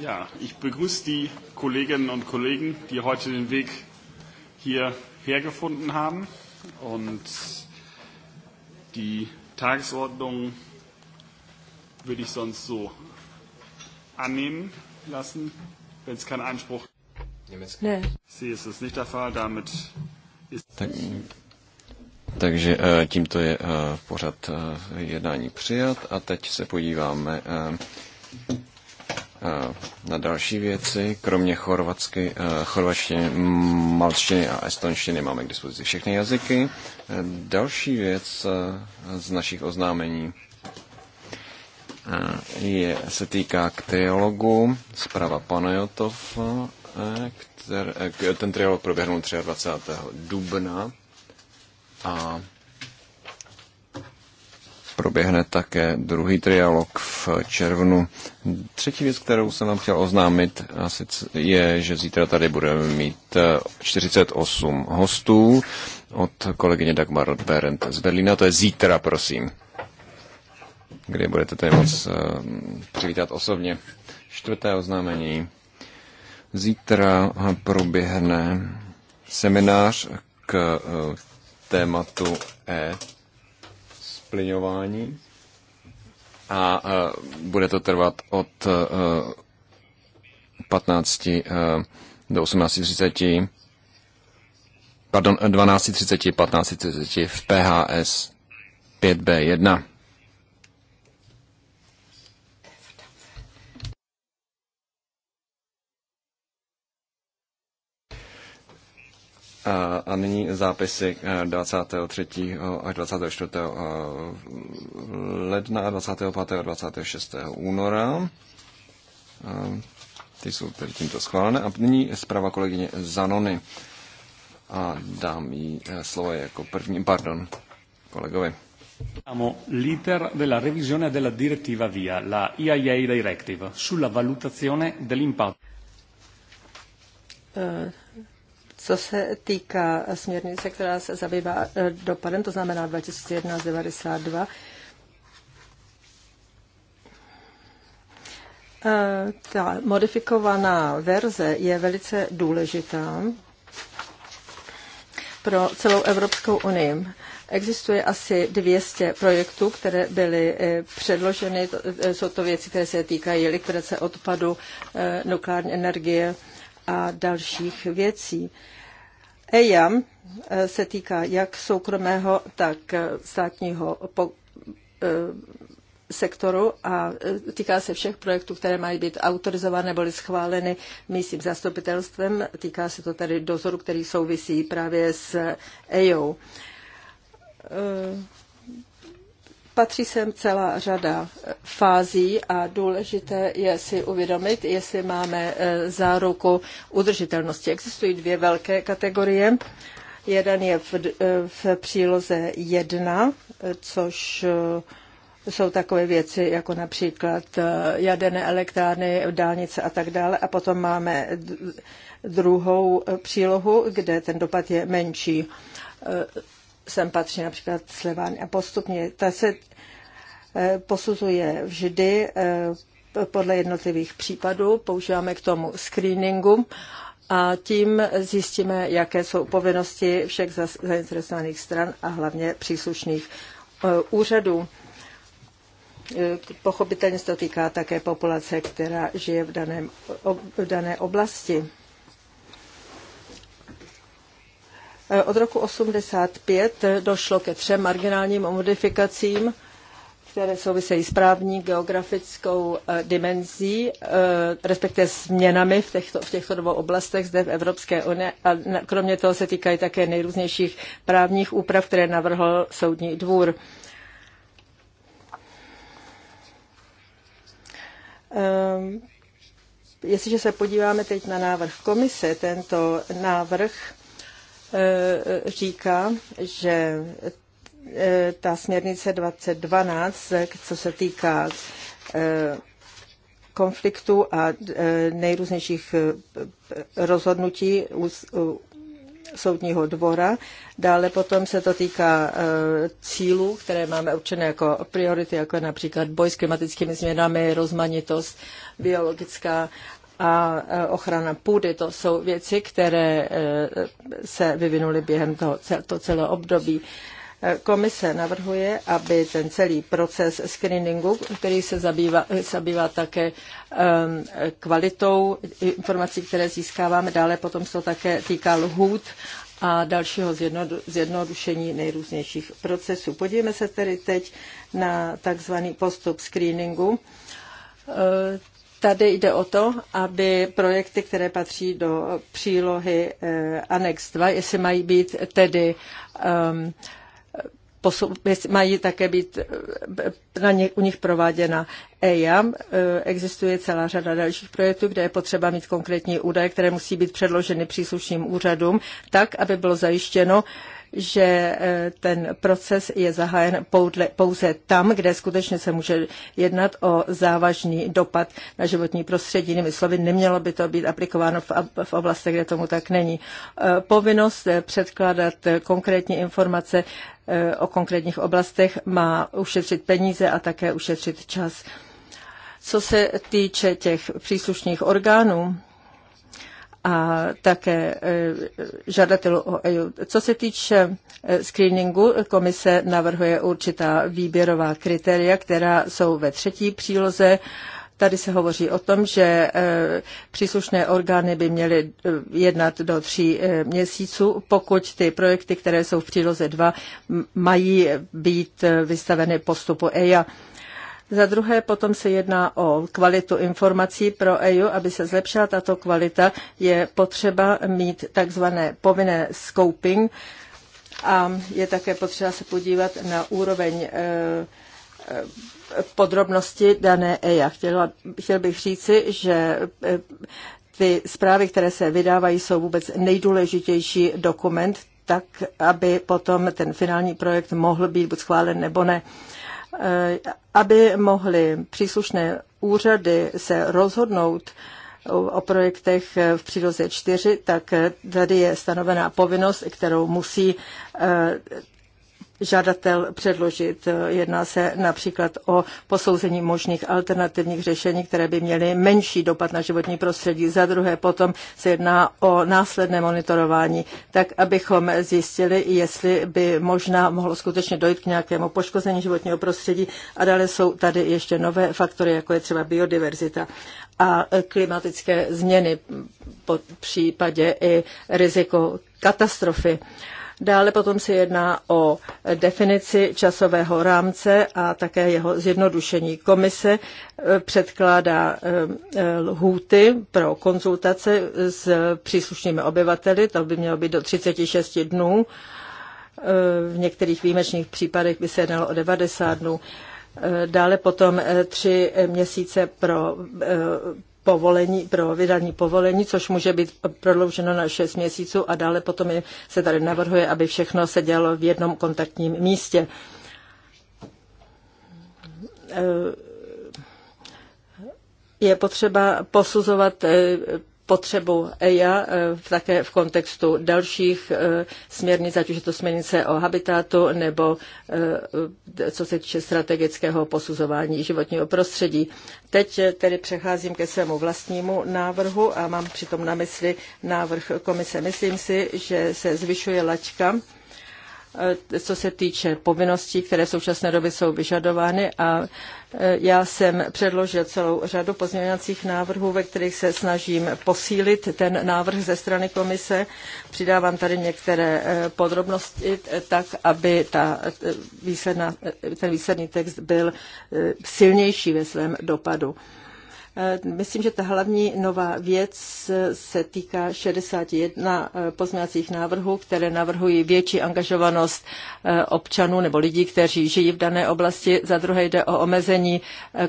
Ja, ich begrüße die Kolleginnen und Kollegen, die heute den Weg hierher gefunden haben und die Tagesordnung würde ich sonst so annehmen lassen, wenn es keinen Einspruch ne. Sie ist es nicht der Fall, damit ist tak, takže eh, tímto je eh, pořad eh, jednání přijat a teď se podíváme Eh, na další věci, kromě chorvatsky, eh, chorvačtiny, malštiny a estonštiny máme k dispozici všechny jazyky. Eh, další věc z našich oznámení je, se týká k triologu zpráva Panajotov. který ten triolog proběhnul 23. dubna a proběhne také druhý trialog v červnu. Třetí věc, kterou jsem vám chtěl oznámit, je, že zítra tady budeme mít 48 eh, hostů od kolegyně Dagmar Berendt z Berlína. To je zítra, prosím, Kde budete tady moc eh, přivítat osobně. Čtvrté oznámení. Zítra proběhne seminář k eh, tématu E splyňování a bude to trvat od 15 e, e, do 18.30, pardon, 12.30, 15.30 v PHS 5B1. A, a nyní zápisy 23. Eh, až 24. Eh, ledna a 25. a 26. února. Ty jsou tedy tímto schválené. A nyní zpráva kolegyně Zanony. A dám jí eh, slovo jako první, pardon, kolegovi. L'iter della revisione della direttiva VIA, la IIA Directive, sulla valutazione dell'impatto. Uh co se týká směrnice, která se zabývá eh, dopadem, to znamená 2011-92, eh, ta modifikovaná verze je velice důležitá pro celou Evropskou unii. Existuje asi 200 projektů, které byly eh, předloženy. Jsou to věci, které se týkají likvidace odpadu, nukleární energie, a dalších věcí. EIA eh, se týká jak soukromého, tak eh, státního eh, sektoru a týká se všech projektů, které mají být autorizovány nebo schváleny místním zastupitelstvem. Týká se to tedy dozoru, který souvisí právě s EIO. Patří sem celá řada eh, fází a důležité je si uvědomit, jestli máme eh, záruku udržitelnosti. Existují dvě velké kategorie. Jeden je v, eh, v příloze 1, což jsou takové věci jako například jaderné elektrárny, dálnice a tak dále. A potom máme druhou přílohu, kde ten dopad je menší sem patří například Slevány a postupně. Ta se eh, posuzuje vždy eh, podle jednotlivých případů, používáme k tomu screeningu a tím zjistíme, jaké jsou povinnosti všech zainteresovaných stran a hlavně příslušných eh, úřadů. Pochopitelně se to týká také populace, která žije v, daném, v dané oblasti. Eh, od roku 85 došlo ke třem marginálním modifikacím, které souvisejí s právní geografickou eh, dimenzí, eh, respektive změnami v těchto, v těchto dvou oblastech zde v Evropské unii a kromě toho se týkají také nejrůznějších právních úprav, které navrhl Soudní dvůr. Ehm, jestliže se podíváme teď na návrh komise, tento návrh Eh, říká, že eh, ta směrnice 2012, eh, co se týká konfliktu a nejrůznějších rozhodnutí soudního dvora. Dále potom se to týká cílů, které máme určené jako priority, jako například boj s klimatickými změnami, rozmanitost, biologická a e, ochrana půdy. To jsou věci, které e, se vyvinuly během toho, to celého období. E, komise navrhuje, aby ten celý proces screeningu, který se zabývá, zabývá také um, kvalitou informací, které získáváme, dále potom se to také týká lhůt a dalšího zjednodušení nejrůznějších procesů. Podívejme se tedy teď na takzvaný postup screeningu. Tady jde o to, aby projekty, které patří do přílohy eh, Annex 2, jestli mají být tedy um, mají také být eh, na ně, u nich prováděna EIAM. Eh, existuje celá řada dalších projektů, kde je potřeba mít konkrétní údaje, které musí být předloženy příslušným úřadům, tak, aby bylo zajištěno, že eh, ten proces je zahájen pouze tam, kde skutečně se může jednat o závažný dopad na životní prostředí. Jinými slovy, nemělo by to být aplikováno v oblastech, kde tomu tak není. Eh, povinnost eh, předkládat konkrétní informace o konkrétních oblastech má ušetřit peníze a také ušetřit čas. Co se týče těch příslušných orgánů, a také e, žadatelů o EU. Co se týče e, screeningu, komise navrhuje určitá výběrová kritéria, která jsou ve třetí příloze. Tady se hovoří o tom, že e, příslušné orgány by měly jednat do tří měsíců, pokud ty projekty, které jsou v příloze 2, mají být vystaveny postupu EIA. Za druhé potom se jedná o kvalitu informací pro EU. Aby se zlepšila tato kvalita, je potřeba mít takzvané povinné scoping a je také potřeba se podívat na úroveň eh, eh, podrobnosti dané EIA. Chtěla, chtěl bych říci, že eh, ty zprávy, které se vydávají, jsou vůbec nejdůležitější dokument, tak aby potom ten finální projekt mohl být buď schválen nebo ne. Uh, Eh, aby mohly příslušné úřady se rozhodnout o projektech eh, v příloze 4, tak eh, tady je stanovená povinnost, kterou musí žadatel předložit. Eh, jedná se například o posouzení možných alternativních řešení, které by měly menší dopad na životní prostředí. Za druhé potom se jedná o následné monitorování, tak abychom zjistili, jestli by možná mohlo skutečně dojít k nějakému poškození životního prostředí. A dále jsou tady ještě nové faktory, jako je třeba biodiverzita a eh, klimatické změny, po případě i riziko katastrofy. Uh, Dále potom se jedná o definici časového rámce a také jeho zjednodušení. Komise eh, předkládá eh, eh, lhůty pro konzultace s příslušnými obyvateli, to by mělo být do 36 dnů. V některých výjimečných případech by se jednalo o 90 dnů dále potom tři měsíce pro povolení, pro vydání povolení, což může být prodlouženo na 6 měsíců a dále potom se tady navrhuje, aby všechno se dělo v jednom kontaktním místě. Eh, je potřeba posuzovat eh, potřebu EIA e, také v kontextu dalších e, směrnic, ať už je to směrnice o habitatu nebo e, co se týče strategického posuzování životního prostředí. Teď tedy přecházím ke svému vlastnímu návrhu a mám přitom na mysli návrh komise. Myslím si, že se zvyšuje laťka Eh, co se týče povinností, které v současné době jsou vyžadovány a eh, já jsem předložil celou řadu pozměňovacích návrhů, ve kterých se snažím posílit ten návrh ze strany komise. Přidávám tady některé eh, podrobnosti tak, aby ta výsledná, ten výsledný text byl silnější ve svém dopadu. Eh, myslím, že ta hlavní nová věc eh, se týká 61 eh, pozměňovacích návrhů, které navrhují větší angažovanost občanů nebo lidí, kteří žijí v dané oblasti. Za druhé jde o omezení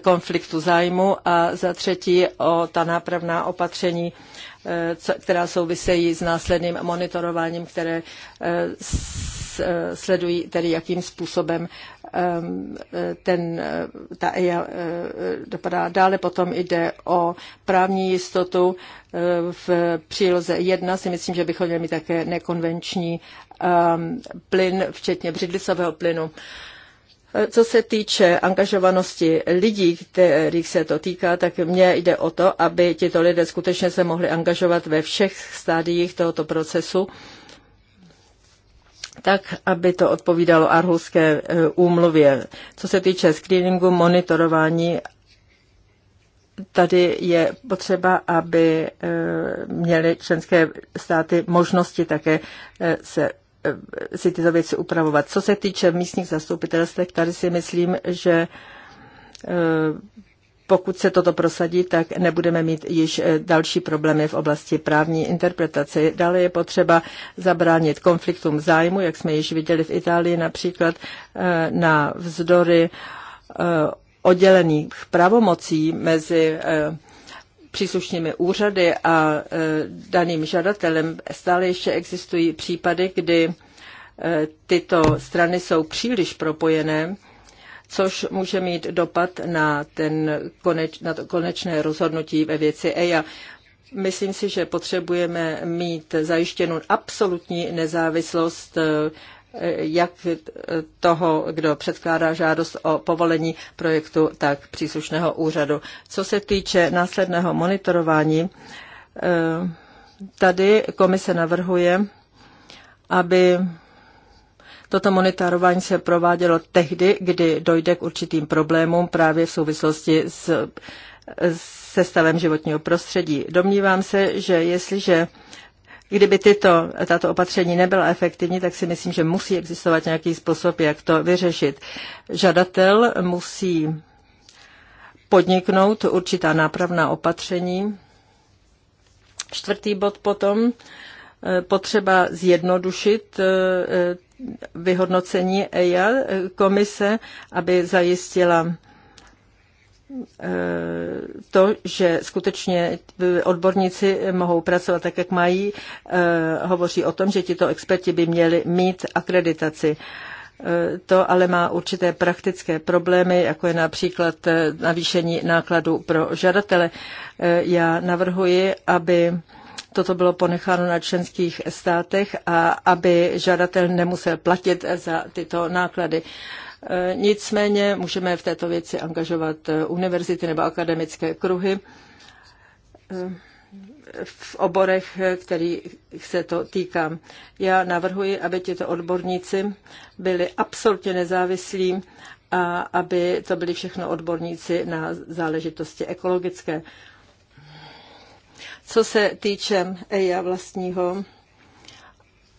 konfliktu zájmu a za třetí o ta nápravná opatření, která souvisejí s následným monitorováním, které Eh, sledují tedy, jakým způsobem ehm, eh, ten, eh, ta EIA dopadá. Dále potom jde o právní jistotu. V příloze 1 si myslím, že bychom měli mít také nekonvenční ehm, plyn, včetně břidlicového plynu. Co se týče angažovanosti lidí, kterých se to týká, tak mně jde o to, aby tito lidé skutečně se mohli angažovat ve všech stádiích tohoto procesu tak, aby to odpovídalo Arhuské e, úmluvě. Co se týče screeningu, monitorování, tady je potřeba, aby e, měly členské státy možnosti také e, se si tyto věci upravovat. Co se týče místních zastupitelstv, tady si myslím, že pokud se toto prosadí, tak nebudeme mít již eh, další problémy v oblasti právní interpretace. Dále je potřeba zabránit konfliktům zájmu, jak jsme již viděli v Itálii například eh, na vzdory eh, oddělených pravomocí mezi příslušnými úřady a daným žadatelem stále ještě existují případy, kdy tyto strany jsou příliš propojené což může mít dopad na, ten koneč, na to konečné rozhodnutí ve věci EIA. Myslím si, že potřebujeme mít zajištěnou absolutní nezávislost eh, jak toho, kdo předkládá žádost o povolení projektu, tak příslušného úřadu. Co se týče následného monitorování, eh, tady komise navrhuje, aby Toto monitorování se provádělo tehdy, kdy dojde k určitým problémům právě v souvislosti s, se stavem životního prostředí. Domnívám se, že jestliže kdyby tyto, tato opatření nebyla efektivní, tak si myslím, že musí existovat nějaký způsob, jak to vyřešit. Žadatel musí podniknout určitá nápravná opatření. Čtvrtý bod potom, eh, potřeba zjednodušit eh, vyhodnocení EIA komise, aby zajistila eh, to, že skutečně odborníci mohou pracovat tak, jak mají, eh, hovoří o tom, že tito experti by měli mít akreditaci. Eh, to ale má určité praktické problémy, jako je například navýšení nákladů pro žadatele. Já navrhuji, aby Toto bylo ponecháno na členských státech a aby žadatel nemusel platit za tyto náklady. E, nicméně můžeme v této věci angažovat e, univerzity nebo akademické kruhy e, v oborech, kterých se to týká. Já navrhuji, aby tito odborníci byli absolutně nezávislí a aby to byli všechno odborníci na záležitosti ekologické. Co se týče EIA vlastního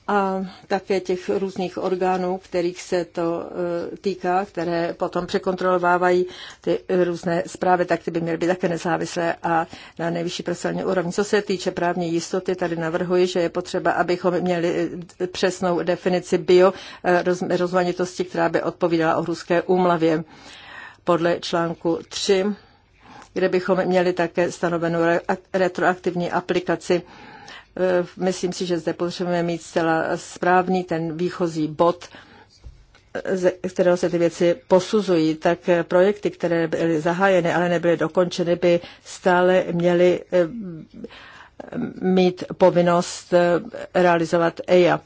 a také těch různých orgánů, kterých se to e, týká, které potom překontrolovávají ty různé zprávy, tak ty by měly být také nezávislé a na nejvyšší profesionální úrovni. Co se týče právní jistoty, tady navrhuji, že je potřeba, abychom měli přesnou definici bio e, rozmanitosti, která by odpovídala o ruské úmlavě podle článku 3 kde bychom měli také stanovenou retroaktivní aplikaci. E, myslím si, že zde potřebujeme mít zcela správný ten výchozí bod, ze kterého se ty věci posuzují, tak projekty, které byly zahájeny, ale nebyly dokončeny, by stále měly e, mít povinnost e, realizovat EIA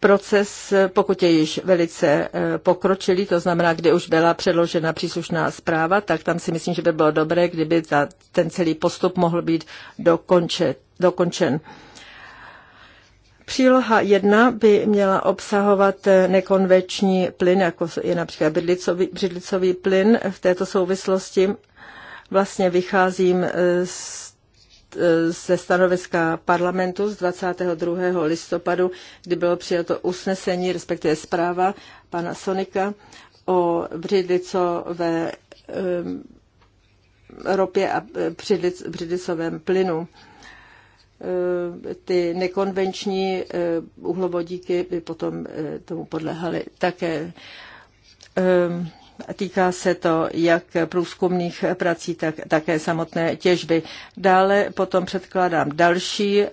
proces, pokud je již velice e, pokročilý, to znamená, kdy už byla předložena příslušná zpráva, tak tam si myslím, že by bylo dobré, kdyby ta, ten celý postup mohl být dokončen. dokončen. Příloha 1 by měla obsahovat e, nekonveční plyn, jako je například břidlicový, břidlicový plyn. V této souvislosti vlastně vycházím e, z ze stanoviska parlamentu z 22. listopadu, kdy bylo přijato usnesení, respektive zpráva pana Sonika o ve ropě a e, břidlicovém plynu. E, ty nekonvenční e, uhlovodíky by potom tomu podlehaly také Týká se to jak průzkumných prací, tak také samotné těžby. Dále potom předkládám další eh,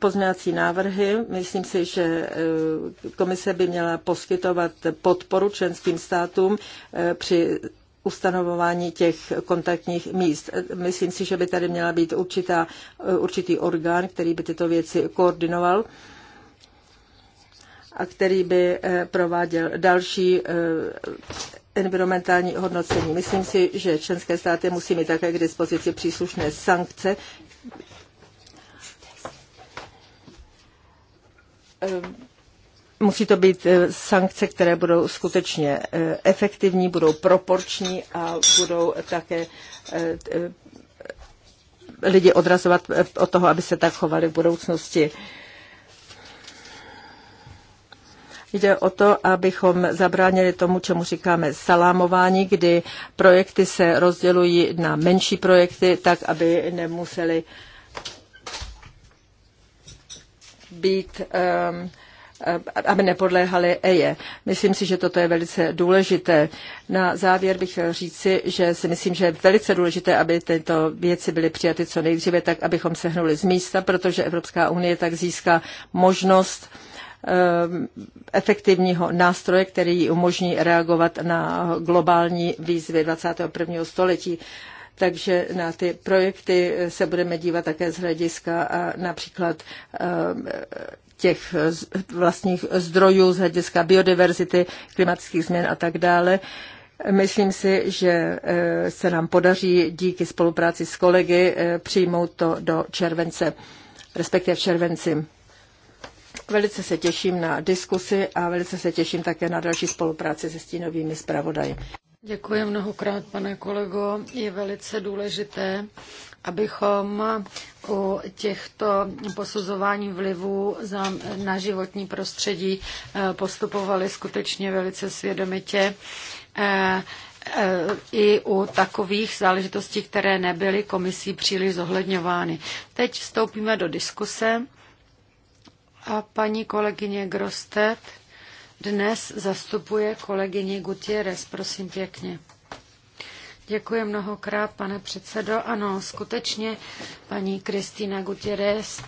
pozměňovací návrhy. Myslím si, že eh, komise by měla poskytovat podporu členským státům eh, při ustanovování těch kontaktních míst. Myslím si, že by tady měla být určitá, určitý orgán, který by tyto věci koordinoval a který by eh, prováděl další eh, environmentální hodnocení. Myslím si, že členské státy musí mít také k dispozici příslušné sankce. Eh, musí to být sankce, které budou skutečně efektivní, budou proporční a budou také lidi odrazovat od toho, aby se tak chovali v budoucnosti. Jde o to, abychom zabránili tomu, čemu říkáme salámování, kdy projekty se rozdělují na menší projekty, tak aby nemuseli být um, aby nepodléhali EJE. Myslím si, že toto je velice důležité. Na závěr bych chtěl říci, že si myslím, že je velice důležité, aby tyto věci byly přijaty co nejdříve, tak abychom sehnuli z místa, protože Evropská unie tak získá možnost uh, Eh, efektivního nástroje, který ji umožní reagovat na globální výzvy 21. století. Takže na ty projekty se budeme dívat také z hlediska eh, například eh, těch vlastních zdrojů, z hlediska biodiverzity, klimatických změn a tak dále. Myslím si, že se nám podaří díky spolupráci s kolegy přijmout to do července, respektive v červenci. Velice se těším na diskusi a velice se těším také na další spolupráci se stínovými zpravodaji. Děkuji mnohokrát, pane kolego. Je velice důležité, abychom u těchto posuzování vlivů na životní prostředí eh, postupovali skutečně velice svědomitě eh, eh, i u takových záležitostí, které nebyly komisí příliš zohledňovány. Teď vstoupíme do diskuse a paní kolegyně Grostet dnes zastupuje kolegyně Gutierrez, prosím pěkně. Děkuji mnohokrát, pane předsedo. Ano, skutečně paní Kristýna Gutierrez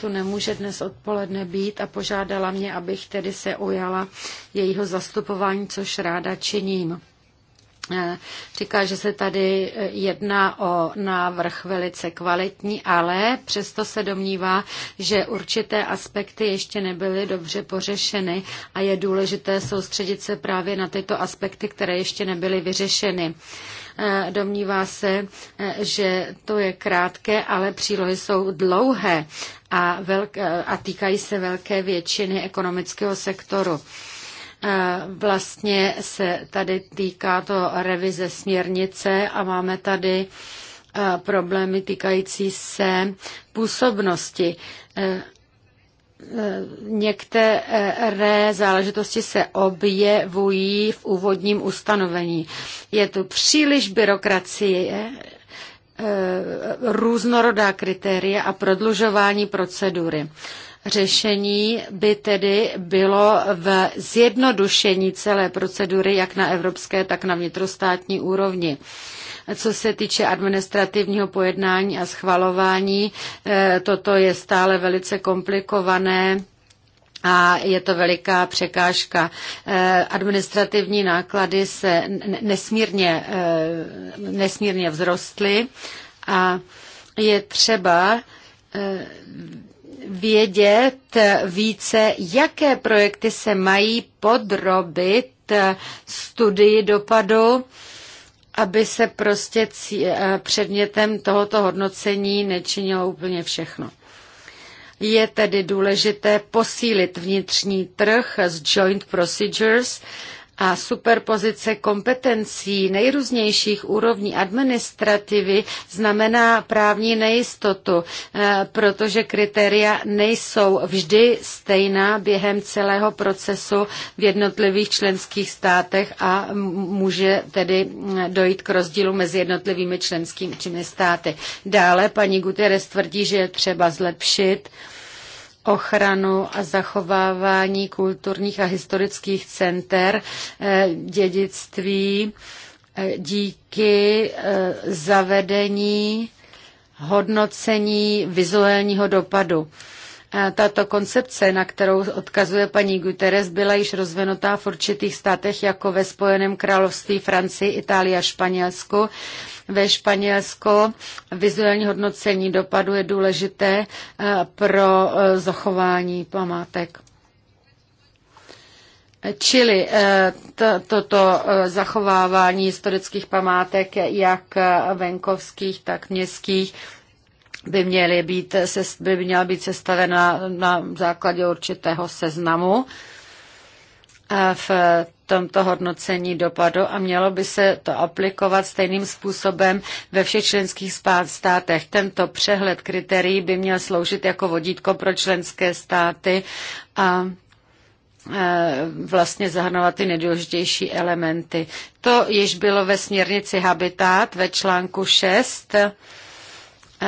tu nemůže dnes odpoledne být a požádala mě, abych tedy se ujala jejího zastupování, což ráda činím. Eh, říká, že se tady eh, jedná o návrh velice kvalitní, ale přesto se domnívá, že určité aspekty ještě nebyly dobře pořešeny a je důležité soustředit se právě na tyto aspekty, které ještě nebyly vyřešeny. Eh, domnívá se, že to je krátké, ale přílohy jsou dlouhé a, velk- a týkají se velké většiny ekonomického sektoru Vlastně se tady týká to revize směrnice a máme tady e, problémy týkající se působnosti. E, e, některé záležitosti se objevují v úvodním ustanovení. Je tu příliš byrokracie, různorodá kritéria a prodlužování procedury. Řešení by tedy bylo v zjednodušení celé procedury jak na evropské, tak na vnitrostátní úrovni co se týče administrativního pojednání a schvalování, eh, toto je stále velice komplikované. A je to veliká překážka. Eh, administrativní náklady se nesmírně, eh, nesmírně vzrostly a je třeba vědět více, jaké projekty se mají podrobit studii dopadu, aby se prostě eh, předmětem tohoto hodnocení nečinilo úplně všechno. Je tedy důležité posílit vnitřní trh s joint procedures a superpozice kompetencí nejrůznějších úrovní administrativy znamená právní nejistotu, eh, protože kritéria nejsou vždy stejná během celého procesu v jednotlivých členských státech a může tedy dojít k rozdílu mezi jednotlivými členskými státy. Dále paní Guterres tvrdí, že je třeba zlepšit ochranu a zachovávání kulturních a historických center eh, dědictví eh, díky eh, zavedení hodnocení vizuálního dopadu. Tato koncepce, na kterou odkazuje paní Guterres, byla již rozvinutá v určitých státech jako ve Spojeném království, Francii, Itálii a Španělsku ve Španělsko Vizuální hodnocení dopadu je důležité eh, pro eh, zachování památek. Čili eh, toto zachovávání historických památek, jak venkovských, tak městských, by, měly být, by měla být sestavena na základě určitého seznamu. V tomto hodnocení dopadu a mělo by se to aplikovat stejným způsobem ve všech členských státech. Tento přehled kritérií by měl sloužit jako vodítko pro členské státy a e, vlastně zahrnovat ty nejdůležitější elementy. To již bylo ve směrnici Habitat ve článku 6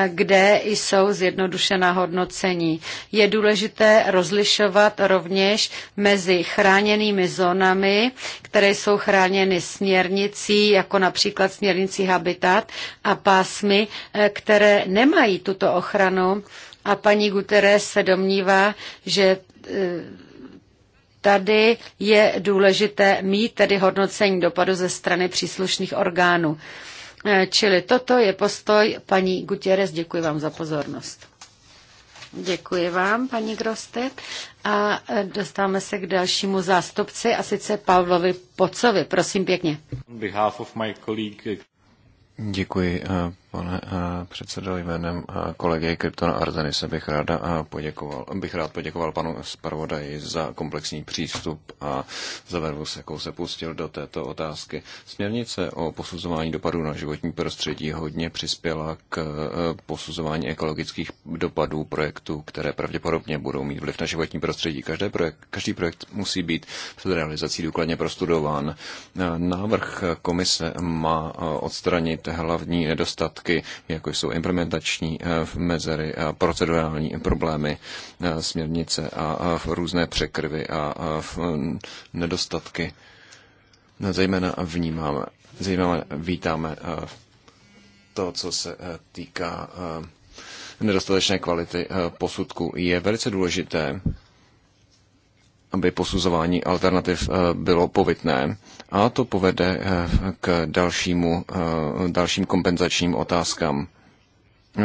kde jsou zjednodušená hodnocení. Je důležité rozlišovat rovněž mezi chráněnými zónami, které jsou chráněny směrnicí, jako například směrnicí Habitat a pásmy, eh, které nemají tuto ochranu. A paní Guterres se domnívá, že eh, tady je důležité mít tedy hodnocení dopadu ze strany příslušných orgánů. E, čili toto je postoj paní Gutierrez. Děkuji vám za pozornost. Děkuji vám, paní Groste. A e, dostáváme se k dalšímu zástupci, a sice Pavlovi Pocovi. Prosím pěkně. Děkuji, e, pane eh, předsedo, jménem eh, kolegy Kryptona se bych, ráda eh, poděkoval, bych rád poděkoval panu Sparvodaji za komplexní přístup a za vervu, s jakou se pustil do této otázky. Směrnice o posuzování dopadů na životní prostředí hodně přispěla k posuzování ekologických dopadů projektů, které pravděpodobně budou mít vliv na životní prostředí. Každý projekt, každý projekt musí být před realizací důkladně prostudován. Návrh komise má odstranit hlavní nedostatky nedostatky, jako jsou implementační eh, mezery, procedurální problémy, eh, směrnice a různé překrvy a mm, nedostatky. No, zejména vnímáme, zejména vítáme eh, to, co se týká nedostatečné kvality posudku. Je velice důležité, aby posuzování alternativ eh, bylo povitné. a to povede eh, k dalšímu, eh, dalším kompenzačním otázkám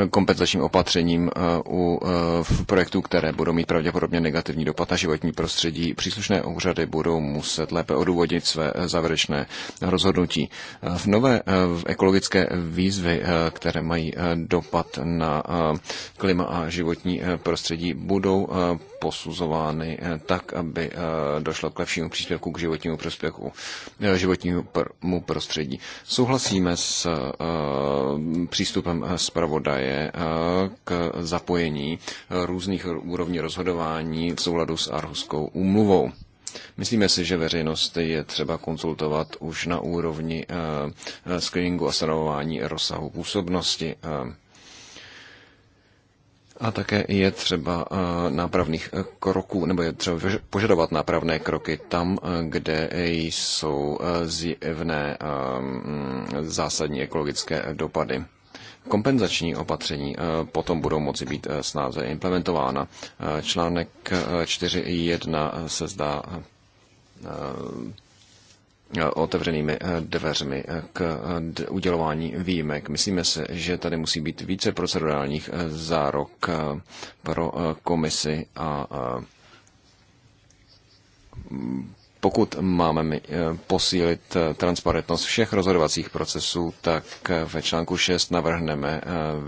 kompenzačním opatřením u v projektů, které budou mít pravděpodobně negativní dopad na životní prostředí. Příslušné úřady budou muset lépe odůvodnit své závěrečné rozhodnutí. V nové ekologické výzvy, které mají dopad na klima a životní prostředí, budou posuzovány eh, tak, aby eh, došlo k lepšímu příspěvku k životnímu, prospěchu, eh, životnímu prostředí. Souhlasíme s přístupem zpravodaje k zapojení různých úrovní rozhodování v souladu s Arhuskou úmluvou. Myslíme si, že veřejnost je třeba konzultovat už na úrovni screeningu a stanovování rozsahu působnosti a také je třeba eh, nápravných eh, kroků, nebo je třeba požadovat nápravné kroky tam, eh, kde jsou zjevné mm, zásadní ekologické dopady. Kompenzační opatření potom budou moci být snáze implementována. Článek 4.1 se zdá otevřenými eh, dveřmi eh, k eh, udělování výjimek. Myslíme se, že tady musí být více procedurálních zárok pro komisi a pokud máme eh, posílit eh, transparentnost všech rozhodovacích procesů, tak eh, ve článku 6 navrhneme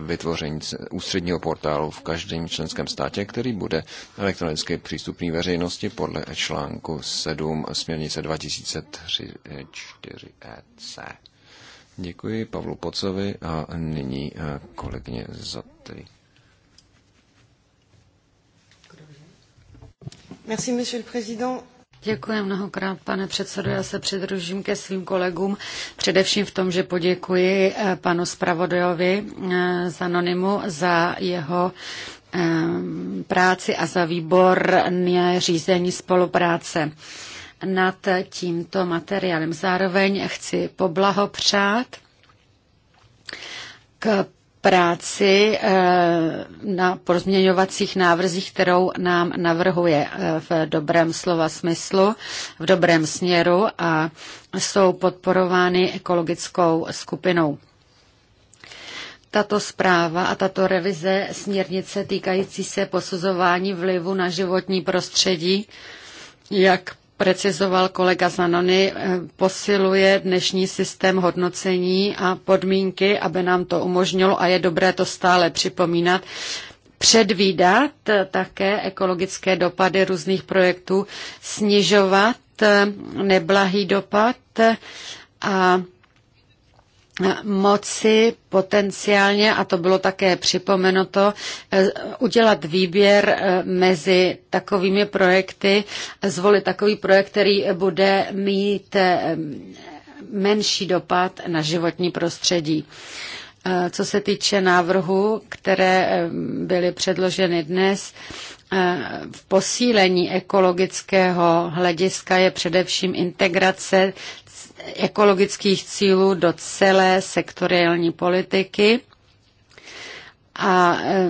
vytvoření ústředního portálu v každém členském státě, který bude elektronicky přístupný veřejnosti podle článku 7 směrnice 2003 4 ec Děkuji Pavlu Pocovi a nyní kolegyně za ty. Merci, monsieur le président. Děkuji mnohokrát, pane předsedo. Já se přidružím ke svým kolegům, především v tom, že poděkuji eh, panu Spravodajovi eh, z Anonymu za jeho eh, práci a za výborné řízení spolupráce nad tímto materiálem. Zároveň chci poblahopřát k práci eh, na pozměňovacích návrzích, kterou nám navrhuje eh, v dobrém slova smyslu, v dobrém směru a jsou podporovány ekologickou skupinou. Tato zpráva a tato revize směrnice týkající se posuzování vlivu na životní prostředí, jak precizoval kolega Zanony, eh, posiluje dnešní systém hodnocení a podmínky, aby nám to umožnilo, a je dobré to stále připomínat, předvídat eh, také ekologické dopady různých projektů, snižovat eh, neblahý dopad a moci potenciálně, a to bylo také připomenuto, eh, udělat výběr eh, mezi takovými projekty, zvolit takový projekt, který bude mít eh, menší dopad na životní prostředí. Co se týče návrhu, které byly předloženy dnes, v posílení ekologického hlediska je především integrace ekologických cílů do celé sektoriální politiky. A eh,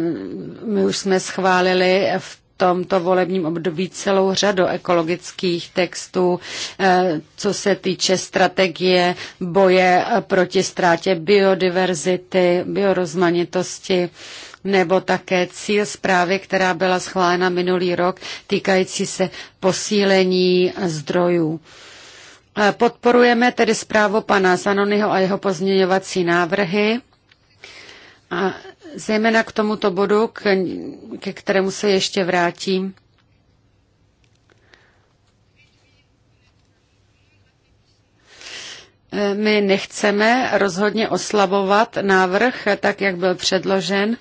my už jsme schválili v tomto volebním období celou řadu ekologických textů, eh, co se týče strategie boje eh, proti ztrátě biodiverzity, biorozmanitosti nebo také cíl zprávy, která byla schválena minulý rok, týkající se posílení zdrojů. Eh, podporujeme tedy zprávu pana Zanonyho a jeho pozměňovací návrhy. A zejména k tomuto bodu, k, ke kterému se ještě vrátím. Eh, my nechceme rozhodně oslabovat návrh, eh, tak jak byl předložen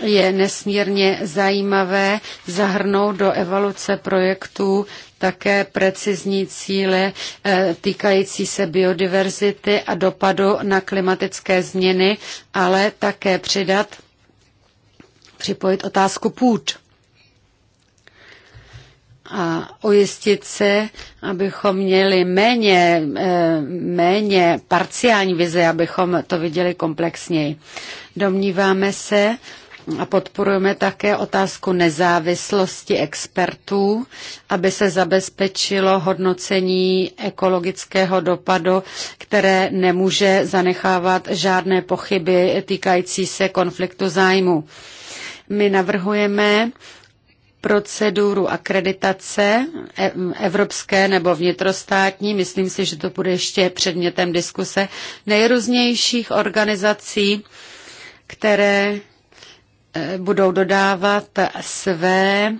je nesmírně zajímavé zahrnout do evoluce projektů také precizní cíle eh, týkající se biodiverzity a dopadu na klimatické změny, ale také přidat, připojit otázku půd a ujistit se, abychom měli méně, eh, méně parciální vize, abychom to viděli komplexněji. Domníváme se, podporujeme také otázku nezávislosti expertů, aby se zabezpečilo hodnocení ekologického dopadu, které nemůže zanechávat žádné pochyby týkající se konfliktu zájmu. My navrhujeme proceduru akreditace evropské nebo vnitrostátní, myslím si, že to bude ještě předmětem diskuse, nejrůznějších organizací, které budou dodávat své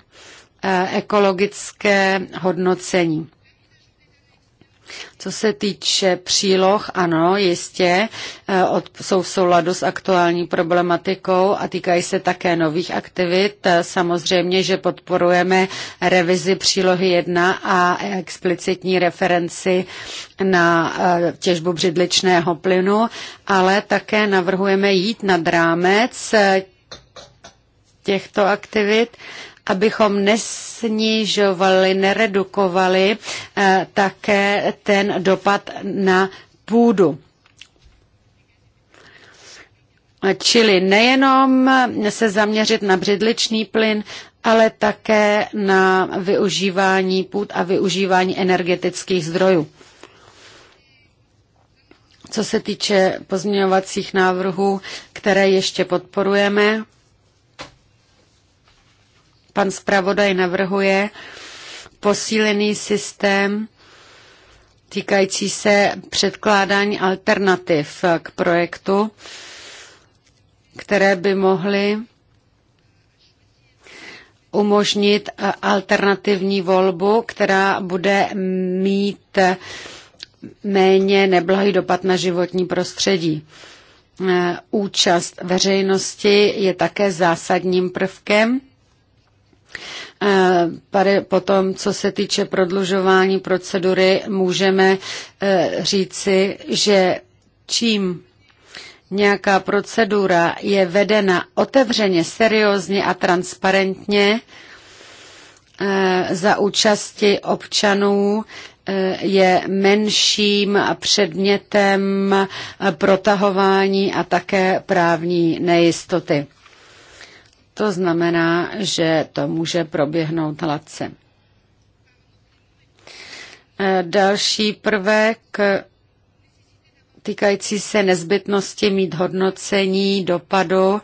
eh, ekologické hodnocení. Co se týče příloh, ano, jistě, eh, od, jsou v souladu s aktuální problematikou a týkají se také nových aktivit. Eh, samozřejmě, že podporujeme revizi přílohy 1 a explicitní referenci na těžbu břidličného plynu, ale také navrhujeme jít nad rámec těchto aktivit, abychom nesnižovali, neredukovali eh, také ten dopad na půdu. Čili nejenom se zaměřit na břidličný plyn, ale také na využívání půd a využívání energetických zdrojů. Co se týče pozměňovacích návrhů, které ještě podporujeme, Pan zpravodaj navrhuje posílený systém týkající se předkládání alternativ k projektu, které by mohly umožnit alternativní volbu, která bude mít méně neblahý dopad na životní prostředí. E, účast veřejnosti je také zásadním prvkem Eh, potom, co se týče prodlužování procedury, můžeme eh, říci, že čím nějaká procedura je vedena otevřeně, seriózně a transparentně eh, za účasti občanů, je menším předmětem protahování a také právní nejistoty. To znamená, že to může proběhnout hladce. E, další prvek týkající se nezbytnosti mít hodnocení dopadu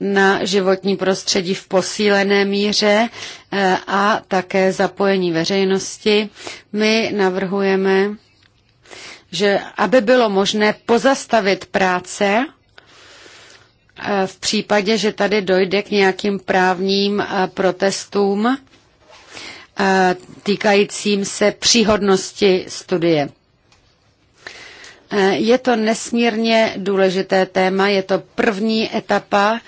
na životní prostředí v posílené míře e, a také zapojení veřejnosti. My navrhujeme, že aby bylo možné pozastavit práce Eh, v případě, že tady dojde k nějakým právním eh, protestům eh, týkajícím se příhodnosti studie. Je to nesmírně důležité téma, je to první etapa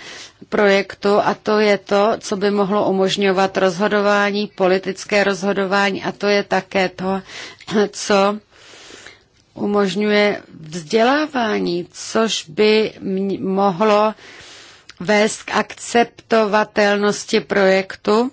projektu a to je to, co by mohlo umožňovat rozhodování, politické rozhodování a to je také to, co umožňuje vzdělávání, což by mohlo vést k akceptovatelnosti projektu.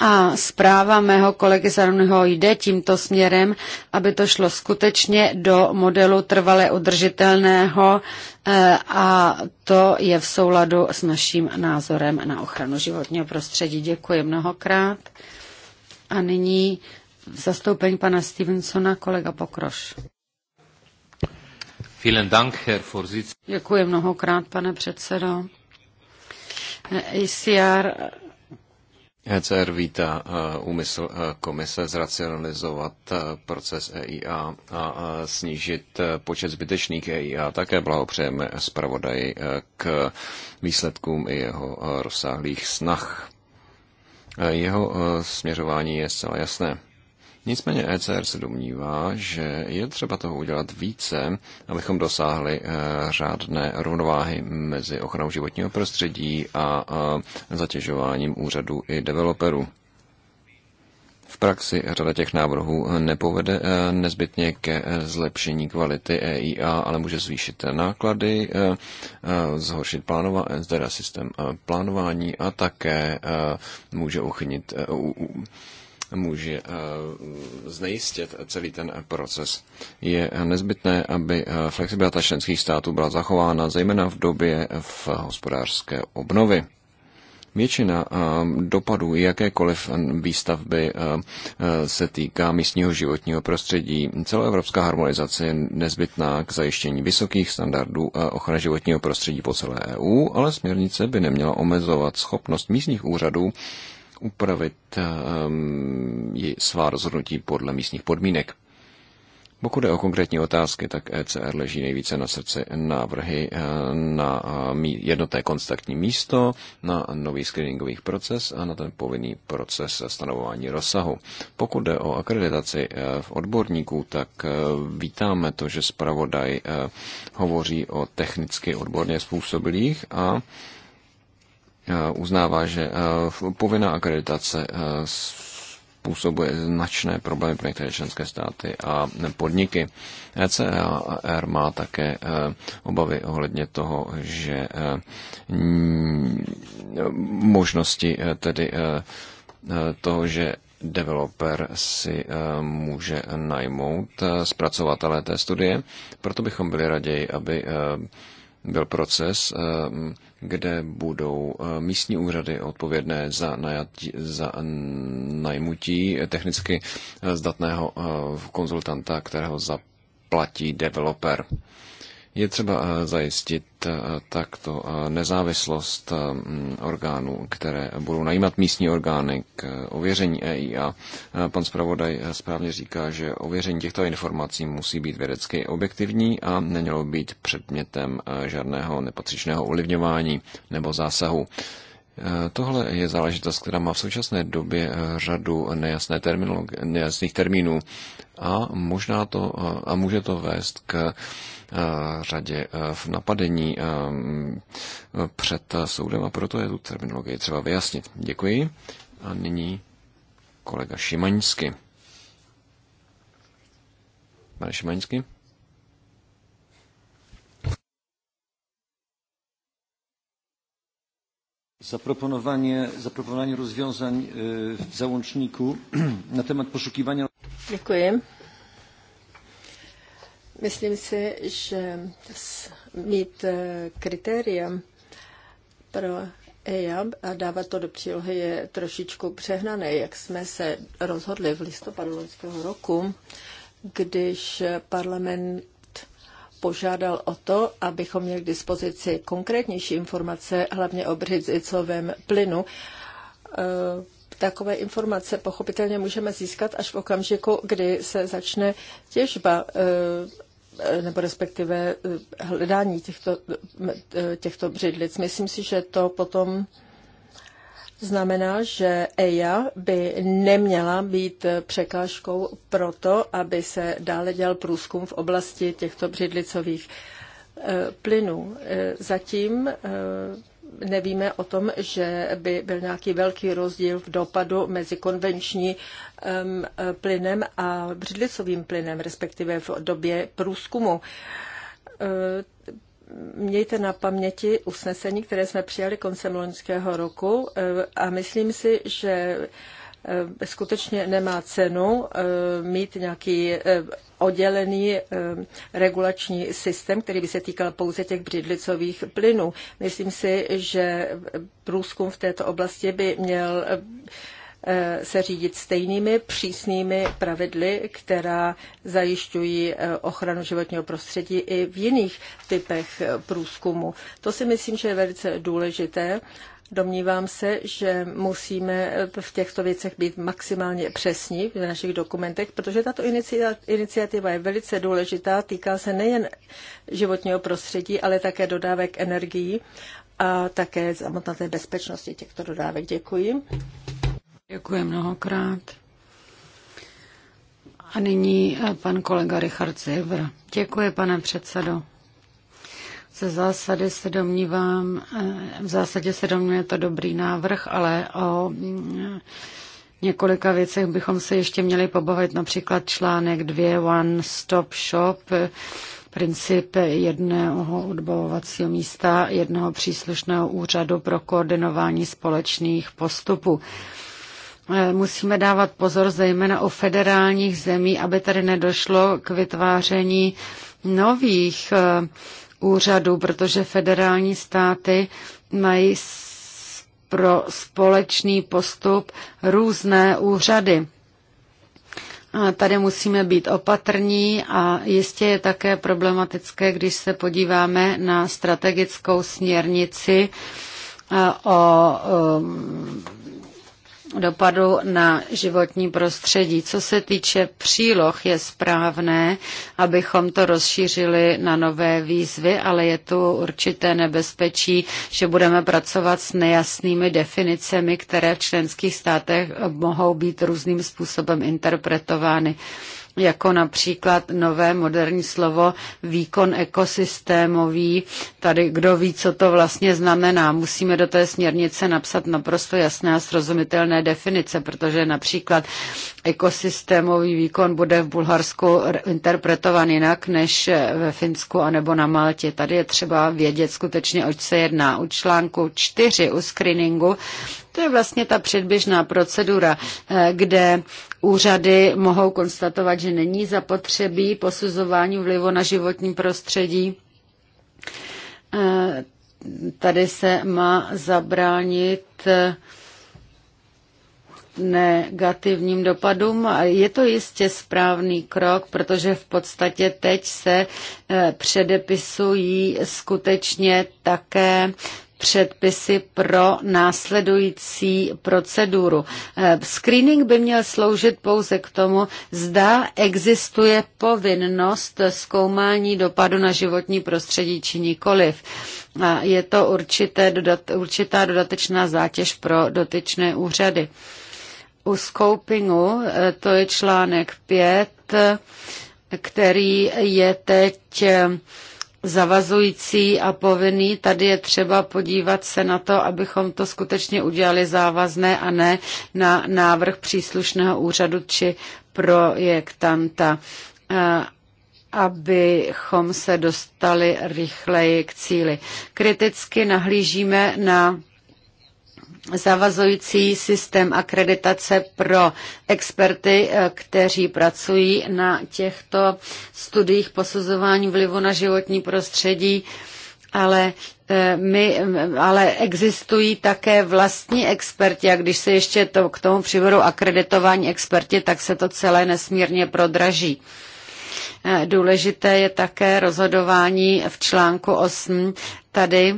A zpráva mého kolegy Zarunho jde tímto směrem, aby to šlo skutečně do modelu trvale udržitelného eh, a to je v souladu s naším názorem na ochranu životního prostředí. Děkuji mnohokrát. A nyní v zastoupení pana Stevensona kolega Pokroš. Děkuji mnohokrát, pane předsedo. ACR. E ECR vítá e, úmysl e, komise zracionalizovat proces EIA a snížit počet zbytečných EIA. Také blahopřejeme zpravodaji k výsledkům i jeho rozsáhlých snah. Jeho směřování je zcela jasné. Nicméně ECR se domnívá, že je třeba toho udělat více, abychom dosáhli eh, řádné rovnováhy mezi ochranou životního prostředí a eh, zatěžováním úřadů i developerů. V praxi řada těch návrhů nepovede eh, nezbytně ke zlepšení kvality EIA, ale může zvýšit náklady, zhoršit plánova, systém plánování a také může uchynit, může eh, znejistit celý ten proces. Je nezbytné, aby eh, flexibilita členských států byla zachována, zejména v době eh, v hospodářské obnovy. Většina dopadů jakékoliv výstavby se týká místního životního prostředí. Celoevropská harmonizace je nezbytná k zajištění vysokých standardů ochrany životního prostředí po celé EU, ale směrnice by neměla omezovat schopnost místních úřadů upravit ehm, svá rozhodnutí podle místních podmínek. Pokud je o konkrétní otázky, tak ECR leží nejvíce na srdci návrhy eh, na eh, jednotné kontaktní místo, na nový screeningový proces a na ten povinný proces stanovování rozsahu. Pokud jde o akreditaci eh, v odborníků, tak vítáme to, že zpravodaj hovoří o technicky odborně způsobilých a Eh, uznává, že eh, povinná akreditace eh, způsobuje značné problémy pro některé členské státy a podniky. ECR má také obavy ohledně toho, že možnosti tedy toho, že developer si může najmout zpracovatele té studie. Proto bychom byli raději, aby byl proces kde budou eh, místní úřady odpovědné za, najatí, za najmutí technicky eh, zdatného eh, konzultanta, kterého zaplatí developer. Je třeba eh, zajistit eh, takto eh, nezávislost mm, orgánů, které budou najímat místní orgány k ověření EIA. Pan zpravodaj správně říká, že ověření těchto informací musí být vědecky objektivní a nemělo být předmětem žádného nepatřičného ovlivňování nebo zásahu. Tohle je záležitost, která má v současné době řadu nejasné nejasných termínů a možná to a může to vést k Eh, řadě eh, v napadení eh, před soudem a proto je tu terminologii třeba vyjasnit. Děkuji. A nyní kolega Šimaňsky. Pane Šimaňsky? Zaproponowanie, zaproponowanie rozwiązań e, w załączniku na temat poszukiwania. Dziękuję. Myslím si, že mít eh, kritéria pro EIA a dávat to do přílohy je trošičku přehnané, jak jsme se rozhodli v listopadu loňského roku, když parlament požádal o to, abychom měli k dispozici konkrétnější informace, hlavně o břidlicovém plynu. Eh, takové informace pochopitelně můžeme získat až v okamžiku, kdy se začne těžba eh, Eh, nebo respektive eh, hledání těchto, eh, těchto břidlic. Myslím si, že to potom znamená, že EIA by neměla být překážkou pro to, aby se dále dělal průzkum v oblasti těchto břidlicových plynů. Zatím nevíme o tom, že by byl nějaký velký rozdíl v dopadu mezi konvenční plynem a břidlicovým plynem, respektive v době průzkumu e, mějte na paměti usnesení, které jsme přijali koncem loňského roku e, a myslím si, že Eh, skutečně nemá cenu eh, mít nějaký eh, oddělený regulační systém, který by se týkal pouze těch břidlicových plynů. Myslím si, že průzkum v této oblasti by měl Eh, se řídit stejnými přísnými pravidly, která zajišťují eh, ochranu životního prostředí i v jiných typech eh, průzkumu. To si myslím, že je velice důležité. Domnívám se, že musíme v těchto věcech být maximálně přesní v našich dokumentech, protože tato iniciativa je velice důležitá, týká se nejen životního prostředí, ale také dodávek energií a také samotné bezpečnosti těchto dodávek. Děkuji. Děkuji mnohokrát. A nyní eh, pan kolega Richard Zivr. Děkuji, pane předsedo. Ze zásady se domnívám, eh, v zásadě se domnívám, je to dobrý návrh, ale o mm, několika věcech bychom se ještě měli pobavit, například článek 2 One Stop Shop, princip jedného odbavovacího místa, jednoho příslušného úřadu pro koordinování společných postupů. Eh, musíme dávat pozor zejména u federálních zemí, aby tady nedošlo k vytváření nových eh, úřadů, protože federální státy mají pro společný postup různé úřady. A tady musíme být opatrní a jistě je také problematické, když se podíváme na strategickou směrnici eh, o dopadu na životní prostředí. Co se týče příloh, je správné, abychom to rozšířili na nové výzvy, ale je tu určité nebezpečí, že budeme pracovat s nejasnými definicemi, které v členských státech mohou být různým způsobem interpretovány jako například nové moderní slovo výkon ekosystémový. Tady kdo ví, co to vlastně znamená. Musíme do té směrnice napsat naprosto jasné a srozumitelné definice, protože například ekosystémový výkon bude v Bulharsku interpretovan jinak než ve Finsku anebo na Maltě. Tady je třeba vědět skutečně, oč se jedná. U článku 4 u screeningu to je vlastně ta předběžná procedura, eh, kde úřady mohou konstatovat, že není zapotřebí posuzování vlivu na životní prostředí. Eh, tady se má zabránit eh, negativním dopadům. Je to jistě správný krok, protože v podstatě teď se eh, předepisují skutečně také předpisy pro následující proceduru. Eh, screening by měl sloužit pouze k tomu, zda existuje povinnost zkoumání dopadu na životní prostředí či nikoliv. A je to určité, dodat, určitá dodatečná zátěž pro dotyčné úřady. U scopingu, eh, to je článek 5, který je teď eh, zavazující a povinný. Tady je třeba podívat se na to, abychom to skutečně udělali závazné a ne na návrh příslušného úřadu či projektanta eh, abychom se dostali rychleji k cíli. Kriticky nahlížíme na zavazující systém akreditace pro experty, eh, kteří pracují na těchto studiích posuzování vlivu na životní prostředí, ale eh, my, eh, ale existují také vlastní experti a když se ještě to, k tomu přibudou akreditování experti, tak se to celé nesmírně prodraží. Důležité je také rozhodování v článku 8. Tady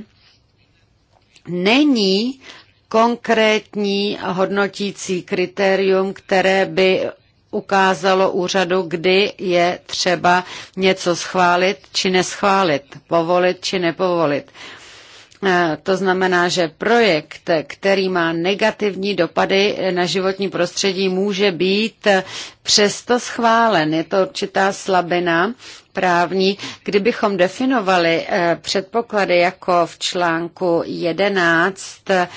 není uh, konkrétní hodnotící kritérium, které by ukázalo úřadu, kdy je třeba něco schválit či neschválit, povolit či nepovolit. Eh, to znamená, že projekt, který má negativní dopady na životní prostředí, může být přesto schválen. Je to určitá slabina právní. Kdybychom definovali eh, předpoklady jako v článku 11 eh,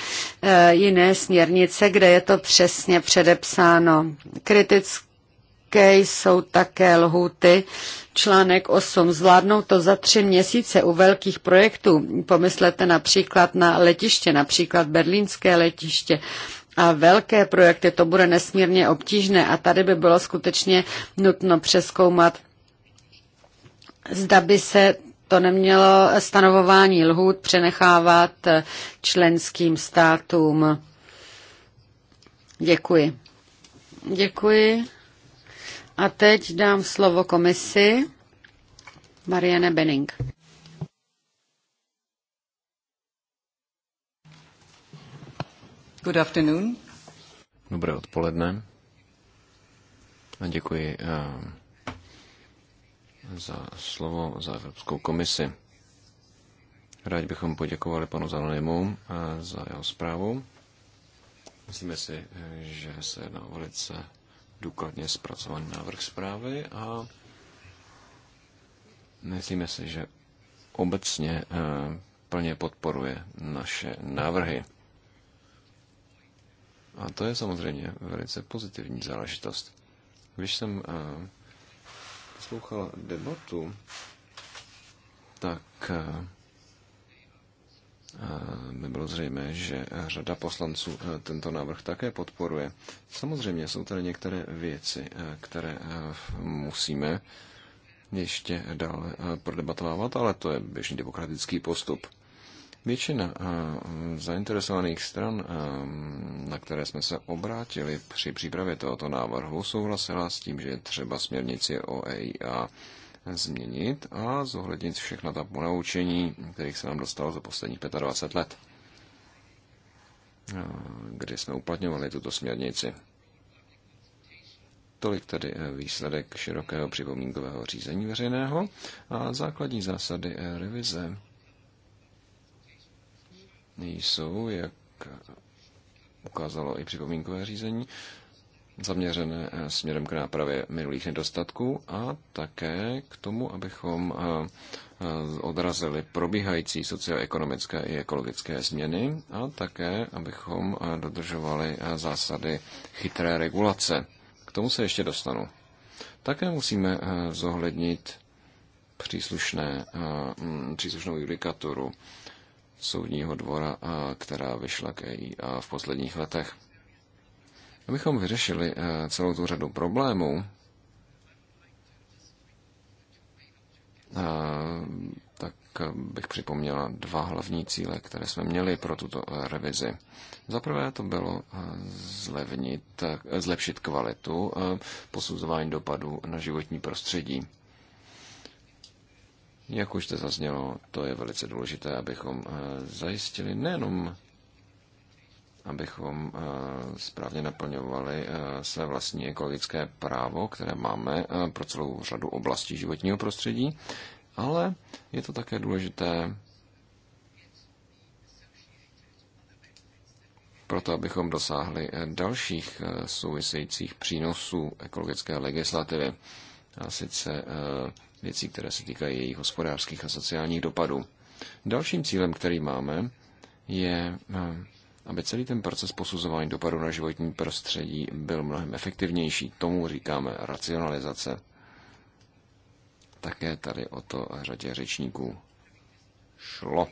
jiné směrnice, kde je to přesně předepsáno, kriticky, také jsou také lhuty. Článek 8. Zvládnou to za tři měsíce u velkých projektů. Pomyslete například na letiště, například berlínské letiště a velké projekty, to bude nesmírně obtížné a tady by bylo skutečně nutno přeskoumat, zda by se to nemělo stanovování lhůt přenechávat eh, členským státům. Děkuji. Děkuji. A teď dám slovo komisi Marianne Benning. Good afternoon. Dobré odpoledne. A děkuji eh, za slovo za Evropskou komisi. Rád bychom poděkovali panu Zanonimu eh, za jeho zprávu. Myslíme si, eh, že se na velice důkladně zpracovaný návrh zprávy a myslíme si, že obecně eh, plně podporuje naše návrhy. A to je samozřejmě velice pozitivní záležitost. Když jsem eh, poslouchal debatu, tak eh, by bylo zřejmé, že řada poslanců e, tento návrh také podporuje. Samozřejmě jsou tady některé věci, e, které e, musíme ještě dále prodebatovávat, ale to je běžný demokratický postup. Většina zainteresovaných stran, na které jsme se obrátili při přípravě tohoto návrhu, souhlasila s tím, že je třeba směrnici o EIA změnit a zohlednit všechna ta ponaučení, kterých se nám dostalo za posledních 25 let, eh, kdy jsme uplatňovali tuto směrnici. Tolik tedy eh, výsledek širokého připomínkového řízení veřejného a základní zásady eh, revize jsou, jak ukázalo i připomínkové řízení, zaměřené eh, směrem k nápravě minulých nedostatků a také k tomu, abychom eh, eh, odrazili probíhající socioekonomické i ekologické změny a také, abychom dodržovali zásady chytré regulace. K tomu se ještě dostanu. Také musíme zohlednit příslušné, mm, příslušnou judikaturu soudního dvora, která vyšla k EIA v posledních letech. Abychom vyřešili eh, celou tu řadu problémů, eh, tak eh, bych připomněla dva hlavní cíle, které jsme měli pro tuto revizi. Za prvé to bylo zlevnit, zlepšit kvalitu posuzování dopadů na životní prostředí. Jak už to zaznělo, to je velice důležité, abychom zajistili nejenom abychom eh, správně naplňovali eh, své vlastní ekologické právo, které máme eh, pro celou řadu oblastí životního prostředí, ale je to také důležité proto, abychom dosáhli dalších souvisejících přínosů ekologické legislativy, a sice věcí, které se týkají jejich hospodářských a sociálních dopadů. Dalším cílem, který máme, je aby celý ten proces posuzování dopadu na životní prostředí byl mnohem efektivnější. Tomu říkáme racionalizace. Také tady o to řadě řečníků šlo.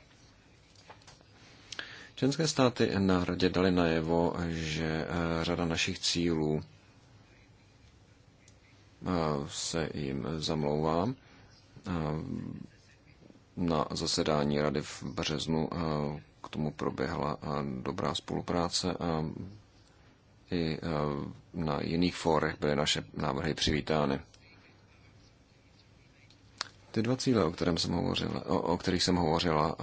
Členské státy na radě dali najevo, že eh, řada našich cílů eh, se jim zamlouvá. Eh, na zasedání rady v březnu k tomu proběhla eh, dobrá spolupráce a eh, i eh, na jiných fórech byly naše návrhy přivítány. Ty dva cíle, o, kterém jsem hovořila, o, o kterých jsem hovořila,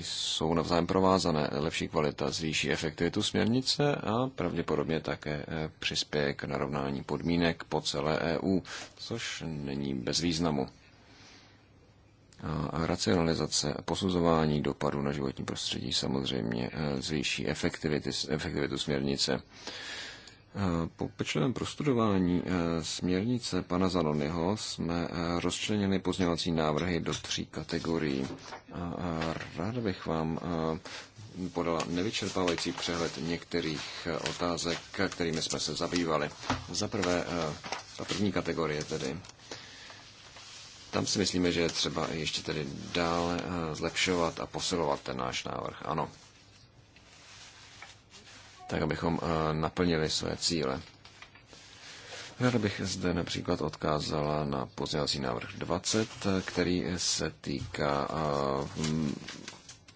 jsou navzájem provázané. Lepší kvalita zvýší efektivitu směrnice a pravděpodobně také přispěje k narovnání podmínek po celé EU, což není bez významu racionalizace posuzování dopadu na životní prostředí samozřejmě eh, zvýší efektivitu směrnice. Eh, po pečlivém prostudování eh, směrnice pana Zanonyho jsme rozčlenili pozněvací návrhy do tří kategorií. Rád bych vám podala nevyčerpávající přehled některých otázek, kterými jsme se zabývali. Za prvé, ta první kategorie tedy tam si myslíme, že je třeba ještě tedy dále eh, zlepšovat a posilovat ten náš návrh. Ano. Tak, abychom eh, naplnili své cíle. Ráda bych zde například odkázala na pozdělací návrh 20, eh, který se týká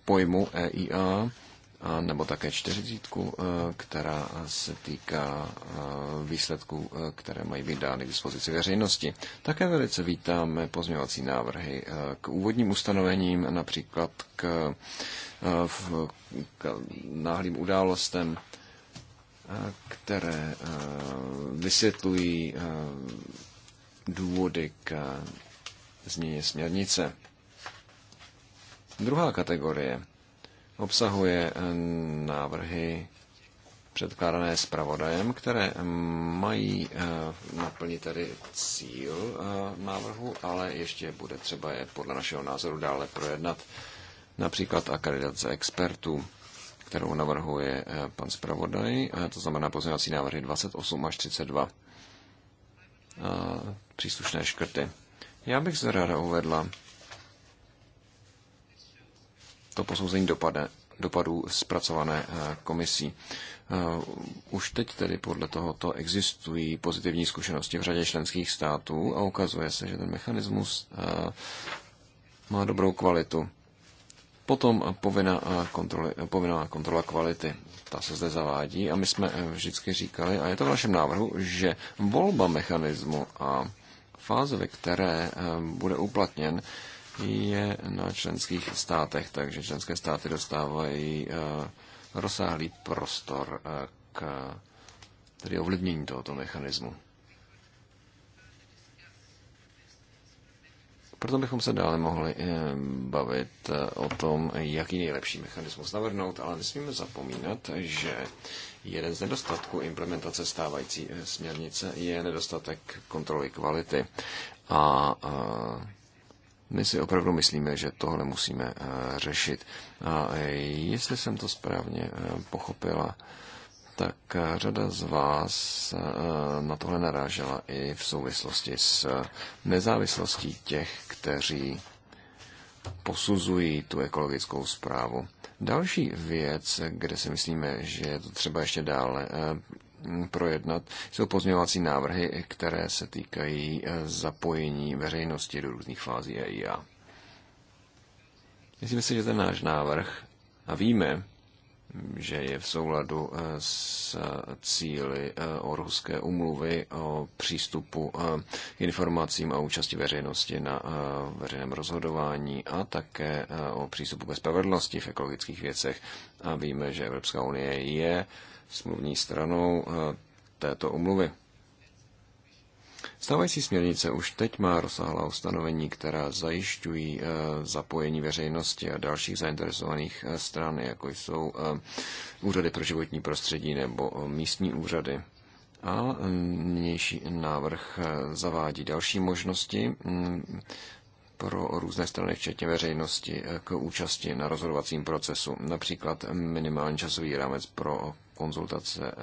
pojmu EIA nebo také čtyřicítku, eh, která se týká eh, výsledků, eh, které mají být dány k dispozici veřejnosti. Také velice vítáme pozměňovací návrhy k úvodním ustanovením, například k, k náhlým událostem, které vysvětlují důvody k změně směrnice. Druhá kategorie obsahuje eh, návrhy předkládané zpravodajem, které mají eh, naplnit tedy cíl eh, návrhu, ale ještě bude třeba je podle našeho názoru dále projednat, například akreditace expertů kterou navrhuje pan zpravodaj, to znamená pozměňovací návrhy 28 až 32. příslušné škrty. Já bych zde ráda uvedla, to posouzení dopade, dopadů zpracované eh, komisí. Eh, už teď tedy podle tohoto existují pozitivní zkušenosti v řadě členských států a ukazuje se, že ten mechanismus eh, má dobrou kvalitu. Potom povinná kontrola, povinná kontrola kvality, ta se zde zavádí a my jsme vždycky říkali, a je to v našem návrhu, že volba mechanismu a fáze, ve které bude uplatněn, je na členských státech, takže členské státy dostávají eh, rozsáhlý prostor eh, k tedy ovlivnění tohoto mechanismu. Proto bychom se dále mohli eh, bavit o tom, jaký nejlepší mechanismus navrhnout, ale nesmíme zapomínat, že jeden z nedostatků implementace stávající směrnice je nedostatek kontroly kvality. A, a my si opravdu myslíme, že tohle musíme eh, řešit. A eh, jestli jsem to správně eh, pochopila, tak řada z vás na tohle narážela i v souvislosti s nezávislostí těch, kteří posuzují tu ekologickou zprávu. Další věc, kde si myslíme, že je to třeba ještě dále Mm, projednat, jsou pozměňovací návrhy, které se týkají eh, zapojení veřejnosti do různých fází EIA. Myslím si, že ten náš návrh, a víme, že je v souladu eh, s cíly eh, ruské umluvy o přístupu k informacím a účasti veřejnosti na veřejném rozhodování a také o přístupu ke spravedlnosti v ekologických věcech. A víme, že Evropská unie je smluvní stranou eh, této umluvy. Stávající směrnice už teď má rozsáhlá ustanovení, která zajišťují eh, zapojení veřejnosti a dalších zainteresovaných eh, stran, jako jsou úřady pro životní prostředí nebo místní úřady. A nynější návrh zavádí další možnosti mm, pro různé strany, včetně veřejnosti, k účasti na rozhodovacím procesu. Například minimální časový rámec pro konzultace eh,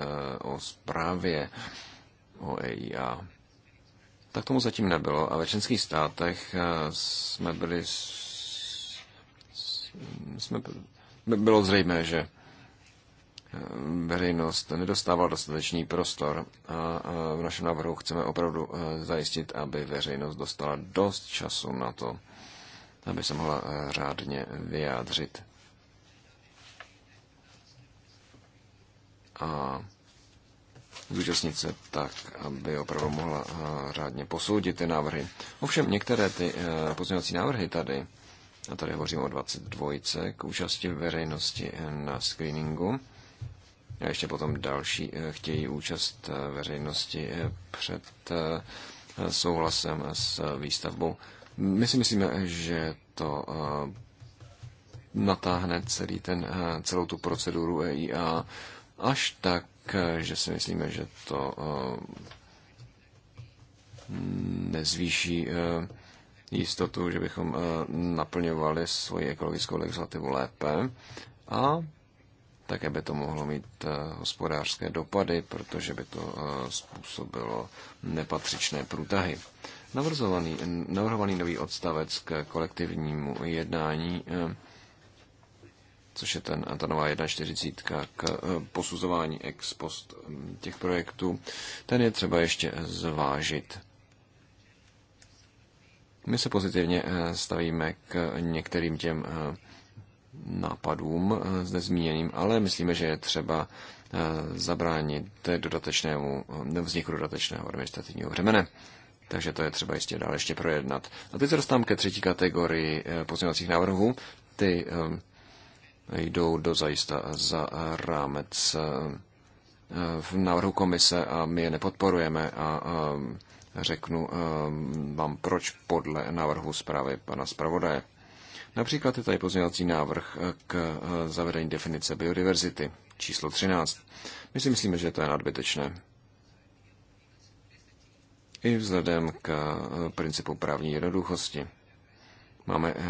o zprávě o EIA. Tak tomu zatím nebylo a ve členských státech eh, jsme byli jsme, bylo zřejmé, že eh, veřejnost nedostávala dostatečný prostor a v našem návrhu chceme opravdu zajistit, aby veřejnost dostala dost času na to, aby se mohla řádně vyjádřit a zúčastnit se tak, aby opravdu mohla eh, řádně posoudit ty návrhy. Ovšem některé ty eh, pozměňovací návrhy tady, a tady hovořím o 22, k účasti veřejnosti eh, na screeningu, a ještě potom další chtějí účast veřejnosti před souhlasem s výstavbou. My si myslíme, že to natáhne celý ten, celou tu proceduru EIA až tak, eh, že si myslíme, že to eh, nezvýší eh, jistotu, že bychom naplňovali svoji ekologickou legislativu lépe a také by to mohlo mít hospodářské dopady, protože by to způsobilo nepatřičné průtahy. Navrhovaný, navrhovaný nový odstavec k kolektivnímu jednání což je ten, ta nová 1.40 k eh, posuzování ex post hm, těch projektů, ten je třeba ještě zvážit. My se pozitivně eh, stavíme k některým těm eh, nápadům zde zmíněným, ale myslíme, že je třeba zabránit dodatečnému, hm, vzniku dodatečného administrativního břemene. Takže to je třeba ještě dále ještě projednat. A teď se dostávám ke třetí kategorii pozměňovacích návrhů. Ty hm, jdou do zajista za rámec eh, v návrhu komise a my je nepodporujeme a eh, řeknu eh, vám proč podle návrhu zprávy pana zpravodaje. Například je tady pozměňovací návrh k zavedení definice biodiverzity číslo 13. My si myslíme, že to je nadbytečné. I vzhledem k principu právní jednoduchosti. Máme eh,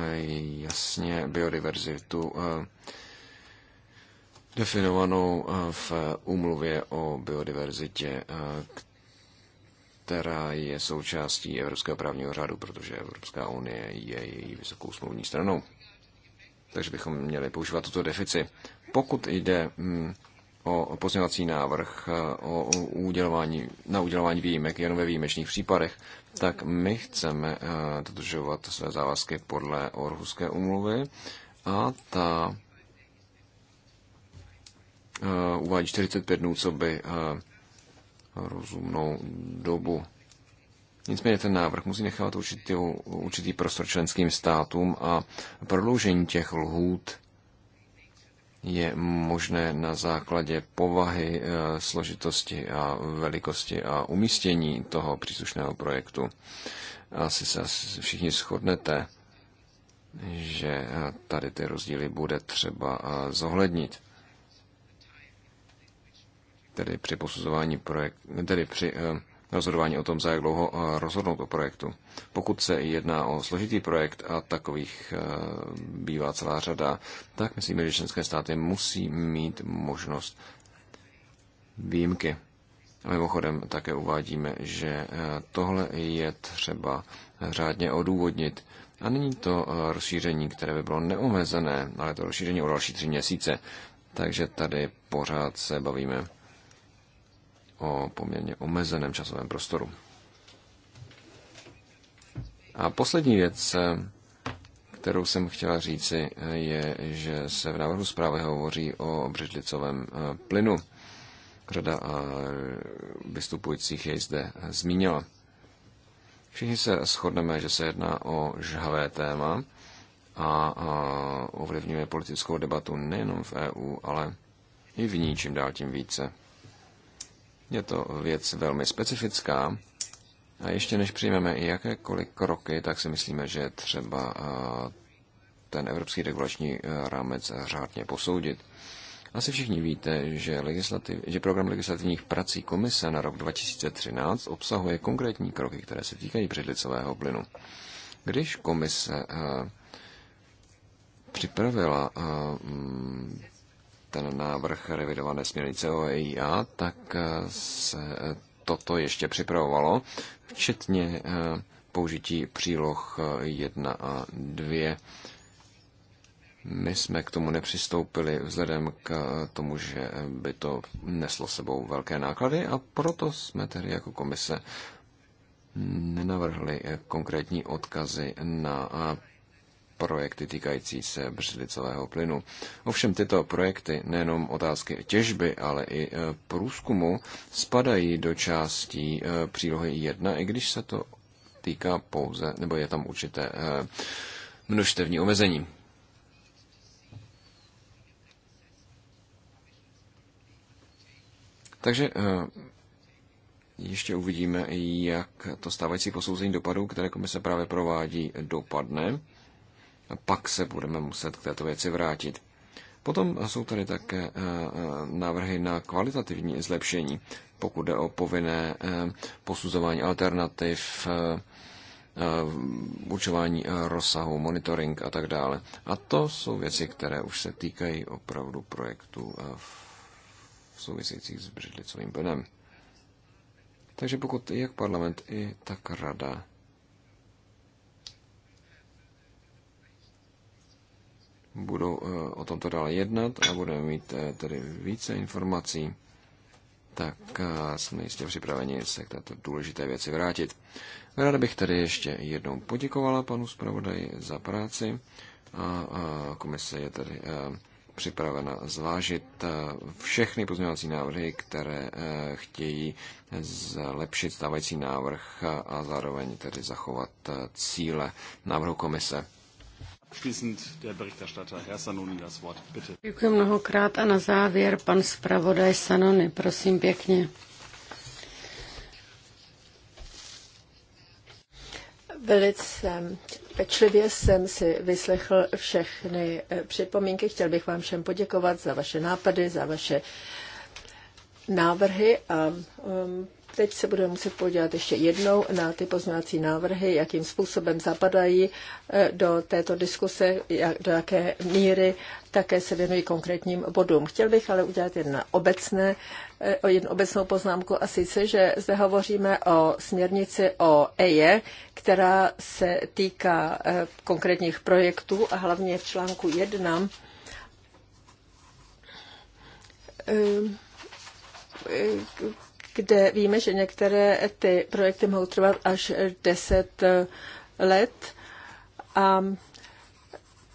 jasně biodiverzitu eh, definovanou eh, v úmluvě o biodiverzitě, která je součástí Evropského právního řádu, protože Evropská unie je její vysokou smluvní stranou. Takže bychom měli používat tuto defici. Pokud jde mm, o pozměňovací návrh o udělování, na udělování výjimek jen ve výjimečných případech, tak my chceme eh, dodržovat své závazky podle Orhuské umluvy a ta eh, uvádí 45 dnů, co by eh, rozumnou dobu. Nicméně ten návrh musí nechávat určitý, určitý prostor členským státům a prodloužení těch lhůt je možné na základě povahy, eh, složitosti a velikosti a umístění toho příslušného projektu. Asi se všichni shodnete, že eh, tady ty rozdíly bude třeba eh, zohlednit. Tedy při posuzování projektu, tedy při eh, rozhodování o tom, za jak dlouho eh, rozhodnout o projektu. Pokud se jedná o složitý projekt a takových eh, bývá celá řada, tak myslíme, že členské státy musí mít možnost výjimky. A mimochodem také uvádíme, že eh, tohle je třeba řádně odůvodnit. A není to rozšíření, které by bylo neomezené, ale to rozšíření o další tři měsíce. Takže tady pořád se bavíme o poměrně omezeném časovém prostoru. A poslední věc, kterou jsem chtěla říci, je, že se v návrhu zprávy hovoří o břidlicovém eh, plynu. Řada eh, vystupujících jej zde zmínila. Všichni se shodneme, že se jedná o žhavé téma a eh, ovlivňuje politickou debatu nejenom v EU, ale i v ní čím dál tím více. Je to věc velmi specifická. A ještě než přijmeme i jakékoliv kroky, tak si myslíme, že třeba ten evropský regulační rámec řádně posoudit. Asi všichni víte, že, legislativ, že program legislativních prací komise na rok 2013 obsahuje konkrétní kroky, které se týkají břidlicového plynu. Když komise připravila ten návrh revidované směrnice o EIA, tak eh, se eh, toto ještě připravovalo, včetně eh, použití příloh 1 a 2. My jsme k tomu nepřistoupili vzhledem k tomu, že by to neslo sebou velké náklady a proto jsme tedy jako komise nenavrhli konkrétní odkazy na projekty týkající se břidlicového plynu. Ovšem tyto projekty, nejenom otázky těžby, ale i e, průzkumu, spadají do částí e, přílohy 1, i když se to týká pouze, nebo je tam určité e, množstevní omezení. Takže ještě uvidíme, jak to stávající posouzení dopadů, které komise právě provádí, dopadne pak se budeme muset k této věci vrátit. Potom jsou tady také eh, eh, návrhy na kvalitativní zlepšení, pokud jde o povinné eh, posuzování alternativ, určování rozsahu, monitoring a tak dále. A to jsou věci, které už se týkají opravdu projektů v souvisejících s břidlicovým plynem. Takže pokud jak parlament, i tak rada budou eh, o tomto dále jednat a budeme mít eh, tedy více informací, tak eh, jsme jistě připraveni se k této důležité věci vrátit. Ráda bych tady ještě jednou poděkovala panu zpravodaji za práci a komise je tedy připravena zvážit všechny pozměňovací návrhy, které chtějí zlepšit stávající návrh a zároveň tedy zachovat cíle návrhu komise. Abschließend der Berichterstatter Herr Sanoni das Wort. Bitte. Děkuji mnohokrát a na závěr pan zpravodaj Sanoni, prosím pěkně. Velice pečlivě jsem si vyslechl všechny eh, připomínky. Chtěl bych vám všem poděkovat za vaše nápady, za vaše návrhy a um, Teď se budeme muset podívat ještě jednou na ty pozměňovací návrhy, jakým způsobem zapadají eh, do této diskuse, jak, do jaké míry také se věnují konkrétním bodům. Chtěl bych ale udělat jedna obecné, eh, o jednu obecnou poznámku a sice, že zde hovoříme o směrnici o EIE, která se týká eh, konkrétních projektů a hlavně v článku 1 kde víme, že některé ty projekty mohou trvat až 10 eh, let a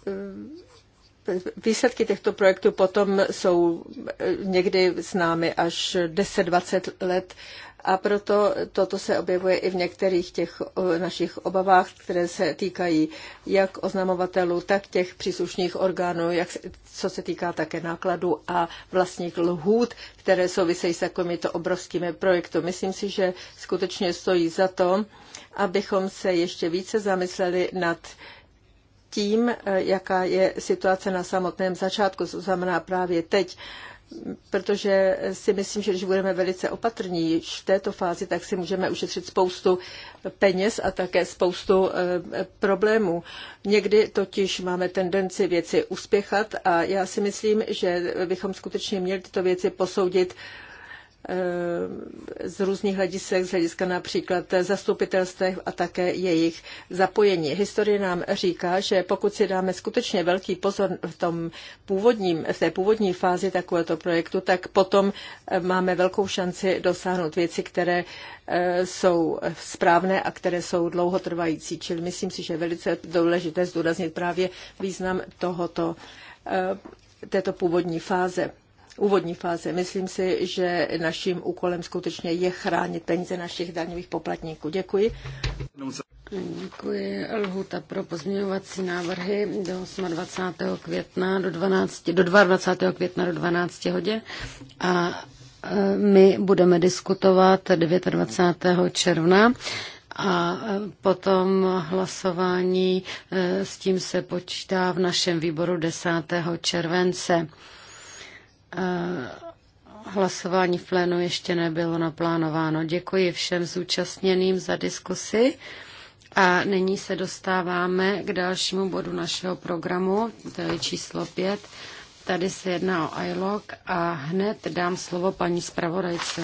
eh, výsledky těchto projektů potom jsou eh, někdy známy až 10-20 let a proto toto se objevuje i v některých těch eh, našich obavách, které se týkají jak oznamovatelů, tak těch příslušných orgánů, jak, co se týká také nákladů a vlastních lhůt, které souvisejí s takovýmito obrovskými projekty. Myslím si, že skutečně stojí za to, abychom se ještě více zamysleli nad tím, eh, jaká je situace na samotném začátku, co znamená právě teď protože si myslím, že když budeme velice opatrní v této fázi, tak si můžeme ušetřit spoustu peněz a také spoustu eh, problémů. Někdy totiž máme tendenci věci uspěchat a já si myslím, že bychom skutečně měli tyto věci posoudit Eh, z různých hledisek, z hlediska například zastupitelstev a také jejich zapojení. Historie nám říká, že pokud si dáme skutečně velký pozor v, tom původním, v té původní fázi takovéto projektu, tak potom eh, máme velkou šanci dosáhnout věci, které eh, jsou správné a které jsou dlouhotrvající. Čili myslím si, že je velice důležité zdůraznit právě význam tohoto této původní fáze úvodní fáze. Myslím si, že naším úkolem skutečně je chránit peníze našich daňových poplatníků. Děkuji. Děkuji. Lhuta pro pozměňovací návrhy do 28. května do 12, do 22. května do 12 hodin a e, my budeme diskutovat 29. června a e, potom hlasování e, s tím se počítá v našem výboru 10. července. Eh, hlasování v plénu ještě nebylo naplánováno. Děkuji všem zúčastněným za diskusy A nyní se dostáváme k dalšímu bodu našeho programu, to je číslo 5. Tady se jedná o ILOG a hned dám slovo paní zpravodajce.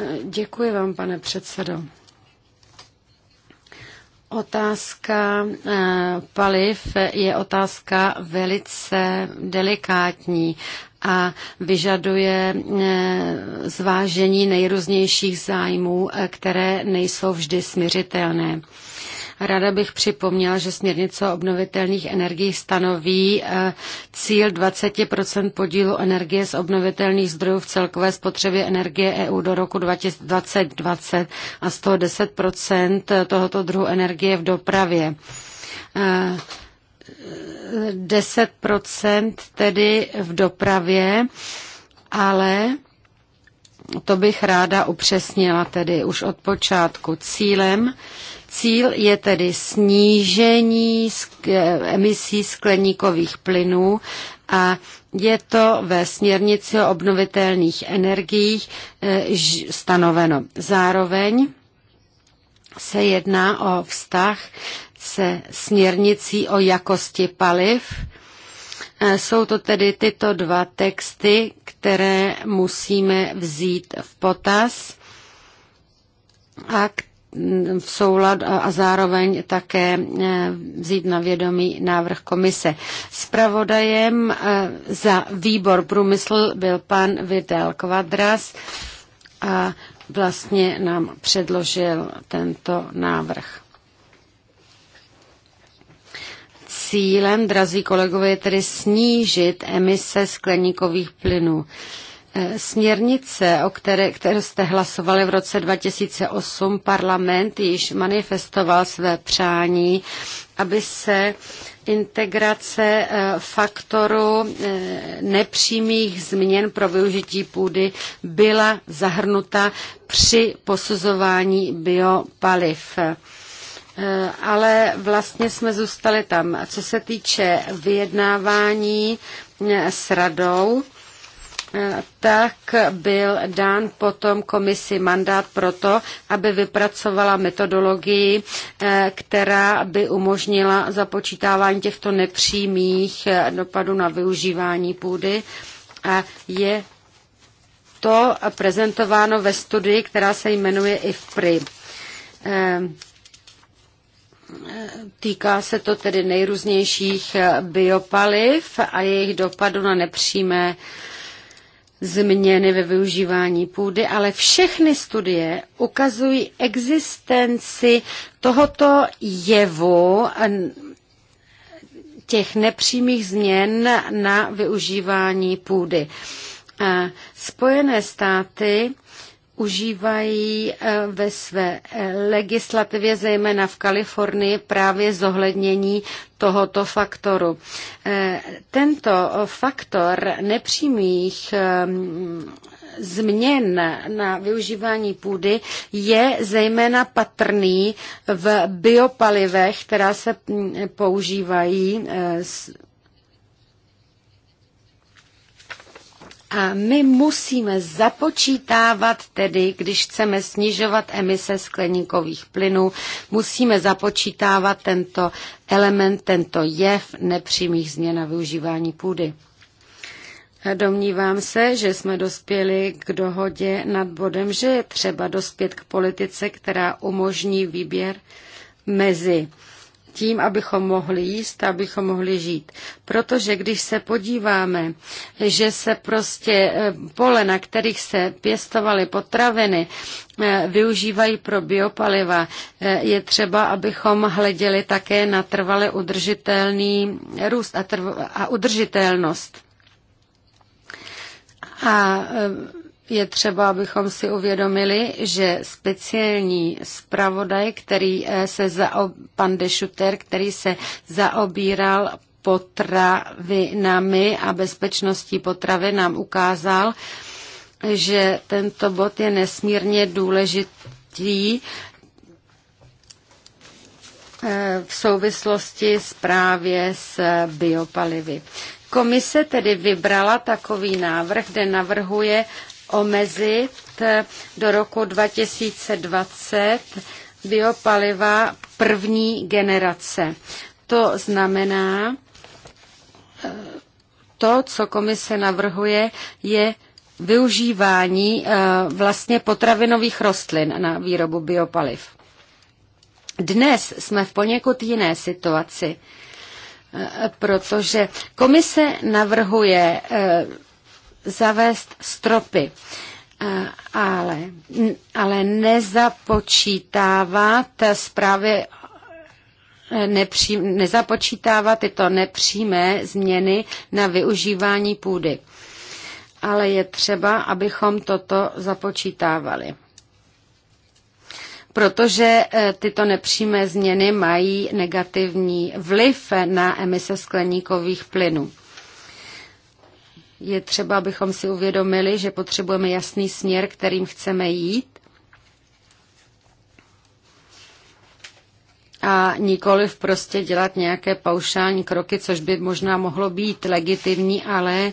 Eh, děkuji vám, pane předsedo. Otázka eh, paliv je otázka velice delikátní a vyžaduje eh, zvážení nejrůznějších zájmů, eh, které nejsou vždy směřitelné. Ráda bych připomněla, že směrnice o obnovitelných energiích stanoví eh, cíl 20% podílu energie z obnovitelných zdrojů v celkové spotřebě energie EU do roku 2020 a z toho 10% tohoto druhu energie v dopravě. 10% eh, tedy v dopravě, ale to bych ráda upřesnila tedy už od počátku. Cílem Cíl je tedy snížení emisí skleníkových plynů a je to ve směrnici o obnovitelných energiích eh, stanoveno. Zároveň se jedná o vztah se směrnicí o jakosti paliv. Eh, jsou to tedy tyto dva texty, které musíme vzít v potaz a které v soulad a zároveň také e, vzít na vědomí návrh komise. Spravodajem e, za výbor průmysl byl pan Vidal Kvadras a vlastně nám předložil tento návrh. Cílem, drazí kolegové, je tedy snížit emise skleníkových plynů. Eh, směrnice, o které, které jste hlasovali v roce 2008, parlament již manifestoval své přání, aby se integrace eh, faktoru eh, nepřímých změn pro využití půdy byla zahrnuta při posuzování biopaliv ale vlastně jsme zůstali tam. Co se týče vyjednávání s radou, tak byl dán potom komisi mandát pro to, aby vypracovala metodologii, eh, která by umožnila započítávání těchto nepřímých eh, dopadů na využívání půdy. A je to prezentováno ve studii, která se jmenuje IFPRI. Eh, týká se to tedy nejrůznějších biopaliv a jejich dopadu na nepřímé uh, změny ve využívání půdy, ale všechny studie ukazují existenci tohoto jevu těch nepřímých změn na využívání půdy. Spojené státy užívají eh, ve své eh, legislativě, zejména v Kalifornii, právě zohlednění tohoto faktoru. Eh, tento faktor nepřímých změn na využívání půdy je zejména patrný v biopalivech, která se mm, používají A my musíme započítávat tedy, když chceme snižovat emise skleníkových plynů, musíme započítávat tento element, tento jev nepřímých změn a využívání půdy. Domnívám se, že jsme dospěli k dohodě nad bodem, že je třeba dospět k politice, která umožní výběr mezi tím, abychom mohli jíst, abychom mohli žít. Protože když se podíváme, že se prostě e, pole, na kterých se pěstovaly potraviny, e, využívají pro biopaliva, e, je třeba, abychom hleděli také na trvale udržitelný růst a, trv- a udržitelnost. A je třeba, abychom si uvědomili, že speciální zpravodaj, který eh, se zaob, pan Dešuter, který se zaobíral potravinami a bezpečností potravy, nám ukázal, že tento bod je nesmírně důležitý eh, v souvislosti s právě s biopalivy. Komise tedy vybrala takový návrh, kde navrhuje omezit do roku 2020 biopaliva první generace. To znamená, to, co komise navrhuje, je využívání eh, vlastně potravinových rostlin na výrobu biopaliv. Dnes jsme v poněkud jiné situaci, eh, protože komise navrhuje eh, zavést stropy, ale, ale nezapočítávat zprávy e, nepřím, nezapočítávat tyto nepřímé změny na využívání půdy. Ale je třeba, abychom toto započítávali. Protože e, tyto nepřímé změny mají negativní vliv na emise skleníkových plynů je třeba, abychom si uvědomili, že potřebujeme jasný směr, kterým chceme jít. A nikoliv prostě dělat nějaké paušální kroky, což by možná mohlo být legitimní, ale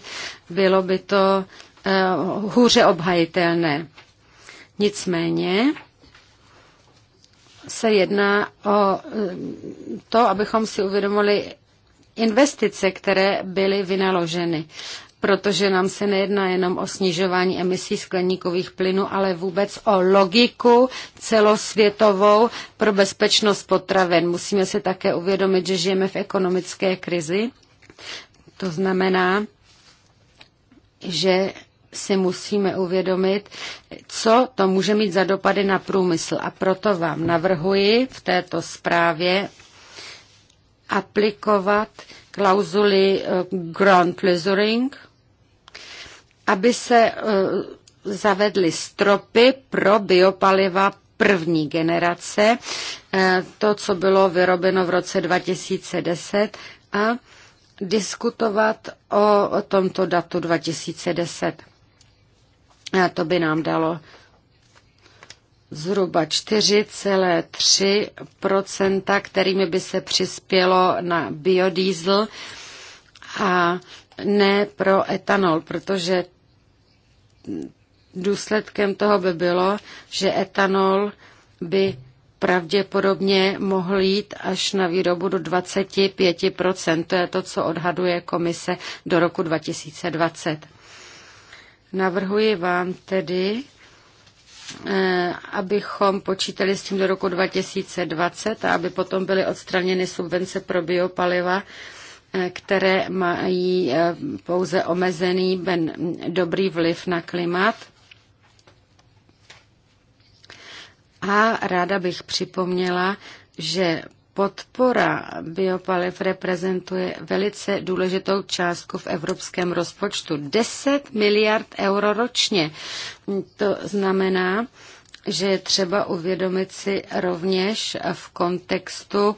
bylo by to uh, hůře obhajitelné. Nicméně se jedná o eh, to, abychom si uvědomili investice, které byly vynaloženy protože nám se nejedná jenom o snižování emisí skleníkových plynů, ale vůbec o logiku celosvětovou pro bezpečnost potravin. Musíme se také uvědomit, že žijeme v ekonomické krizi. To znamená, že si musíme uvědomit, co to může mít za dopady na průmysl. A proto vám navrhuji v této zprávě aplikovat klauzuli eh, Grand Pleasuring, aby se e, zavedly stropy pro biopaliva první generace, e, to, co bylo vyrobeno v roce 2010 a diskutovat o, tomto datu 2010. A to by nám dalo zhruba 4,3%, kterými by se přispělo na biodiesel a ne pro etanol, protože důsledkem toho by bylo, že etanol by pravděpodobně mohl jít až na výrobu do 25%. To je to, co odhaduje komise do roku 2020. Navrhuji vám tedy, eh, abychom počítali s tím do roku 2020 a aby potom byly odstraněny subvence pro biopaliva, které mají eh, pouze omezený ben, dobrý vliv na klimat. A ráda bych připomněla, že podpora biopaliv reprezentuje velice důležitou částku v evropském rozpočtu. 10 miliard euro ročně. To znamená, že je třeba uvědomit si rovněž v kontextu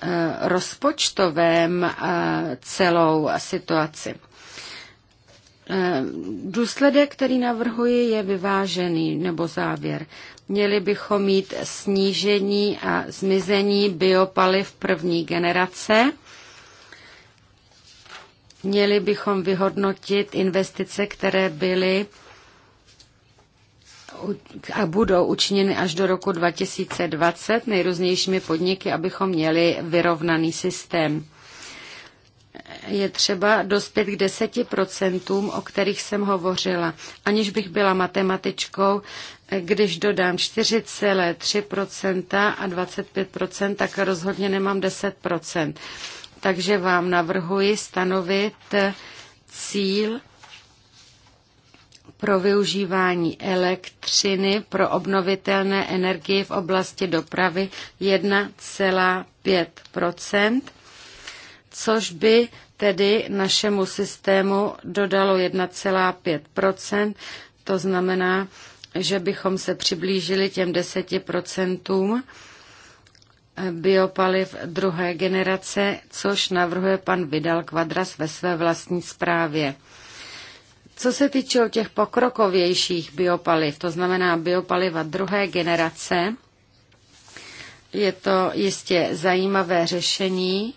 Eh, rozpočtovém eh, celou situaci. Eh, důsledek, který navrhuji, je vyvážený nebo závěr. Měli bychom mít snížení a zmizení biopaliv první generace. Měli bychom vyhodnotit investice, které byly a budou učiněny až do roku 2020 nejrůznějšími podniky, abychom měli vyrovnaný systém. Je třeba dospět k deseti procentům, o kterých jsem hovořila. Aniž bych byla matematičkou, když dodám 4,3% a 25%, tak rozhodně nemám 10%. Takže vám navrhuji stanovit cíl pro využívání elektřiny pro obnovitelné energie v oblasti dopravy 1,5 což by tedy našemu systému dodalo 1,5 to znamená, že bychom se přiblížili těm 10 biopaliv druhé generace, což navrhuje pan Vidal Quadras ve své vlastní zprávě. Co se týče o těch pokrokovějších biopaliv, to znamená biopaliva druhé generace, je to jistě zajímavé řešení,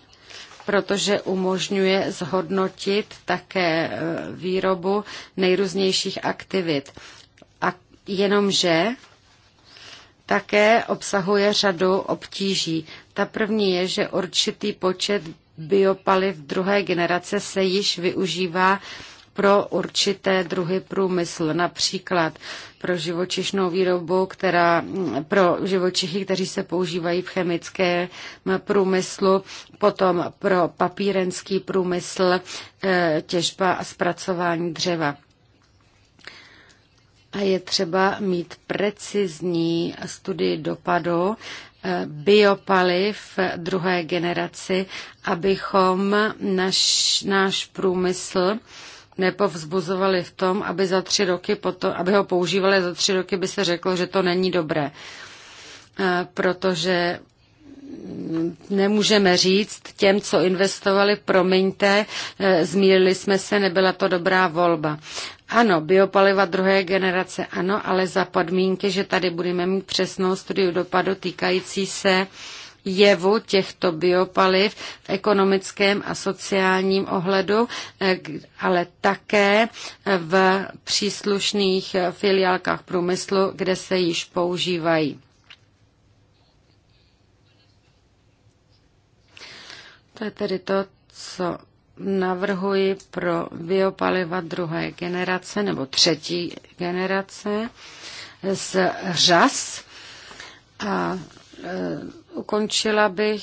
protože umožňuje zhodnotit také e, výrobu nejrůznějších aktivit. A jenomže také obsahuje řadu obtíží. Ta první je, že určitý počet biopaliv druhé generace se již využívá pro určité druhy průmysl, například pro živočišnou výrobu, která pro živočichy, kteří se používají v chemickém průmyslu, potom pro papírenský průmysl, eh, těžba a zpracování dřeva. A je třeba mít precizní studii dopadu eh, biopaliv druhé generaci, abychom naš, náš průmysl nepovzbuzovali v tom, aby, za tři roky potom, aby ho používali za tři roky, by se řeklo, že to není dobré. Eh, protože nemůžeme říct těm, co investovali, promiňte, eh, zmírili jsme se, nebyla to dobrá volba. Ano, biopaliva druhé generace, ano, ale za podmínky, že tady budeme mít přesnou studiu dopadu týkající se uh, jevu těchto biopaliv v ekonomickém a sociálním ohledu, eh, ale také v příslušných filiálkách průmyslu, kde se již používají. To je tedy to, co navrhuji pro biopaliva druhé generace nebo třetí generace z řas. A, e, ukončila bych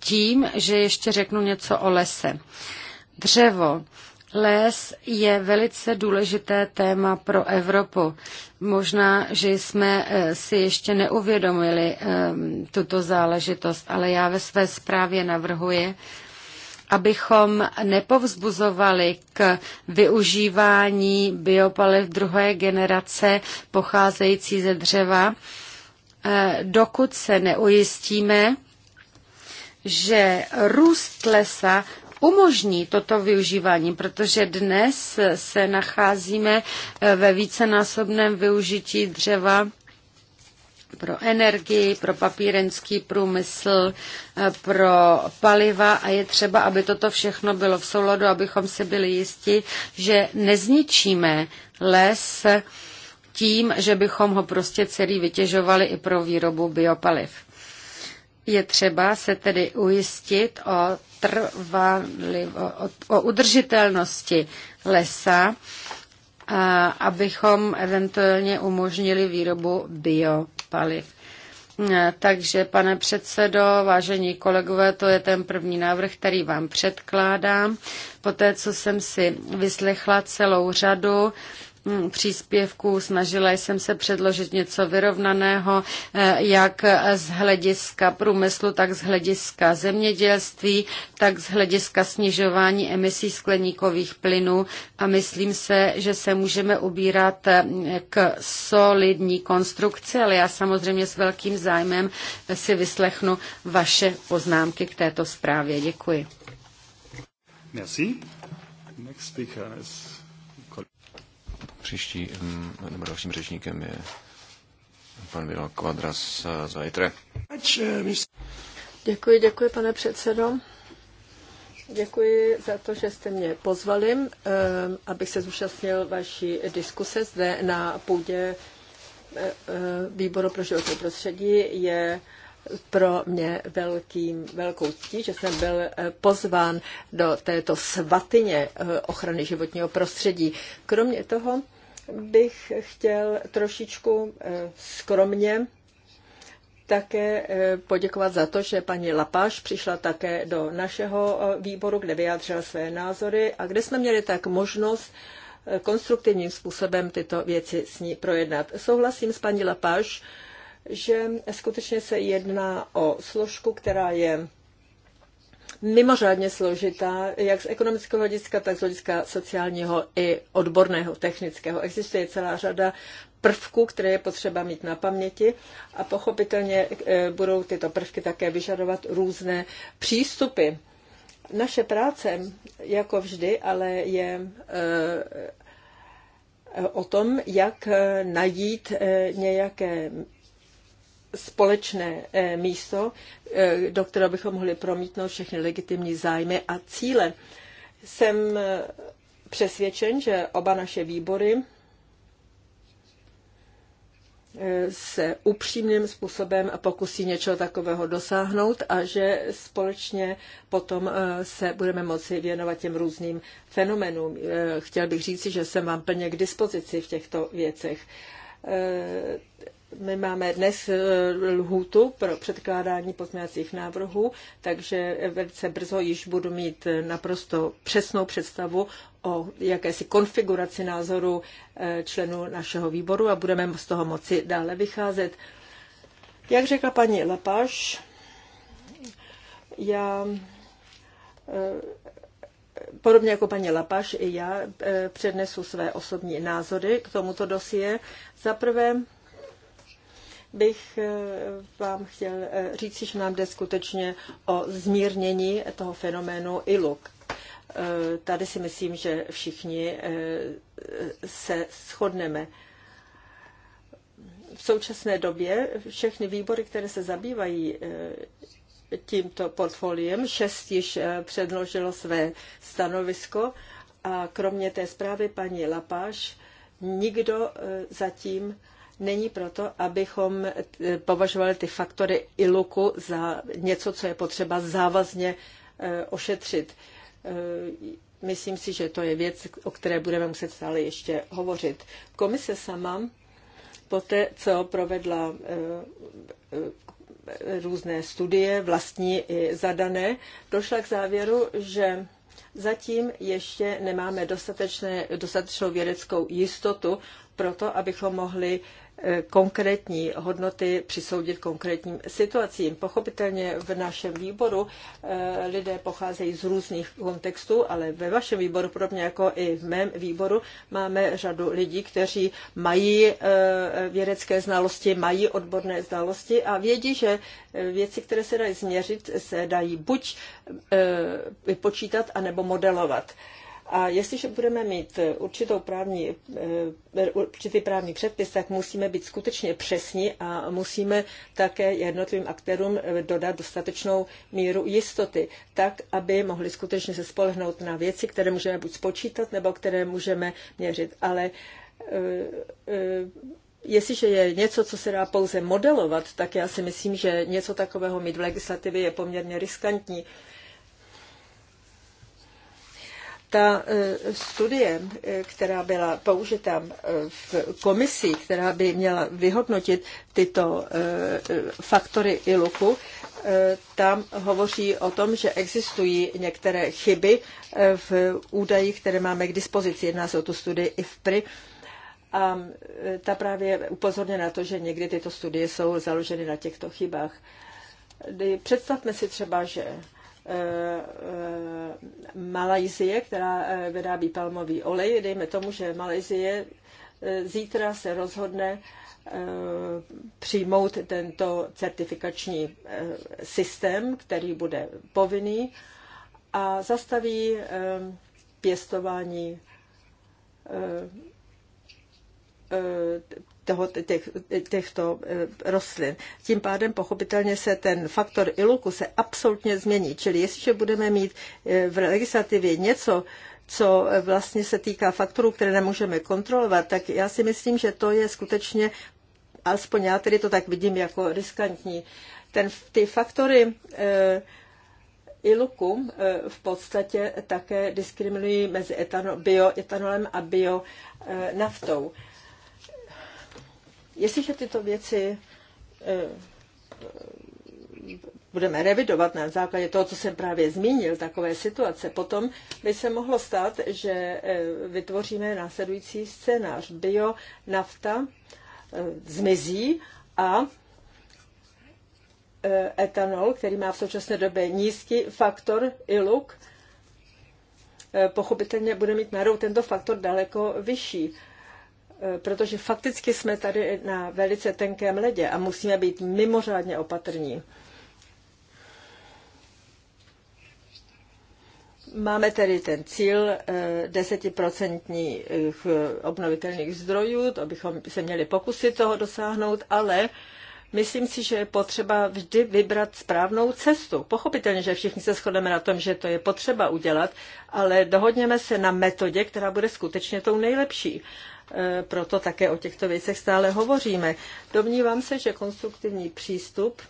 tím, že ještě řeknu něco o lese. Dřevo. Les je velice důležité téma pro Evropu. Možná, že jsme eh, si ještě neuvědomili eh, tuto záležitost, ale já ve své zprávě navrhuji, abychom nepovzbuzovali k využívání biopaliv druhé generace pocházející ze dřeva, Eh, dokud se neujistíme, že růst lesa umožní toto využívání, protože dnes se nacházíme eh, ve vícenásobném využití dřeva pro energii, pro papírenský průmysl, eh, pro paliva a je třeba, aby toto všechno bylo v souladu, abychom si byli jisti, že nezničíme les, tím, že bychom ho prostě celý vytěžovali i pro výrobu biopaliv. Je třeba se tedy ujistit o, trvali, o, o udržitelnosti lesa, a, abychom eventuálně umožnili výrobu biopaliv. E, takže, pane předsedo, vážení kolegové, to je ten první návrh, který vám předkládám. Poté, co jsem si vyslechla celou řadu Mm, příspěvků. Snažila jsem se předložit něco vyrovnaného, eh, jak z hlediska průmyslu, tak z hlediska zemědělství, tak z hlediska snižování emisí skleníkových plynů a myslím se, že se můžeme ubírat eh, k solidní konstrukci, ale já samozřejmě s velkým zájmem si vyslechnu vaše poznámky k této zprávě. Děkuji. Merci. Next speaker is Příští mm, nebo dalším řečníkem je pan Vila Kvadras z Vajtre. Děkuji, děkuji, pane předsedo. Děkuji za to, že jste mě pozvali, eh, abych se zúčastnil vaší diskuse zde na půdě eh, eh, výboru pro životní prostředí. Je pro mě velkým, velkou ctí, že jsem byl pozván do této svatyně ochrany životního prostředí. Kromě toho bych chtěl trošičku eh, skromně také eh, poděkovat za to, že paní Lapáš přišla také do našeho eh, výboru, kde vyjádřila své názory a kde jsme měli tak možnost konstruktivním způsobem tyto věci s ní projednat. Souhlasím s paní Lapáš, že skutečně se jedná o složku, která je mimořádně složitá, jak z ekonomického hlediska, tak z hlediska sociálního i odborného, technického. Existuje celá řada prvků, které je potřeba mít na paměti a pochopitelně eh, budou tyto prvky také vyžadovat různé přístupy. Naše práce, jako vždy, ale je eh, o tom, jak eh, najít nějaké společné eh, místo, eh, do kterého bychom mohli promítnout všechny legitimní zájmy a cíle. Jsem eh, přesvědčen, že oba naše výbory se upřímným způsobem pokusí něčeho takového dosáhnout a že společně potom se budeme moci věnovat těm různým fenomenům. Chtěl bych říci, že jsem vám plně k dispozici v těchto věcech. My máme dnes eh, lhůtu pro předkládání pozměňovacích návrhů, takže velice brzo již budu mít naprosto přesnou představu o jakési konfiguraci názoru eh, členů našeho výboru a budeme z toho moci dále vycházet. Jak řekla paní Lapáš, já eh, podobně jako paní Lapaš i já přednesu své osobní názory k tomuto dosie. Za prvé, bych eh, vám chtěl eh, říct, že nám jde skutečně o zmírnění toho fenoménu iluk. Eh, tady si myslím, že všichni se shodneme. V současné době všechny výbory, které se zabývají tímto portfoliem, šest již předložilo své stanovisko a kromě té zprávy paní Lapáš nikdo zatím není proto, abychom eh, považovali ty faktory luku za něco, co je potřeba závazně eh, ošetřit. Eh, myslím si, že to je věc, o které budeme muset stále ještě hovořit. Komise sama, poté co provedla různé studie, vlastní i zadané, došla k závěru, že zatím ještě nemáme dostatečné, dostatečnou vědeckou jistotu pro to, abychom mohli konkrétní hodnoty přisoudit konkrétním situacím. Pochopitelně v našem výboru eh, lidé pocházejí z různých kontextů, ale ve vašem výboru, podobně jako i v mém výboru, máme řadu lidí, kteří mají eh, vědecké znalosti, mají odborné znalosti a vědí, že eh, věci, které se dají změřit, se dají buď vypočítat, anebo modelovat. A jestliže budeme mít eh, určitou právní, eh, eh, určitý právní předpis, tak musíme být skutečně přesní a musíme také jednotlivým aktérům dodat dostatečnou míru jistoty, tak, aby mohli skutečně se spolehnout na věci, které můžeme buď spočítat, nebo které můžeme měřit. Ale jestliže je něco, co se dá pouze modelovat, tak já si myslím, že něco takového mít v legislativě je poměrně riskantní ta e, studie, e, která byla použita e, v komisi, která by měla vyhodnotit tyto faktory ILUKu, tam hovoří o tom, že existují některé chyby v údajích, které máme k dispozici. Jedná se o tu studii IFPRI. A ta právě upozorně na to, že někdy tyto studie jsou založeny na těchto chybách. Představme si třeba, že Eh, eh, Malajzie, která eh, vyrábí palmový olej. Dejme tomu, že Malajzie zítra se rozhodne přijmout tento certifikační systém, který bude povinný a zastaví pěstování toho, těch, těchto eh, rostlin. Tím pádem pochopitelně se ten faktor iluku se absolutně změní. Čili jestliže budeme mít eh, v legislativě něco, co eh, vlastně se týká faktorů, které nemůžeme kontrolovat, tak já si myslím, že to je skutečně, alespoň já tedy to tak vidím jako riskantní. Ten, ty faktory e, iluku e, v podstatě také diskriminují mezi etano, bioetanolem a bionaftou. E, Jestliže tyto věci eh, budeme revidovat na základě toho, co jsem právě zmínil, takové situace, potom by se mohlo stát, že eh, vytvoříme následující scénář. Bio nafta eh, zmizí a etanol, který má v současné době nízký faktor iluk, pochopitelně bude mít najednou tento faktor daleko vyšší. Eh, protože fakticky jsme tady na velice tenkém ledě a musíme být mimořádně opatrní. Máme tedy ten cíl eh, desetiprocentních eh, obnovitelných zdrojů, to bychom se měli pokusit toho dosáhnout, ale myslím si, že je potřeba vždy vybrat správnou cestu. Pochopitelně, že všichni se shodneme na tom, že to je potřeba udělat, ale dohodněme se na metodě, která bude skutečně tou nejlepší. E, proto také o těchto věcech stále hovoříme. Domnívám se, že konstruktivní přístup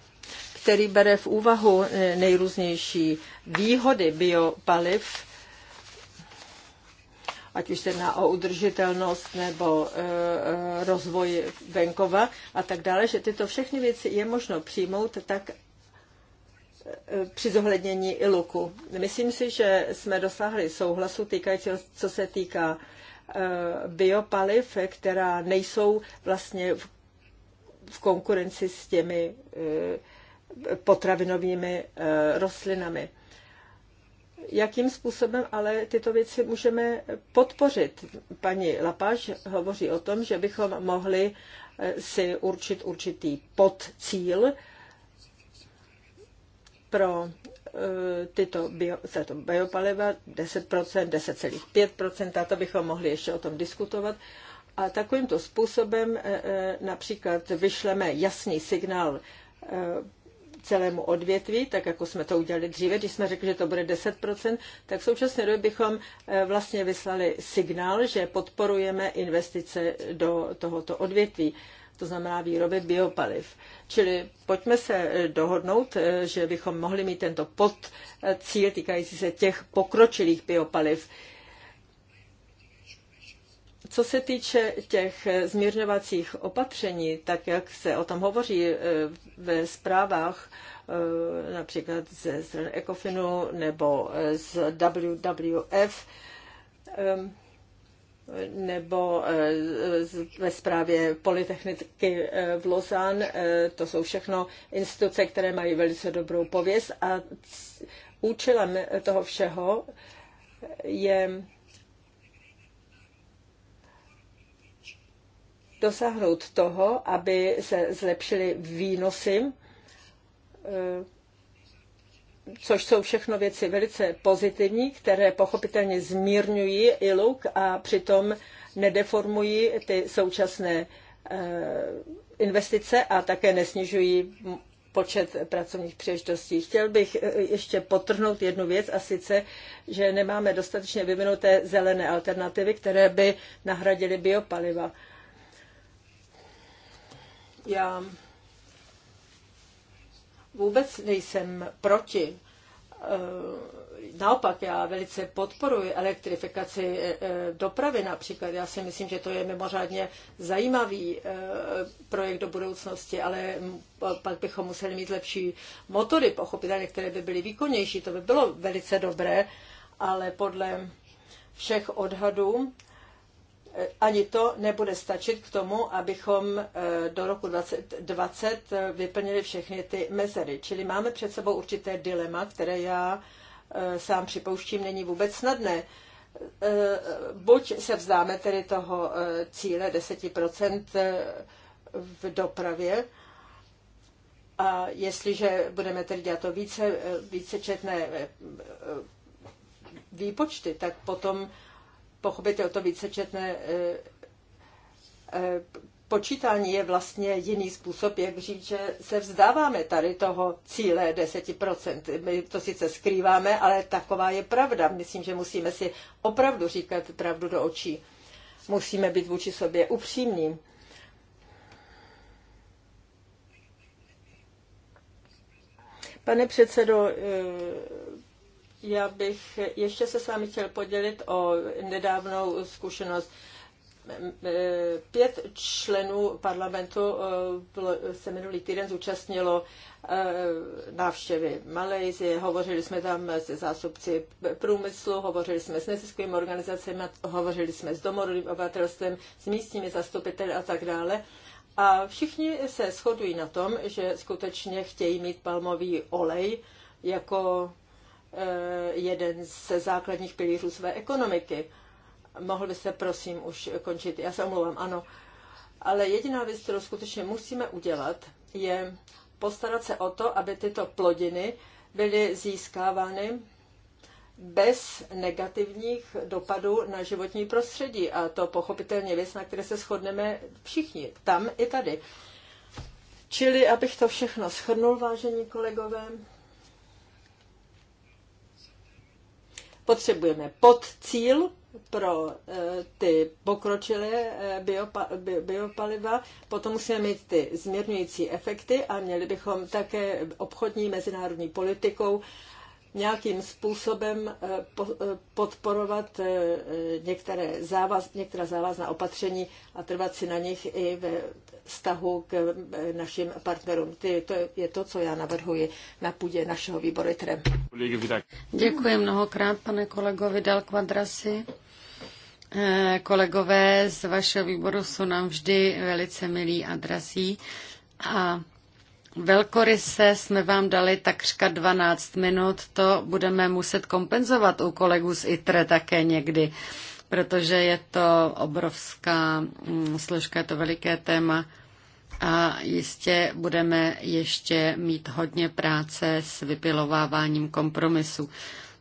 který bere v úvahu e, nejrůznější výhody biopaliv, ať už se jedná o udržitelnost nebo e, e, rozvoj venkova a tak dále, že tyto všechny věci je možno přijmout tak při zohlednění i luku. Myslím si, že jsme dosáhli souhlasu týkajícího, co se týká Eh, biopaliv, která nejsou vlastně v konkurenci s těmi eh, potravinovými eh, rostlinami. Jakým způsobem ale tyto věci můžeme podpořit? Paní Lapáš hovoří o tom, že bychom mohli si určit určitý podcíl pro Eh, tyto bio, za to biopaliva 10%, 10,5%, to bychom mohli ještě o tom diskutovat. A takovýmto způsobem eh, eh, například vyšleme jasný signál celému odvětví, tak jako jsme to udělali dříve, když jsme řekli, že to bude 10%, tak v současné době bychom vlastně vyslali signál, že podporujeme investice do tohoto odvětví to znamená výroby biopaliv. Čili pojďme se dohodnout, eh, že bychom mohli mít tento pod eh, cíl týkající se těch pokročilých biopaliv. Co se týče těch eh, zmírňovacích opatření, tak jak se o tom hovoří ve zprávách, například ze strany Ecofinu nebo z WWF, nebo eh, ve zprávě Polytechniky eh, v Lozán. Eh, to jsou všechno instituce, které mají velice dobrou pověst a účelem toho všeho je dosáhnout toho, aby se zlepšily výnosy což jsou všechno věci velice pozitivní, které pochopitelně zmírňují luk a přitom nedeformují ty současné eh, investice a také nesnižují počet pracovních příležitostí. Chtěl bych eh, ještě potrhnout jednu věc a sice, že nemáme dostatečně vyvinuté zelené alternativy, které by nahradily biopaliva. Já vůbec nejsem proti. E, naopak, já velice podporuji elektrifikaci e, e, dopravy například. Já si myslím, že to je mimořádně zajímavý projekt do budoucnosti, ale pak bychom museli mít lepší motory, pochopitelně, které by byly výkonnější. To by bylo velice dobré, ale podle všech odhadů ani to nebude stačit k tomu, abychom eh, do roku 2020 eh, vyplnili všechny ty mezery. Čili máme před sebou určité dilema, které já eh, sám připouštím, není vůbec snadné. Buď se vzdáme tedy toho cíle 10% v dopravě, a jestliže budeme tedy dělat to více, vícečetné výpočty, tak potom pochopit o to vícečetné eh, eh, počítání je vlastně jiný způsob, jak říct, že se vzdáváme tady toho cíle 10%. My to sice skrýváme, ale taková je pravda. Myslím, že musíme si opravdu říkat pravdu do očí. Musíme být vůči sobě upřímní. Pane předsedo, eh, já bych ještě se s vámi chtěl podělit o nedávnou zkušenost. Pět členů parlamentu eh, se minulý týden zúčastnilo eh, návštěvy Malézie. hovořili jsme tam se zástupci průmyslu, hovořili jsme s neziskovými organizacemi, hovořili jsme s domorodým obyvatelstvem, s místními zastupiteli a tak dále. A všichni se shodují na tom, že skutečně chtějí mít palmový olej jako Eh, jeden ze základních pilířů své ekonomiky. Mohl byste, prosím, už končit? Já se omlouvám, ano. Ale jediná věc, kterou skutečně musíme udělat, je postarat se o to, aby tyto plodiny byly získávány bez negativních dopadů na životní prostředí. A to pochopitelně věc, na které se shodneme všichni, tam i tady. Čili, abych to všechno shrnul, vážení kolegové, Potřebujeme podcíl pro eh, ty pokročilé eh, biopaliva, potom musíme mít ty změrňující efekty a měli bychom také obchodní mezinárodní politikou nějakým způsobem eh, eh, podporovat eh, některé závaz, některá závazná opatření a trvat si na nich i ve vztahu k našim partnerům. Ty, to je to, co já navrhuji na půdě našeho výboru TREM. Děkuji mnohokrát, pane kolego Vidal Quadrasi. Kolegové z vašeho výboru jsou nám vždy velice milí a drazí. A Velkoryse jsme vám dali takřka 12 minut, to budeme muset kompenzovat u kolegů z ITRE také někdy, protože je to obrovská mm, složka, je to veliké téma a jistě budeme ještě mít hodně práce s vypilováváním kompromisu.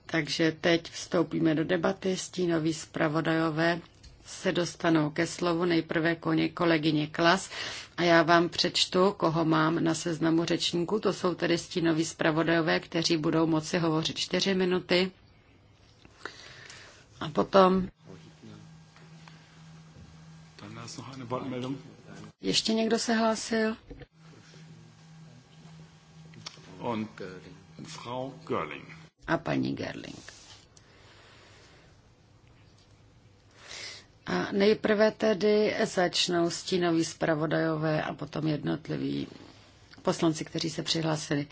Takže teď vstoupíme do debaty stínoví zpravodajové se dostanou ke slovu nejprve koně kolegyně Klas a já vám přečtu, koho mám na seznamu řečníků. To jsou tedy stínoví zpravodajové, kteří budou moci hovořit čtyři minuty. A potom... Ještě někdo se hlásil? A paní Gerling. A nejprve tedy začnou stínoví zpravodajové a potom jednotliví poslanci, kteří se přihlásili.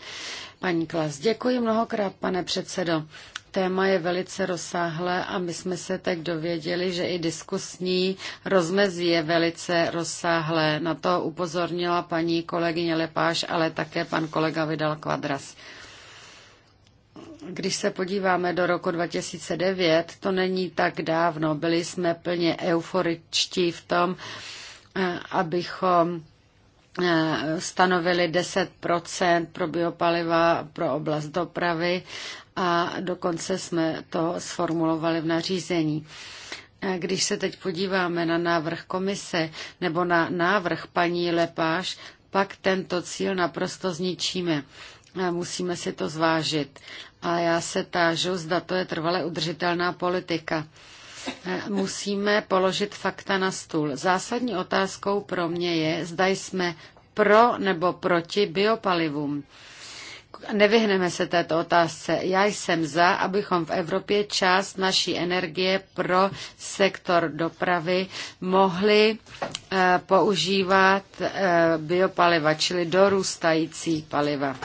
Paní Klas, děkuji mnohokrát, pane předsedo. Téma je velice rozsáhlé a my jsme se tak dověděli, že i diskusní rozmezí je velice rozsáhlé. Na to upozornila paní kolegyně Lepáš, ale také pan kolega Vydal Kvadras. Když se podíváme do roku 2009, to není tak dávno. Byli jsme plně euforičtí v tom, eh, abychom eh, stanovili 10 pro biopaliva pro oblast dopravy a dokonce jsme to sformulovali v nařízení. Eh, když se teď podíváme na návrh komise nebo na návrh paní Lepáš, pak tento cíl naprosto zničíme. Musíme si to zvážit. A já se tážu, zda to je trvale udržitelná politika. Eh, musíme položit fakta na stůl. Zásadní otázkou pro mě je, zda jsme pro nebo proti biopalivům. Nevyhneme se této otázce. Já jsem za, abychom v Evropě část naší energie pro sektor dopravy mohli eh, používat eh, biopaliva, čili dorůstající paliva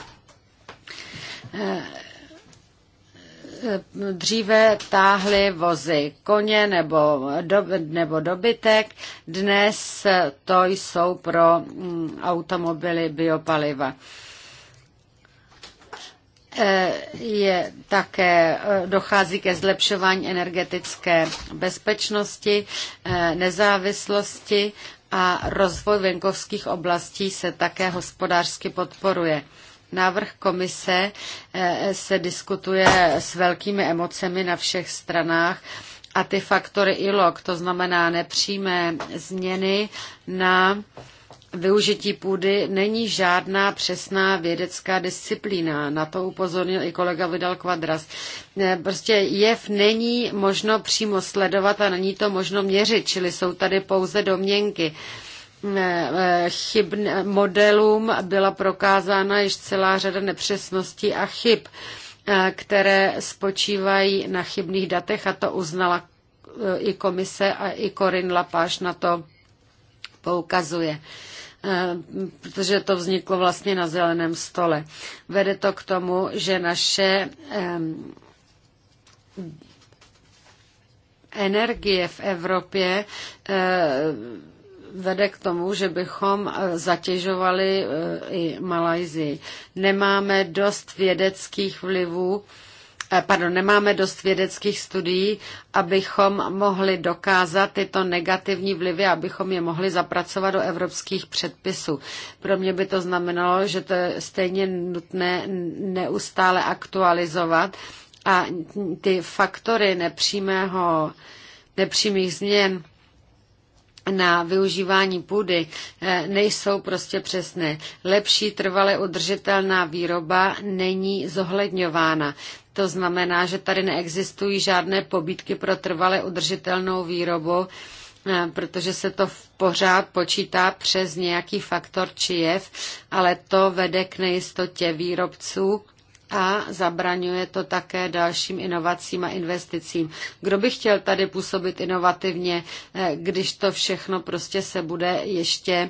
dříve táhly vozy koně nebo, do, nebo dobytek, dnes to jsou pro mm, automobily biopaliva e, je také e, dochází ke zlepšování energetické bezpečnosti, e, nezávislosti a rozvoj venkovských oblastí se také hospodářsky podporuje. Návrh komise eh, se diskutuje s velkými emocemi na všech stranách a ty faktory ILOG, to znamená nepřímé změny na využití půdy není žádná přesná vědecká disciplína. Na to upozornil i kolega Vidal Quadras. Eh, prostě jev není možno přímo sledovat a není to možno měřit, čili jsou tady pouze domněnky. Eh, eh, chybn, modelům byla prokázána již celá řada nepřesností a chyb, eh, které spočívají na chybných datech a to uznala i komise a i Corinne Lapáš na to poukazuje protože to vzniklo vlastně na zeleném stole. Vede to k tomu, že naše energie v Evropě vede k tomu, že bychom eh, zatěžovali eh, i Malajzii. Nemáme dost vědeckých vlivů, eh, pardon, nemáme dost vědeckých studií, abychom mohli dokázat tyto negativní vlivy, abychom je mohli zapracovat do evropských předpisů. Pro mě by to znamenalo, že to je stejně nutné neustále aktualizovat a ty faktory nepřímého, nepřímých změn na využívání půdy eh, nejsou prostě přesné. Lepší trvale udržitelná výroba není zohledňována. To znamená, že tady neexistují žádné pobídky pro trvale udržitelnou výrobu, eh, protože se to pořád počítá přes nějaký faktor či jev, ale to vede k nejistotě výrobců a zabraňuje to také dalším inovacím a investicím. Kdo by chtěl tady působit inovativně, eh, když to všechno prostě se bude ještě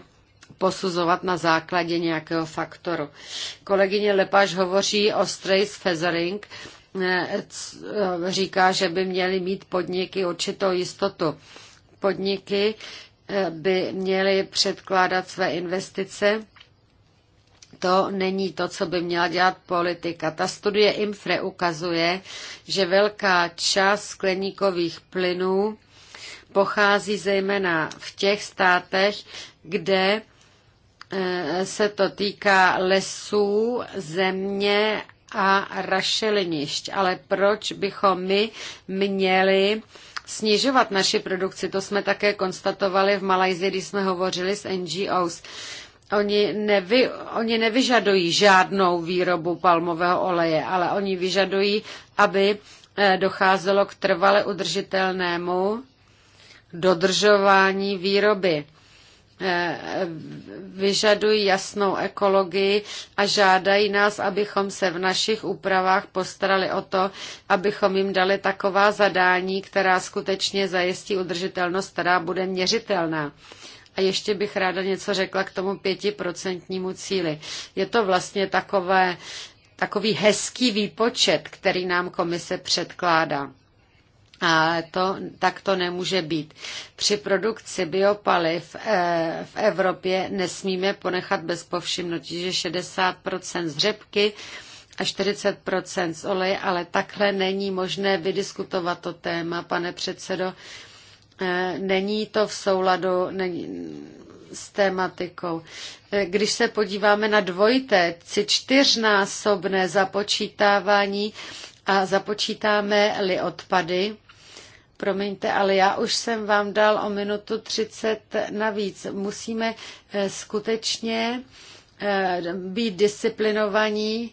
posuzovat na základě nějakého faktoru. Kolegyně Lepáš hovoří o strace feathering, eh, eh, říká, že by měly mít podniky určitou jistotu. Podniky by měly předkládat své investice to není to, co by měla dělat politika. Ta studie Infre ukazuje, že velká část skleníkových plynů pochází zejména v těch státech, kde eh, se to týká lesů, země a rašelinišť. Ale proč bychom my měli snižovat naši produkci? To jsme také konstatovali v Malajzii, když jsme hovořili s NGOs. Oni, nevy, oni nevyžadují žádnou výrobu palmového oleje, ale oni vyžadují, aby eh, docházelo k trvale udržitelnému dodržování výroby. Eh, vyžadují jasnou ekologii a žádají nás, abychom se v našich úpravách postarali o to, abychom jim dali taková zadání, která skutečně zajistí udržitelnost, která bude měřitelná. A ještě bych ráda něco řekla k tomu pětiprocentnímu cíli. Je to vlastně takové, takový hezký výpočet, který nám komise předkládá. A to, tak to nemůže být. Při produkci biopaliv eh, v Evropě nesmíme ponechat bez povšimnutí, že 60% z řepky a 40% z oleje, ale takhle není možné vydiskutovat to téma, pane předsedo. E, není to v souladu není, s tématikou. E, když se podíváme na dvojité, čtyřnásobné započítávání a započítáme-li odpady, Promiňte, ale já už jsem vám dal o minutu 30 navíc. Musíme e, skutečně být disciplinovaní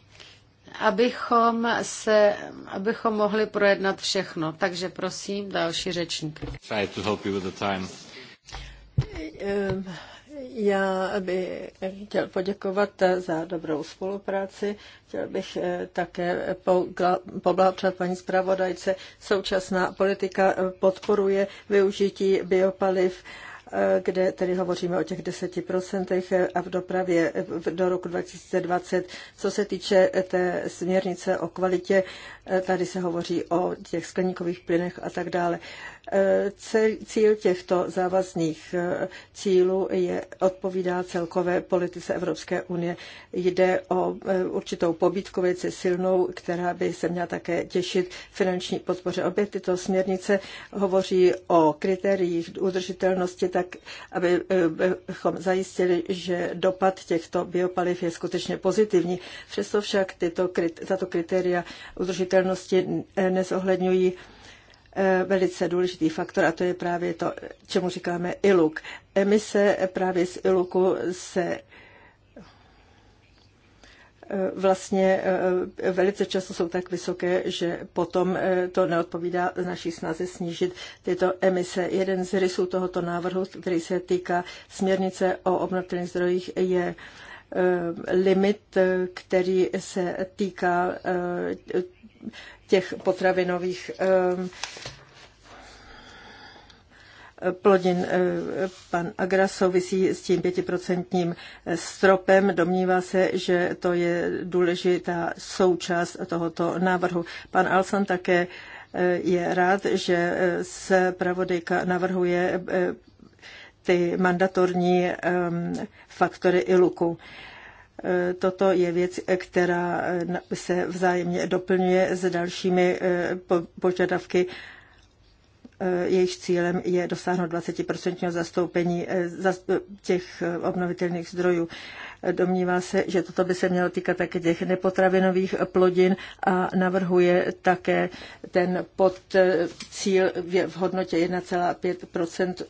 abychom, se, abychom mohli projednat všechno. Takže prosím, další řečník. Eh, já bych chtěl poděkovat za dobrou spolupráci. Chtěl bych eh, také poblahopřát paní zpravodajce. Současná politika eh, podporuje využití biopaliv kde tedy hovoříme o těch 10% a v dopravě do roku 2020. Co se týče té směrnice o kvalitě, eh, tady se hovoří o těch skleníkových plynech a tak dále. Cíl těchto závazných eh, cílů je, odpovídá celkové politice Evropské unie. Jde o eh, určitou pobítku věci silnou, která by se měla také těšit finanční podpoře. Obě tyto směrnice hovoří o kritériích udržitelnosti, tak eh, bychom zajistili, že dopad těchto biopaliv je skutečně pozitivní. Přesto však tyto, tato kritéria udržitelnosti nezohledňují Eh, velice důležitý faktor a to je právě to, čemu říkáme ILUK. Emise právě z ILUKu se eh, vlastně eh, velice často jsou tak vysoké, že potom to neodpovídá naší snaze snížit tyto emise. Jeden z rysů tohoto návrhu, který se týká směrnice o obnovitelných zdrojích, je limit, který se týká těch potravinových plodin pan Agra souvisí s tím pětiprocentním stropem. Domnívá se, že to je důležitá součást tohoto návrhu. Pan Alsan také eh, je rád, že eh, se pravodejka navrhuje eh, ty mandatorní faktory iluku. luku. Eh, toto je věc, eh, která eh, se vzájemně doplňuje s dalšími požadavky. Jejich cílem je dosáhnout 20% zastoupení těch obnovitelných zdrojů. Domnívá se, že toto by se mělo týkat také těch nepotravinových plodin a navrhuje také ten pod cíl v hodnotě 1,5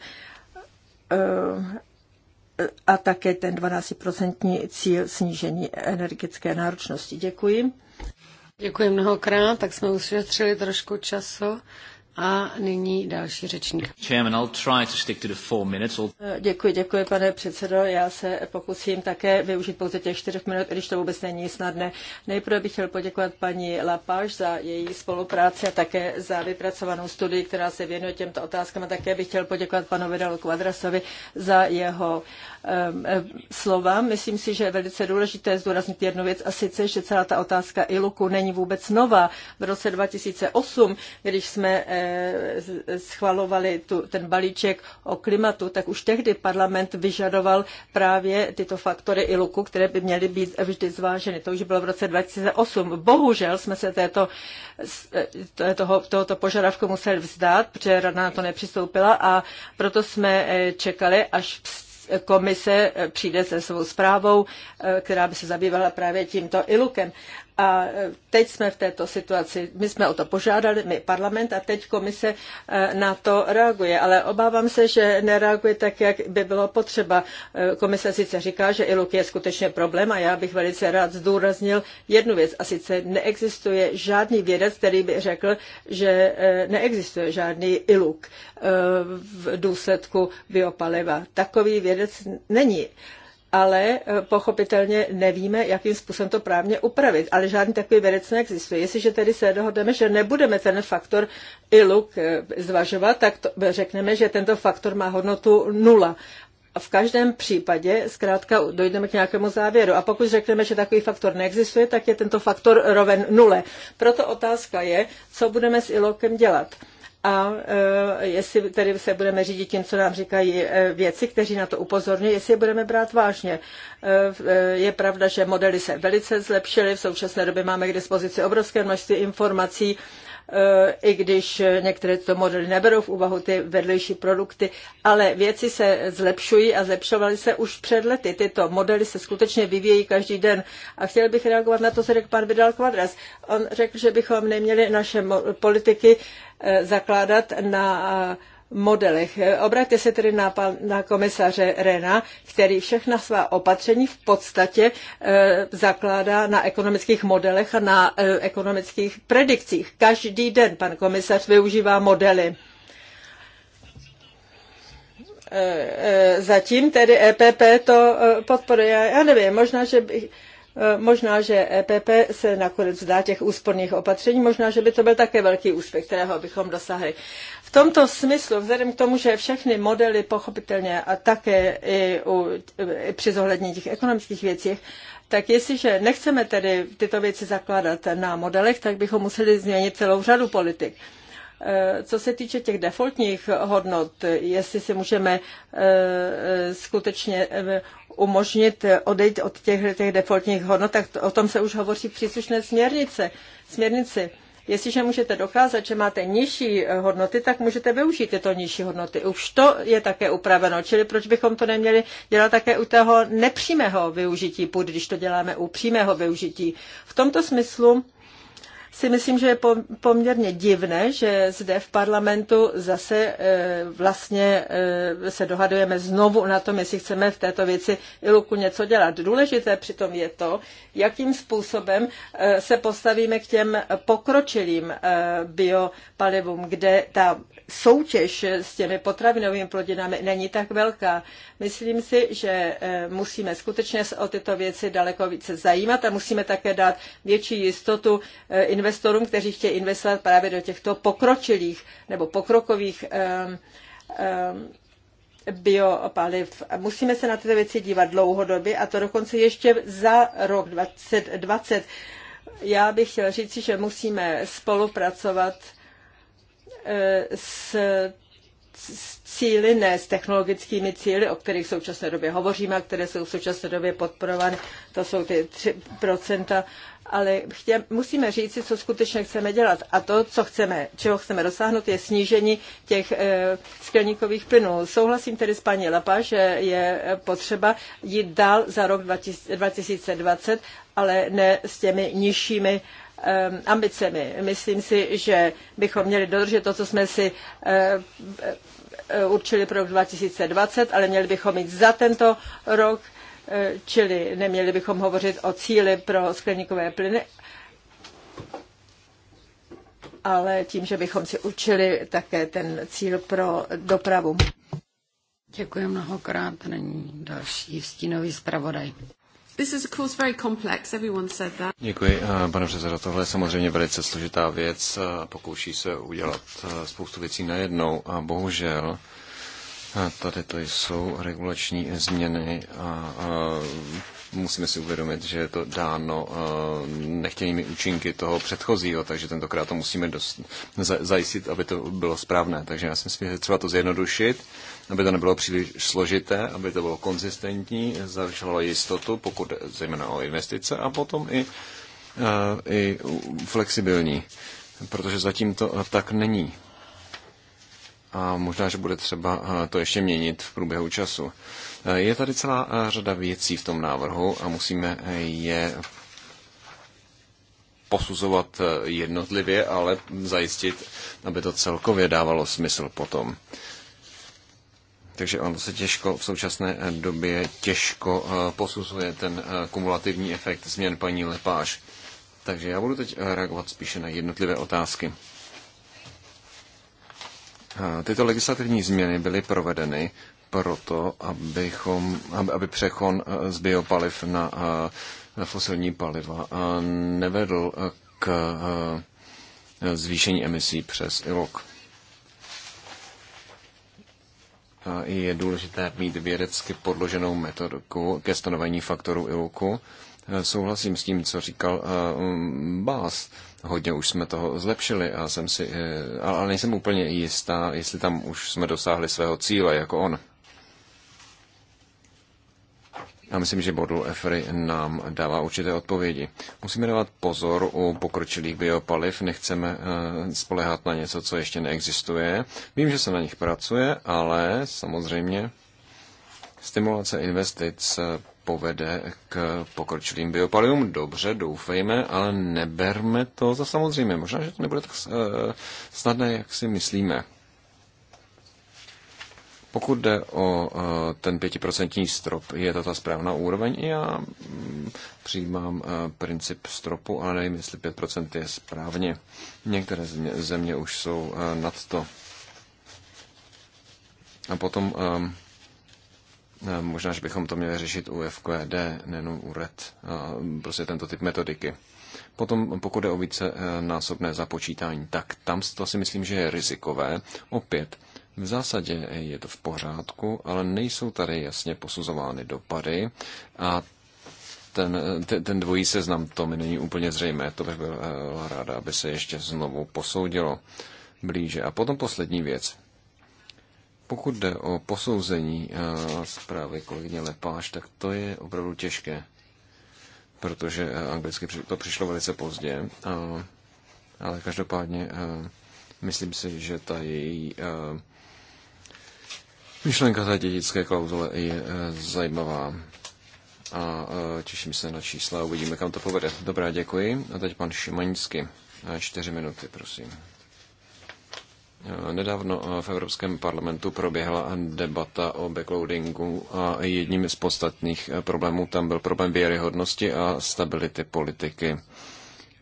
a také ten 12% cíl snížení energetické náročnosti. Děkuji. Děkuji mnohokrát, tak jsme ušetřili trošku času. A nyní další řečník. Chairman, I'll try to stick to the four minutes. Eh, děkuji, děkuji, pane předsedo. Já se pokusím také využít pouze těch čtyř minut, když to vůbec není snadné. Nejprve bych chtěl poděkovat paní Lapáš za její spolupráci a také za vypracovanou studii, která se věnuje těmto otázkám. A také bych chtěl poděkovat panu Vidalu Kvadrasovi za jeho uh, Ehm, ehm, slova. Myslím si, že je velice důležité zdůraznit jednu věc a sice, že celá ta otázka iluku není vůbec nová. V roce 2008, když jsme eh, schvalovali tu, ten balíček o klimatu, tak už tehdy parlament vyžadoval právě tyto faktory iluku, které by měly být vždy zváženy. To už bylo v roce 2008. Bohužel jsme se této, eh, toho, tohoto požadavku museli vzdát, protože rada na to nepřistoupila a proto jsme eh, čekali, až komise přijde se svou zprávou, eh, která by se zabývala právě tímto ilukem. A teď jsme v této situaci. My jsme o to požádali, my parlament, a teď komise e, na to reaguje. Ale obávám se, že nereaguje tak, jak by bylo potřeba. E, komise sice říká, že ILUK je skutečně problém a já bych velice rád zdůraznil jednu věc. A sice neexistuje žádný vědec, který by řekl, že e, neexistuje žádný ILUK v důsledku biopaliva. Takový vědec není ale eh, pochopitelně nevíme, jakým způsobem to právně upravit. Ale žádný takový vědec neexistuje. Jestliže tedy se dohodneme, že nebudeme ten faktor luk eh, zvažovat, tak to, eh, řekneme, že tento faktor má hodnotu nula. V každém případě zkrátka dojdeme k nějakému závěru. A pokud řekneme, že takový faktor neexistuje, tak je tento faktor roven nule. Proto otázka je, co budeme s ilokem dělat a e, jestli tedy se budeme řídit tím, co nám říkají e, věci, kteří na to upozorňují, jestli je budeme brát vážně. E, je pravda, že modely se velice zlepšily, v současné době máme k dispozici obrovské množství informací, Eh, i když některé to modely neberou v úvahu ty vedlejší produkty, ale věci se zlepšují a zlepšovaly se už před lety. Tyto modely se skutečně vyvíjí každý den. A chtěl bych reagovat na to, co řekl pan Vidal Quadras. On řekl, že bychom neměli naše politiky eh, zakládat na modelech. Obraťte se tedy na, na komisaře Rena, který všechna svá opatření v podstatě e, zakládá na ekonomických modelech a na e, ekonomických predikcích. Každý den pan komisař využívá modely. E, zatím tedy EPP to podporuje. Já nevím, možná, že by, Možná, že EPP se nakonec vzdá těch úsporných opatření, možná, že by to byl také velký úspěch, kterého bychom dosáhli tomto smyslu, vzhledem k tomu, že všechny modely pochopitelně a také i, u, i při zohlednění těch ekonomických věcí, tak jestliže nechceme tedy tyto věci zakládat na modelech, tak bychom museli změnit celou řadu politik. Eh, co se týče těch defaultních hodnot, jestli si můžeme eh, skutečně eh, umožnit odejít od těch, těch defaultních hodnot, tak o tom se už hovoří v příslušné směrnice, směrnici. Jestliže můžete dokázat, že máte nižší eh, hodnoty, tak můžete využít tyto nižší hodnoty. Už to je také upraveno, čili proč bychom to neměli dělat také u toho nepřímého využití půdy, když to děláme u přímého využití. V tomto smyslu si myslím, že je poměrně divné, že zde v parlamentu zase eh, vlastně eh, se dohadujeme znovu na tom, jestli chceme v této věci Iluku něco dělat. Důležité přitom je to, jakým způsobem eh, se postavíme k těm pokročilým biopalivům, kde ta soutěž s těmi potravinovými plodinami není tak velká. Myslím si, že eh, musíme skutečně o tyto věci daleko více zajímat a musíme také dát větší jistotu eh, investorům, kteří chtějí investovat právě do těchto pokročilých nebo pokrokových eh, biopaliv. Musíme se na tyto věci dívat dlouhodobě a to dokonce ještě za rok 2020. Já bych chtěla říci, že musíme spolupracovat Eh, s cíly, ne s technologickými cíly, o kterých v současné době hovoříme a které jsou v současné době podporovány, to jsou ty 3%, ale chtě, musíme říci, co skutečně chceme dělat. A to, co chceme, čeho chceme dosáhnout, je snížení těch e, skleníkových plynů. Souhlasím tedy s paní Lapa, že je potřeba jít dál za rok 2020, ale ne s těmi nižšími Ehm, ambicemi. Myslím si, že bychom měli dodržet to, co jsme si ehm, e, určili pro rok 2020, ale měli bychom mít za tento rok, e, čili neměli bychom hovořit o cíli pro skleníkové plyny, ale tím, že bychom si určili také ten cíl pro dopravu. Děkuji mnohokrát. Není další stínový zpravodaj. Děkuji, pane předsedo. Tohle je samozřejmě velice složitá věc a eh, pokouší se udělat eh, spoustu věcí najednou. A bohužel eh, tady to jsou regulační změny a musíme si uvědomit, že je to dáno nechtěnými účinky toho předchozího, takže tentokrát to musíme dost zajistit, aby to bylo správné. Takže já si myslím, že třeba to zjednodušit aby to nebylo příliš složité, aby to bylo konzistentní, zaručovalo jistotu, pokud zejména o investice a potom i, eh, i flexibilní, protože zatím to tak není. A možná, že bude třeba eh, to ještě měnit v průběhu času. Eh, je tady celá řada věcí v tom návrhu a musíme je posuzovat jednotlivě, ale zajistit, aby to celkově dávalo smysl potom. Takže on se těžko v současné eh, době těžko eh, posuzuje ten eh, kumulativní efekt změn paní Lepáš. Takže já budu teď reagovat spíše na jednotlivé otázky. Tyto legislativní změny byly provedeny proto, abychom, aby přechon z biopaliv na fosilní paliva nevedl k zvýšení emisí přes ILOK. je důležité mít vědecky podloženou metodiku ke stanovení faktoru iluku. E, souhlasím s tím, co říkal e, um, Bás. Hodně už jsme toho zlepšili, a jsem si, e, ale nejsem úplně jistá, jestli tam už jsme dosáhli svého cíle, jako on. Já myslím, že bodl Efry nám dává určité odpovědi. Musíme dávat pozor u pokročilých biopaliv, nechceme eh, spolehat na něco, co ještě neexistuje. Vím, že se na nich pracuje, ale samozřejmě stimulace investic eh, povede k pokročilým biopalivům. Dobře, doufejme, ale neberme to za samozřejmé. Možná, že to nebude tak eh, snadné, jak si myslíme. Pokud jde o e, ten pětiprocentní strop, je to ta správná úroveň? Já mm, přijímám e, princip stropu, ale nevím, jestli 5% je správně. Některé země, už jsou e, nad to. A potom možná, že bychom to měli řešit u FQD, nejenom u RED, prostě tento typ metodiky. Potom, pokud jde o více násobné započítání, tak tam to si myslím, že je rizikové. Opět, v zásadě je to v pořádku, ale nejsou tady jasně posuzovány dopady a ten, ten, ten dvojí seznam, to mi není úplně zřejmé, to bych byl eh, ráda, aby se ještě znovu posoudilo blíže. A potom poslední věc. Pokud jde o posouzení eh, zprávy kolegyně Lepáš, tak to je opravdu těžké, protože eh, anglicky to přišlo velice pozdě, ale každopádně myslím si, že ta její Myšlenka té dědické klauzule je eh, zajímavá a eh, těším se na čísla a uvidíme, kam to povede. Dobrá, děkuji. A teď pan Šimaňský. Eh, čtyři minuty, prosím. Nedávno v Evropském parlamentu proběhla debata o backloadingu a jedním z podstatných problémů tam byl problém věryhodnosti a stability politiky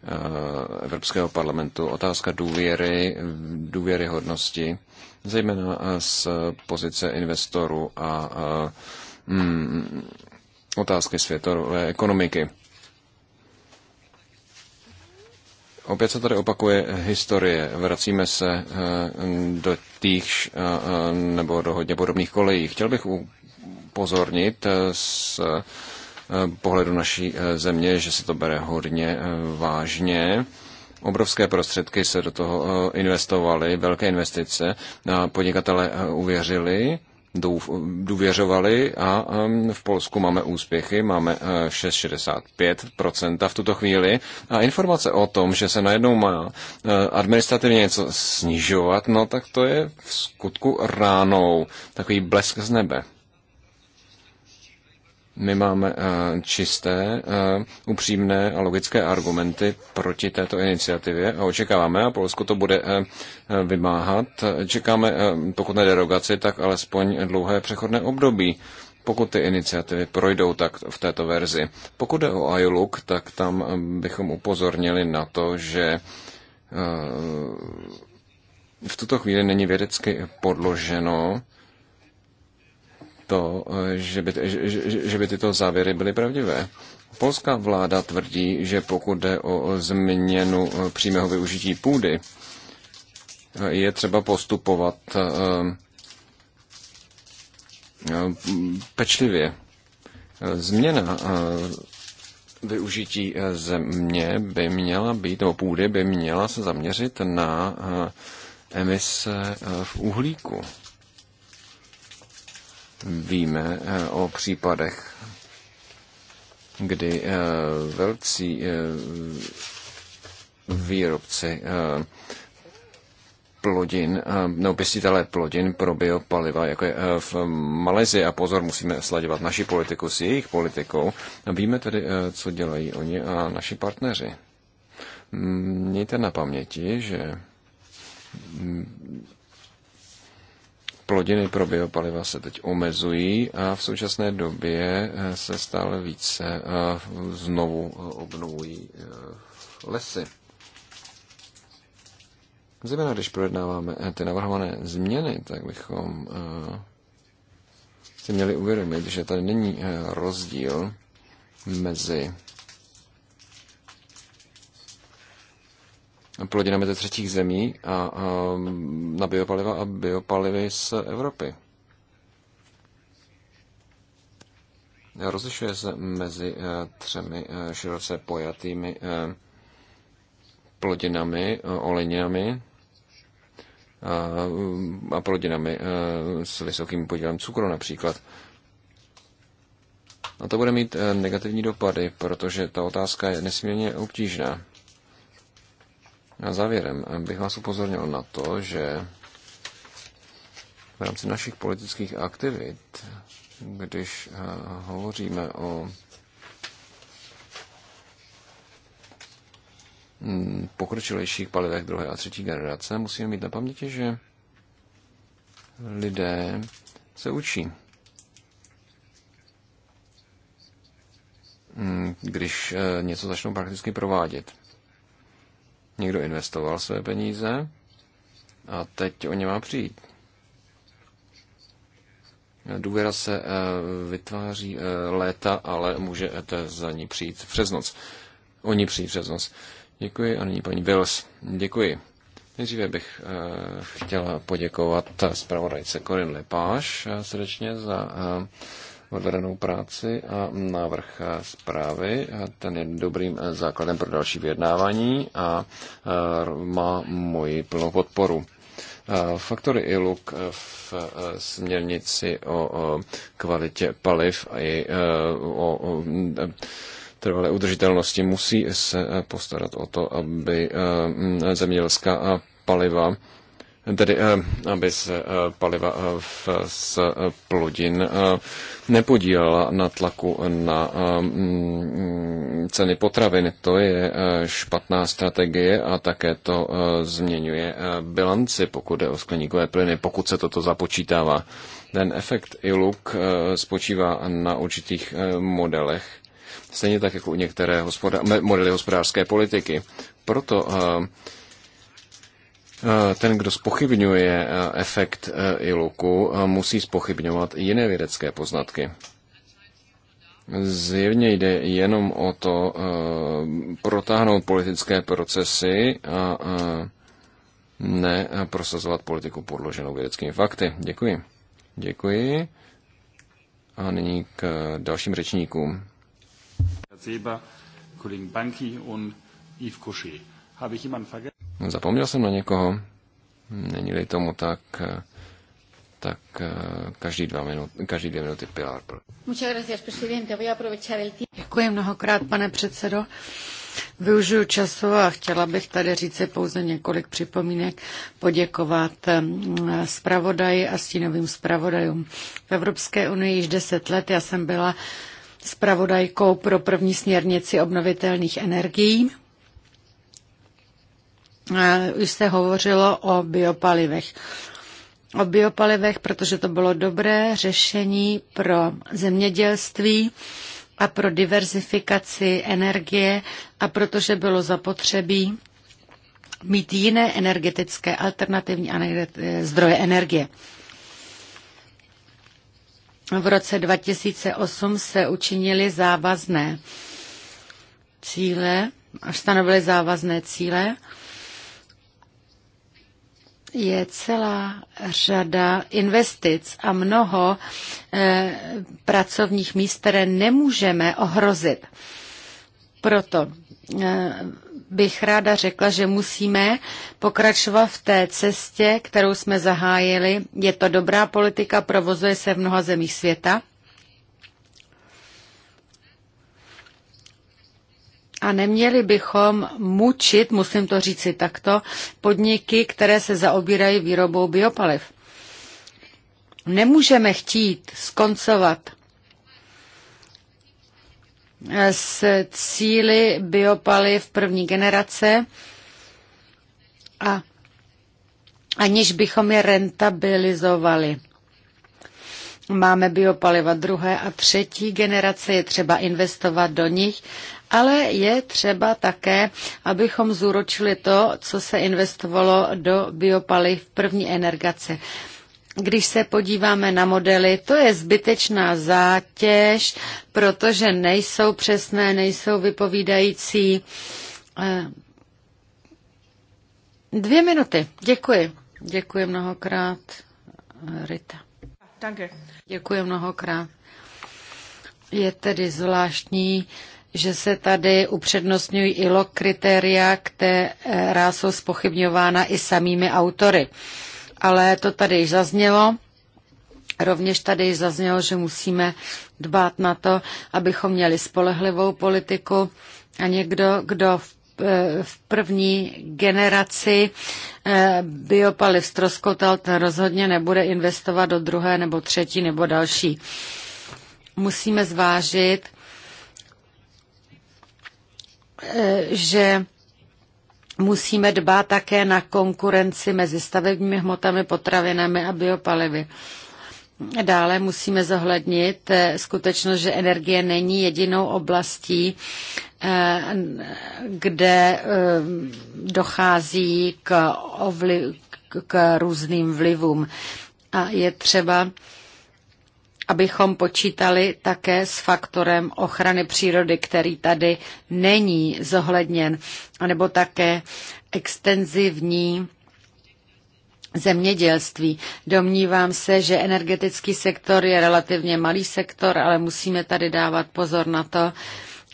Eh, Evropského parlamentu, otázka důvěry, důvěryhodnosti, zejména eh, z pozice investorů a eh, mm, otázky světové ekonomiky. Opět se tady opakuje historie. Vracíme se do tých nebo do hodně podobných kolejí. Chtěl bych upozornit s Eh, pohledu naší eh, země, že se to bere hodně eh, vážně. Obrovské prostředky se do toho investovaly, velké investice, podnikatele uvěřili, důvěřovali a v Polsku máme úspěchy, máme 6,65% v tuto chvíli a informace o tom, že se najednou má administrativně něco snižovat, no tak to je v skutku ránou, takový blesk z nebe. My máme eh, čisté, eh, upřímné a logické argumenty proti této iniciativě a očekáváme, a Polsko to bude eh, vymáhat, čekáme, pokud ne derogaci, tak alespoň dlouhé přechodné období pokud ty iniciativy projdou tak v této verzi. Pokud jde o iLook, tak tam bychom upozornili na to, že v tuto chvíli není vědecky podloženo, to, že by, že, že by tyto závěry byly pravdivé. Polská vláda tvrdí, že pokud jde o změnu eh, přímého využití půdy, eh, je třeba postupovat eh, pečlivě. Změna využití země by měla být, nebo půdy by měla se zaměřit na emise v uhlíku. Víme eh, o případech, kdy eh, velcí eh, výrobci plodin, nebo pěstitelé plodin pro biopaliva, jako je v Malezi. A pozor, musíme sladěvat naši politiku s jejich politikou. Víme tedy, co dělají oni a naši partneři. Mějte na paměti, že plodiny pro biopaliva se teď omezují a v současné době eh, se stále více eh, znovu eh, obnovují lesy. Zejména když projednáváme ty navrhované změny, tak bychom si měli uvědomit, že tady není rozdíl mezi plodinami ze třetích zemí a, a na biopaliva a biopalivy z Evropy. Rozlišuje se mezi eh, třemi eh, široce pojatými eh, plodinami, oleninami a plodinami s vysokým podílem cukru například. A to bude mít negativní dopady, protože ta otázka je nesmírně obtížná. A závěrem bych vás upozornil na to, že v rámci našich politických aktivit, když eh, hovoříme o mm, pokročilejších palivech druhé a třetí generace, musíme mít na paměti, že lidé se učí. Mm, když eh, něco začnou prakticky provádět. Někdo investoval své peníze a teď o ně má přijít. Důvěra se eh, vytváří eh, léta, ale můžete za ní přijít přes noc. Oni přijít přes noc. Děkuji a nyní paní Bills. Děkuji. Nejdříve bych eh, chtěla poděkovat zpravodajce Corinne Lepáš srdečně za odvedenou práci a návrh zprávy. Ten je dobrým eh, základem pro další vyjednávání a eh, má moji plnou podporu. Eh, faktory ILUK v směrnici o kvalitě paliv a i o trvalé udržitelnosti musí se postarat o to, aby zemědělská paliva tedy eh, aby se eh, paliva eh, z plodin nepodílela na tlaku na mm, ceny potravin. To je špatná strategie a také to změňuje bilanci, pokud jde o skleníkové plyny, pokud se toto započítává. Ten efekt ILUK spočívá na určitých modelech, stejně tak jako u některé hospodář, modely hospodářské politiky. Proto uh, Eh, ten, kdo spochybňuje eh, efekt eh, iluku, musí spochybňovat jiné vědecké poznatky. Zjevně jde jenom o to protáhnout politické procesy a ne prosazovat politiku podloženou vědeckými fakty. Děkuji. Děkuji. A nyní k dalším řečníkům. Kollegen Banki a Yves Couchet. Habe ich jemanden vergessen? Zapomněl jsem na někoho? Není-li tomu tak, eh, tak eh, každý, dva minut, každý dvě minuty pilár. Děkuji mnohokrát, pane předsedo. Využiju času a chtěla bych tady říct pouze několik připomínek, poděkovat eh, zpravodaji a stínovým zpravodajům. V Evropské unii již deset let já jsem byla zpravodajkou pro první směrnici obnovitelných energií už eh, se hovořilo o biopalivech. O biopalivech, protože to bylo dobré řešení pro zemědělství a pro diverzifikaci energie a protože bylo zapotřebí mít jiné energetické alternativní eh, zdroje energie. V roce 2008 se učinili závazné cíle, stanovili závazné cíle je celá řada investic a mnoho eh, pracovních míst, které nemůžeme ohrozit. Proto eh, bych ráda řekla, že musíme pokračovat v té cestě, kterou jsme zahájili. Je to dobrá politika, provozuje se v mnoha zemích světa a neměli bychom mučit, musím to říci takto, podniky, které se zaobírají výrobou biopaliv. Nemůžeme chtít skoncovat s cíly biopaliv první generace a aniž bychom je rentabilizovali. Máme biopaliva druhé a třetí generace, je třeba investovat do nich ale je třeba také, abychom zúročili to, co se investovalo do biopaliv v první energace. Když se podíváme na modely, to je zbytečná zátěž, protože nejsou přesné, nejsou vypovídající. Eh, dvě minuty. Děkuji. Děkuji mnohokrát, Rita. Děkuji mnohokrát. Je tedy zvláštní, že se tady upřednostňují i log kritéria, která jsou spochybňována i samými autory. Ale to tady již zaznělo. Rovněž tady již zaznělo, že musíme dbát na to, abychom měli spolehlivou politiku a někdo, kdo v eh, v první generaci eh, biopaliv stroskotal, ten rozhodně nebude investovat do druhé nebo třetí nebo další. Musíme zvážit, Eh, že musíme dbát také na konkurenci mezi stavebními hmotami, potravinami a biopalivy. Dále musíme zohlednit eh, skutečnost, že energie není jedinou oblastí, eh, kde dochází k, ovliv, k různým vlivům. A je třeba abychom počítali také s faktorem ochrany přírody, který tady není zohledněn, anebo také extenzivní zemědělství. Domnívám se, že energetický sektor je relativně malý sektor, ale musíme tady dávat pozor na to,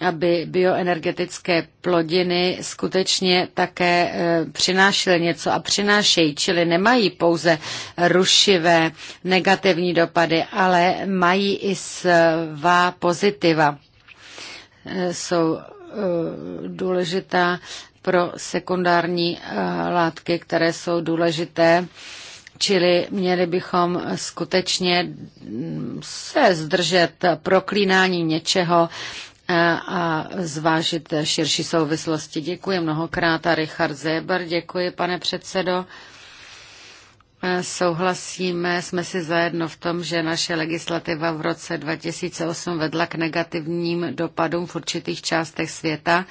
aby bioenergetické plodiny skutečně také e, přinášely něco a přinášejí, čili nemají pouze rušivé negativní dopady, ale mají i svá pozitiva. E, jsou e, důležitá pro sekundární látky, které jsou důležité Čili měli bychom skutečně se zdržet proklínání něčeho, a zvážit širší souvislosti. Děkuji mnohokrát a Richard Zéber, děkuji pane předsedo. E, souhlasíme, jsme si zajedno v tom, že naše legislativa v roce 2008 vedla k negativním dopadům v určitých částech světa,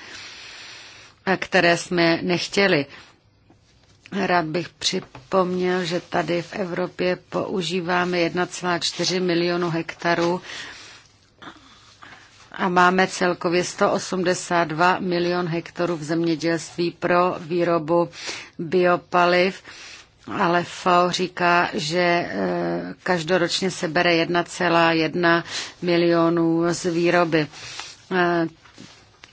e, které jsme nechtěli. Rád bych připomněl, že tady v Evropě používáme 1,4 milionu hektarů a máme celkově 182 milion hektarů v zemědělství pro výrobu biopaliv. Ale FAO říká, že e, každoročně se bere 1,1 milionů z výroby. E,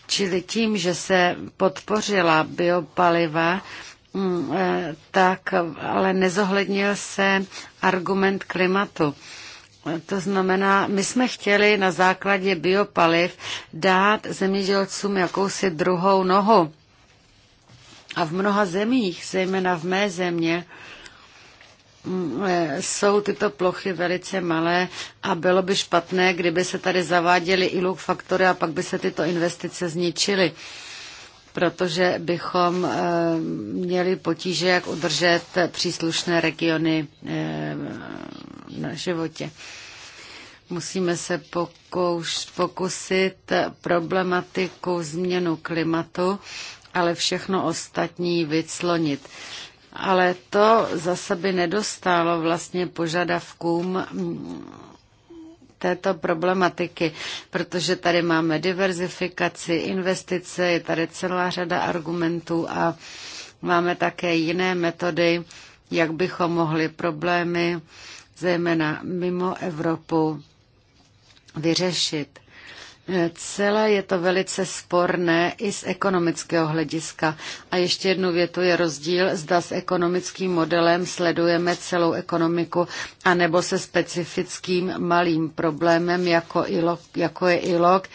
čili tím, že se podpořila biopaliva, e, tak ale nezohlednil se argument klimatu. To znamená, my jsme chtěli na základě biopaliv dát zemědělcům jakousi druhou nohu. A v mnoha zemích, zejména v mé země, mm, eh, jsou tyto plochy velice malé a bylo by špatné, kdyby se tady zaváděly i luk faktory a pak by se tyto investice zničily, protože bychom eh, měli potíže, jak udržet příslušné regiony eh, na životě. Musíme se pokouš, pokusit problematiku změnu klimatu, ale všechno ostatní vyclonit. Ale to zase by nedostálo vlastně požadavkům této problematiky, protože tady máme diverzifikaci, investice, je tady celá řada argumentů a máme také jiné metody, jak bychom mohli problémy zejména mimo Evropu, vyřešit. Celé je to velice sporné i z ekonomického hlediska. A ještě jednu větu je rozdíl, zda s ekonomickým modelem sledujeme celou ekonomiku, anebo se specifickým malým problémem, jako, ilok, jako je ILOK,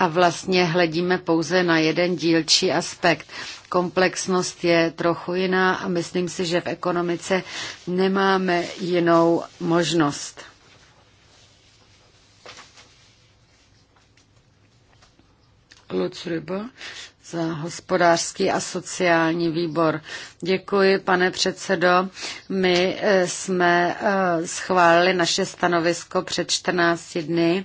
a vlastně hledíme pouze na jeden dílčí aspekt. Komplexnost je trochu jiná a myslím si, že v ekonomice nemáme jinou možnost. Luc za hospodářský a sociální výbor. Děkuji, pane předsedo. My eh, jsme eh, schválili naše stanovisko před 14 dny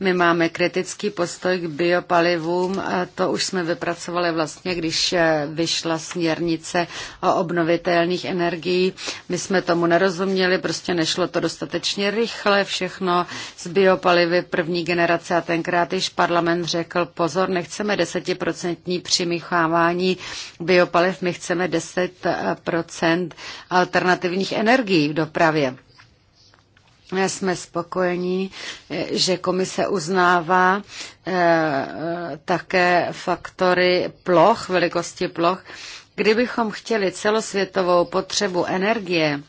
my máme kritický postoj k biopalivům, to už jsme vypracovali vlastně, když eh, vyšla směrnice o obnovitelných energií. My jsme tomu nerozuměli, prostě nešlo to dostatečně rychle, všechno z biopalivy první generace a tenkrát již parlament řekl, pozor, nechceme desetiprocentní přimíchávání biopaliv, my chceme 10% eh, alternativních energií v dopravě jsme spokojení, že komise uznává eh, také faktory ploch, velikosti ploch. Kdybychom chtěli celosvětovou potřebu energie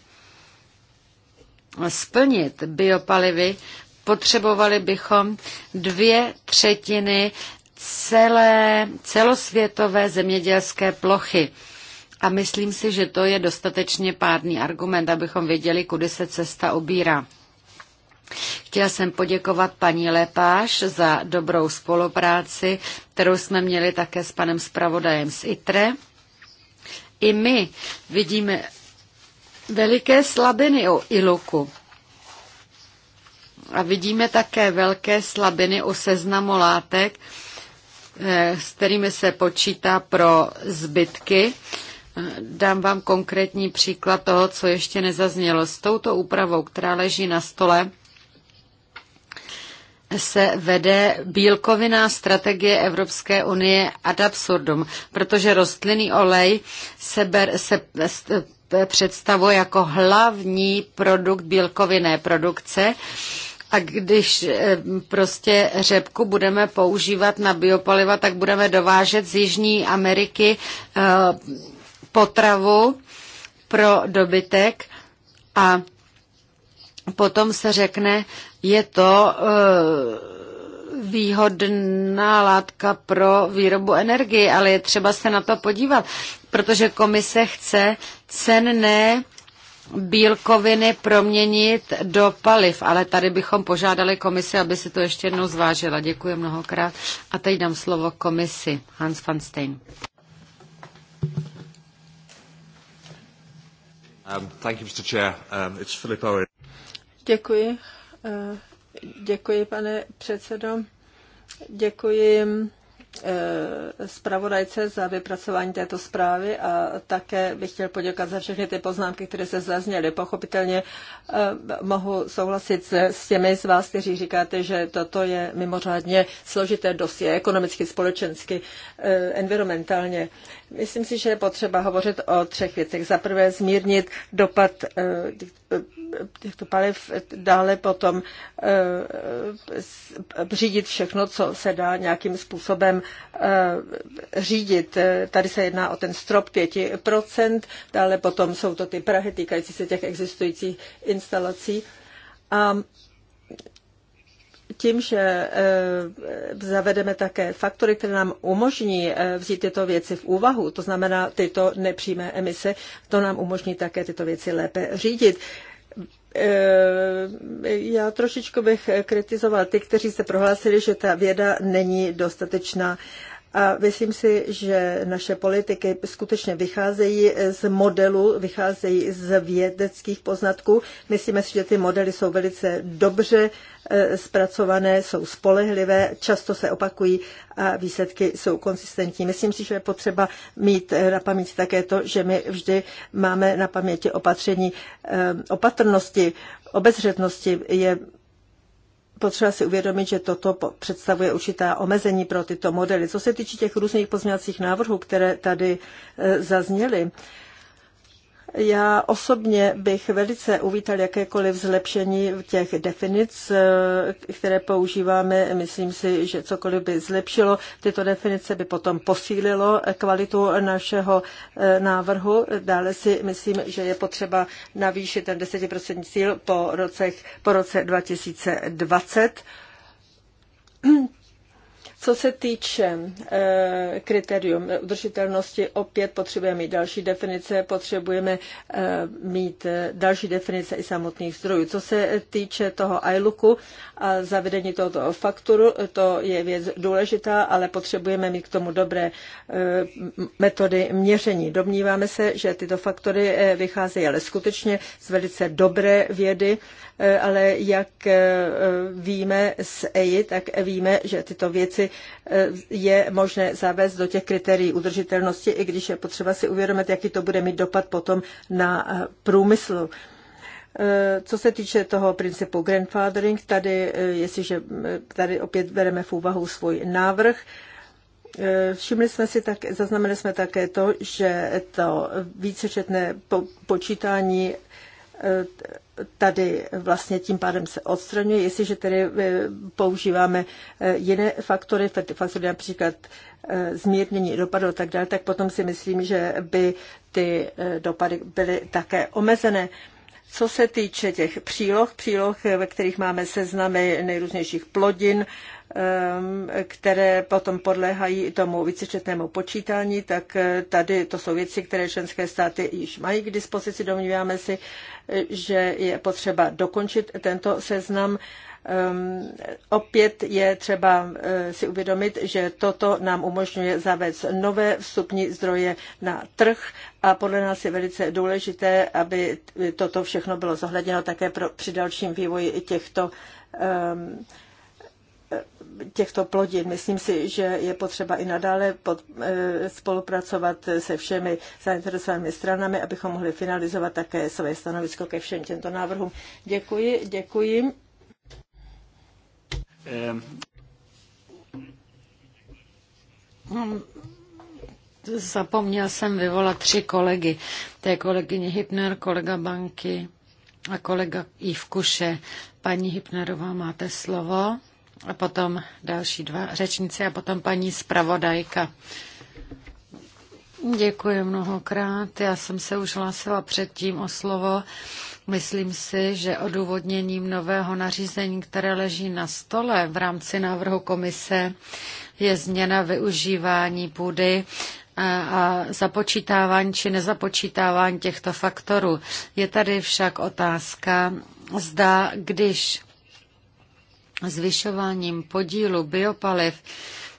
splnit biopalivy, potřebovali bychom dvě třetiny celé celosvětové zemědělské plochy. A myslím si, že to je dostatečně pádný argument, abychom věděli, kudy se cesta obírá. Chtěla jsem poděkovat paní Lepáš za dobrou spolupráci, kterou jsme měli také s panem zpravodajem z ITRE. I my vidíme veliké slabiny o iluku. A vidíme také velké slabiny o seznamu látek, eh, s kterými se počítá pro zbytky. Dám vám konkrétní příklad toho, co ještě nezaznělo. S touto úpravou, která leží na stole, se vede bílkoviná strategie Evropské unie ad absurdum, protože rostlinný olej se, ber, se představuje jako hlavní produkt bílkovinné produkce. A když eh, prostě řepku budeme používat na biopaliva, tak budeme dovážet z Jižní Ameriky eh, potravu pro dobytek a potom se řekne, je to eh, výhodná látka pro výrobu energie, ale je třeba se na to podívat, protože komise chce cenné bílkoviny proměnit do paliv, ale tady bychom požádali komisi, aby si to ještě jednou zvážila. Děkuji mnohokrát. A teď dám slovo komisi. Hans van Stein. Um, thank you, Mr. Chair. Um, it's Philip Owen. Děkuji. Eh, děkuji, pane předsedo. Děkuji eh, zpravodajce za vypracování této zprávy a také bych chtěl poděkat za všechny ty poznámky, které se zazněly. Pochopitelně eh, mohu souhlasit s těmi z vás, kteří říkáte, že toto je mimořádně složité dosie, ekonomicky, společensky, environmentálně. Myslím si, že je potřeba hovořit o třech věcech. Za prvé zmírnit dopad těchto paliv, dále potom eh, řídit všechno, co se dá nějakým způsobem eh, řídit. Tady se jedná o ten strop 5%, dále potom jsou to ty prahy týkající se těch existujících instalací. A tím, že eh, zavedeme také faktory, které nám umožní vzít tyto věci v úvahu, to znamená tyto nepřímé emise, to nám umožní také tyto věci lépe řídit. Eh, já trošičku bych kritizoval ty, kteří se prohlásili, že ta věda není dostatečná a myslím si, že naše politiky skutečně vycházejí z modelu, vycházejí z vědeckých poznatků. Myslíme si, že ty modely jsou velice dobře e, zpracované, jsou spolehlivé, často se opakují a výsledky jsou konsistentní. Myslím si, že je potřeba mít na paměti také to, že my vždy máme na paměti opatření e, opatrnosti, obezřetnosti. Je potřeba si uvědomit, že toto představuje určitá omezení pro tyto modely. Co se týče těch různých pozměňovacích návrhů, které tady e, zazněly, já osobně bych velice uvítal jakékoliv zlepšení v těch definic, eh, které používáme. Myslím si, že cokoliv by zlepšilo tyto definice, by potom posílilo kvalitu našeho eh, návrhu. Dále si myslím, že je potřeba navýšit ten 10% cíl po, rocech, po roce 2020 co se týče e, eh, kritérium udržitelnosti, opět potřebujeme mít další definice, potřebujeme e, mít eh, další definice i samotných zdrojů. Co se týče toho iLooku a zavedení tohoto fakturu, to je věc důležitá, ale potřebujeme mít k tomu dobré e, metody měření. Domníváme se, že tyto faktory e, vycházejí ale skutečně z velice dobré vědy. E, Eh, ale jak eh, eh, víme z EI, tak víme, že tyto věci je možné zavést do těch kritérií udržitelnosti, i když je potřeba si uvědomit, jaký to bude mít dopad potom na průmysl. Co se týče toho principu grandfathering, tady, jestliže tady opět bereme v úvahu svůj návrh, Všimli jsme si tak, zaznamenali jsme také to, že to vícečetné počítání tady vlastně tím pádem se odstraňuje, jestliže tedy eh, používáme eh, jiné faktory, faktory například eh, zmírnění dopadu a tak dále, tak potom si myslím, že by ty dopady byly také omezené. Co se týče těch příloh, příloh, ve kterých máme seznamy nejrůznějších plodin, které potom podléhají tomu vícečetnému počítání, tak tady to jsou věci, které členské státy již mají k dispozici, domníváme si, že je potřeba dokončit tento seznam. Um, opět je třeba uh, si uvědomit, že toto nám umožňuje zavést nové vstupní zdroje na trh a podle nás je velice důležité, aby toto všechno bylo zohledněno také pro, při dalším vývoji těchto um, těchto plodin. Myslím si, že je potřeba i nadále pod, eh, spolupracovat se všemi zainteresovanými stranami, abychom mohli finalizovat také své stanovisko ke všem těmto návrhům. Děkuji, děkuji. Um. Zapomněl jsem vyvolat tři kolegy. To je kolegyně Hypner, kolega Banky a kolega Ivkuše. Paní Hypnerová, máte slovo a potom další dva řečníci a potom paní zpravodajka. Děkuji mnohokrát. Já jsem se už hlásila předtím o slovo. Myslím si, že odůvodněním nového nařízení, které leží na stole v rámci návrhu komise, je změna využívání půdy a započítávání či nezapočítávání těchto faktorů. Je tady však otázka, zda když zvyšováním podílu biopaliv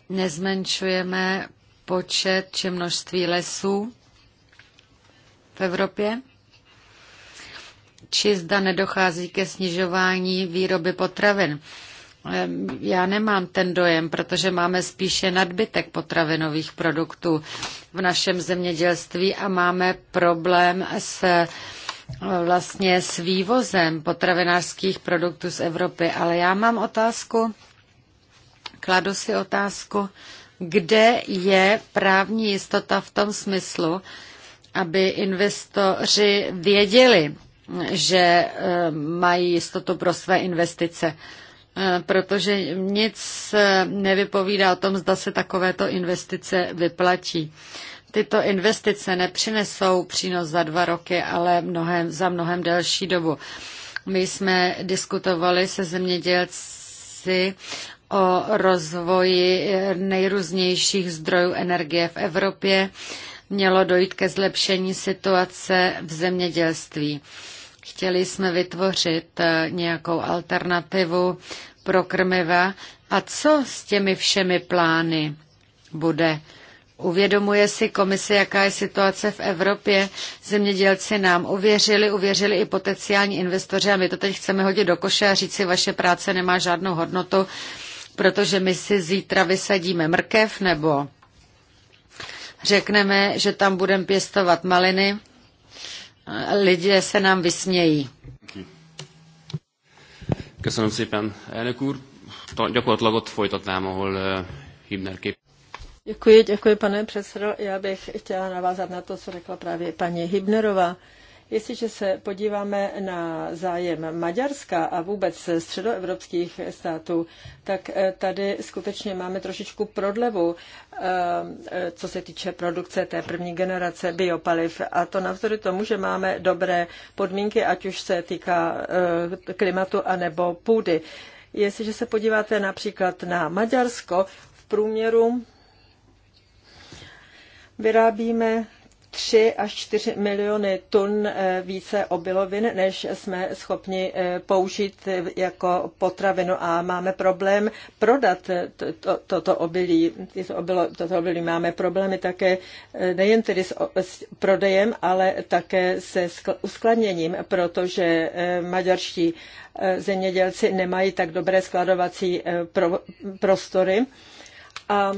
nezmenšujeme počet či množství lesů v Evropě? Či zda nedochází ke snižování výroby potravin? Já nemám ten dojem, protože máme spíše nadbytek potravinových produktů v našem zemědělství a máme problém s vlastně s vývozem potravinářských produktů z Evropy, ale já mám otázku, kladu si otázku, kde je právní jistota v tom smyslu, aby investoři věděli, že eh, mají jistotu pro své investice, eh, protože nic eh, nevypovídá o tom, zda se takovéto investice vyplatí tyto investice nepřinesou přínos za dva roky, ale mnohem, za mnohem delší dobu. My jsme diskutovali se zemědělci o rozvoji nejrůznějších zdrojů energie v Evropě. Mělo dojít ke zlepšení situace v zemědělství. Chtěli jsme vytvořit eh, nějakou alternativu pro krmiva. A co s těmi všemi plány bude? Uvědomuje si komise, jaká je situace v Evropě. Zemědělci nám uvěřili, uvěřili i potenciální investoři a my to teď chceme hodit do koše a říct si, vaše práce nemá žádnou hodnotu, protože my si zítra vysadíme mrkev nebo řekneme, že tam budeme pěstovat maliny. Lidé se nám vysmějí. Děkuji. Děkuji. Děkuji. Děkuji. Děkuji. Děkuji. Děkuji. Děkuji. kép. Děkuji, děkuji, pane předsedo. Já bych chtěla navázat na to, co řekla právě paní Hibnerová. Jestliže se podíváme na zájem Maďarska a vůbec středoevropských států, tak eh, tady skutečně máme trošičku prodlevu, eh, co se týče produkce té první generace biopaliv. A to navzdory tomu, že máme dobré podmínky, ať už se týká eh, klimatu anebo půdy. Jestliže se podíváte například na Maďarsko, v průměru Vyrábíme 3 až 4 miliony tun eh, více obilovin, než jsme schopni eh, použít jako potravinu a máme problém prodat eh, toto to obilí. toto obilí máme problémy také nejen tedy s, prodejem, ale také se uskladněním, protože maďarští zemědělci nemají tak dobré skladovací prostory a